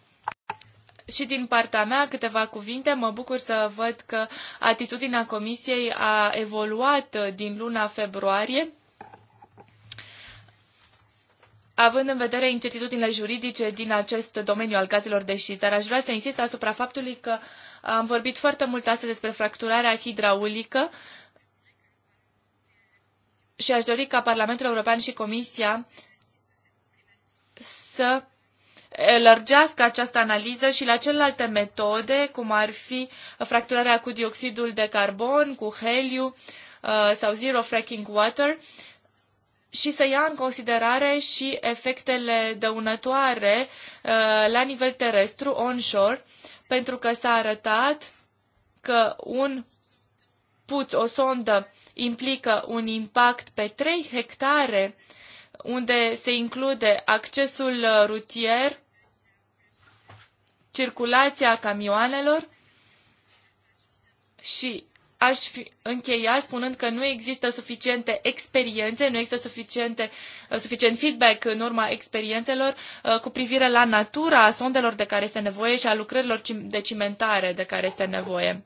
și din partea mea câteva cuvinte. Mă bucur să văd că atitudinea Comisiei a evoluat din luna februarie Având în vedere incertitudinile juridice din acest domeniu al gazelor de șist, dar aș vrea să insist asupra faptului că am vorbit foarte mult astăzi despre fracturarea hidraulică și aș dori ca Parlamentul European și Comisia să lărgească această analiză și la celelalte metode, cum ar fi fracturarea cu dioxidul de carbon, cu heliu uh, sau zero fracking water, și să ia în considerare și efectele dăunătoare uh, la nivel terestru, onshore, pentru că s-a arătat că un puț, o sondă, implică un impact pe 3 hectare, unde se include accesul uh, rutier, circulația camioanelor și aș fi încheia spunând că nu există suficiente experiențe, nu există suficiente, uh, suficient feedback în urma experiențelor uh, cu privire la natura sondelor de care este nevoie și a lucrărilor de cimentare de care este nevoie.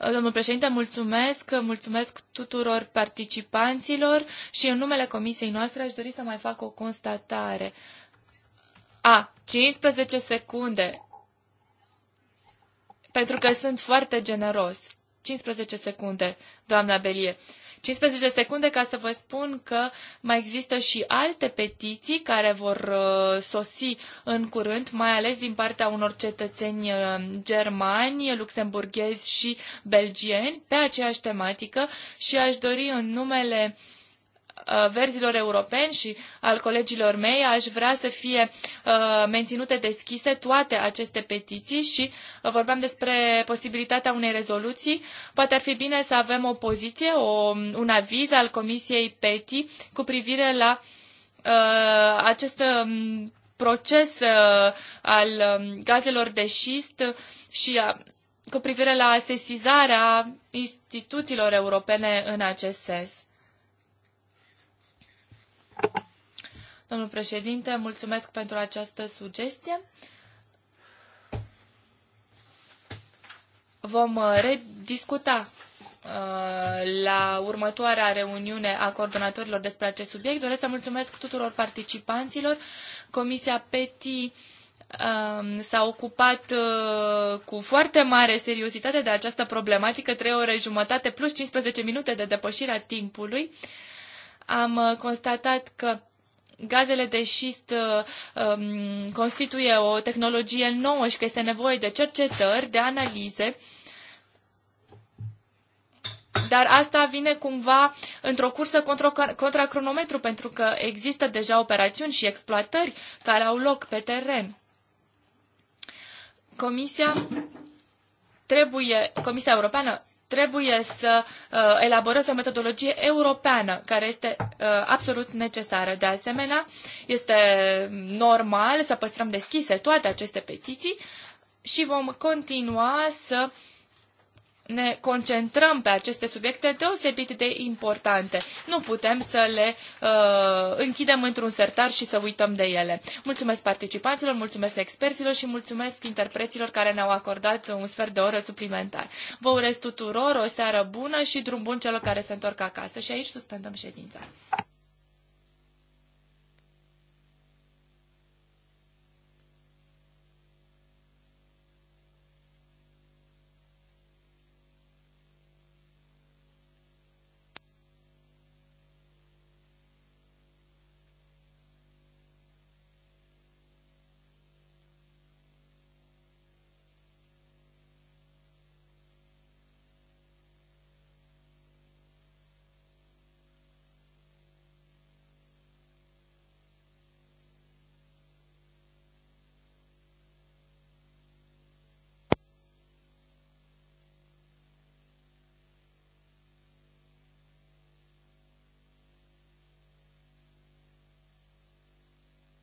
Uh, domnul președinte, mulțumesc, mulțumesc tuturor participanților și în numele comisiei noastre aș dori să mai fac o constatare. A, 15 secunde pentru că sunt foarte generos. 15 secunde, doamna Belie. 15 secunde ca să vă spun că mai există și alte petiții care vor uh, sosi în curând, mai ales din partea unor cetățeni uh, germani, luxemburghezi și belgieni pe aceeași tematică și aș dori în numele uh, Uh, verzilor europeni și al colegilor mei, aș vrea să fie uh, menținute deschise toate aceste petiții și uh, vorbeam despre posibilitatea unei rezoluții. Poate ar fi bine să avem o poziție, o, un aviz al Comisiei PETI cu privire la uh, acest um, proces uh, al um, gazelor de șist și a, cu privire la sesizarea instituțiilor europene în acest sens. Domnul președinte, mulțumesc pentru această sugestie. Vom uh, rediscuta uh, la următoarea reuniune a coordonatorilor despre acest subiect. Doresc să mulțumesc tuturor participanților. Comisia PETI um, s-a ocupat uh, cu foarte mare seriozitate de această problematică, trei ore jumătate plus 15 minute de depășire a timpului am uh, constatat că gazele de șist uh, um, constituie o tehnologie nouă și că este nevoie de cercetări, de analize. Dar asta vine cumva într-o cursă contra, contra cronometru, pentru că există deja operațiuni și exploatări care au loc pe teren. Comisia trebuie, Comisia Europeană trebuie să uh, elaboreze o metodologie europeană care este uh, absolut necesară. De asemenea, este normal să păstrăm deschise toate aceste petiții și vom continua să uh, ne concentrăm pe aceste subiecte deosebit de importante. Nu putem să le uh, închidem într-un sertar și să uităm de ele. Mulțumesc participanților, mulțumesc experților și mulțumesc interpreților care ne-au acordat un sfert de oră suplimentar. Vă urez tuturor o seară bună și drum bun celor care se întorc acasă. Și aici suspendăm ședința.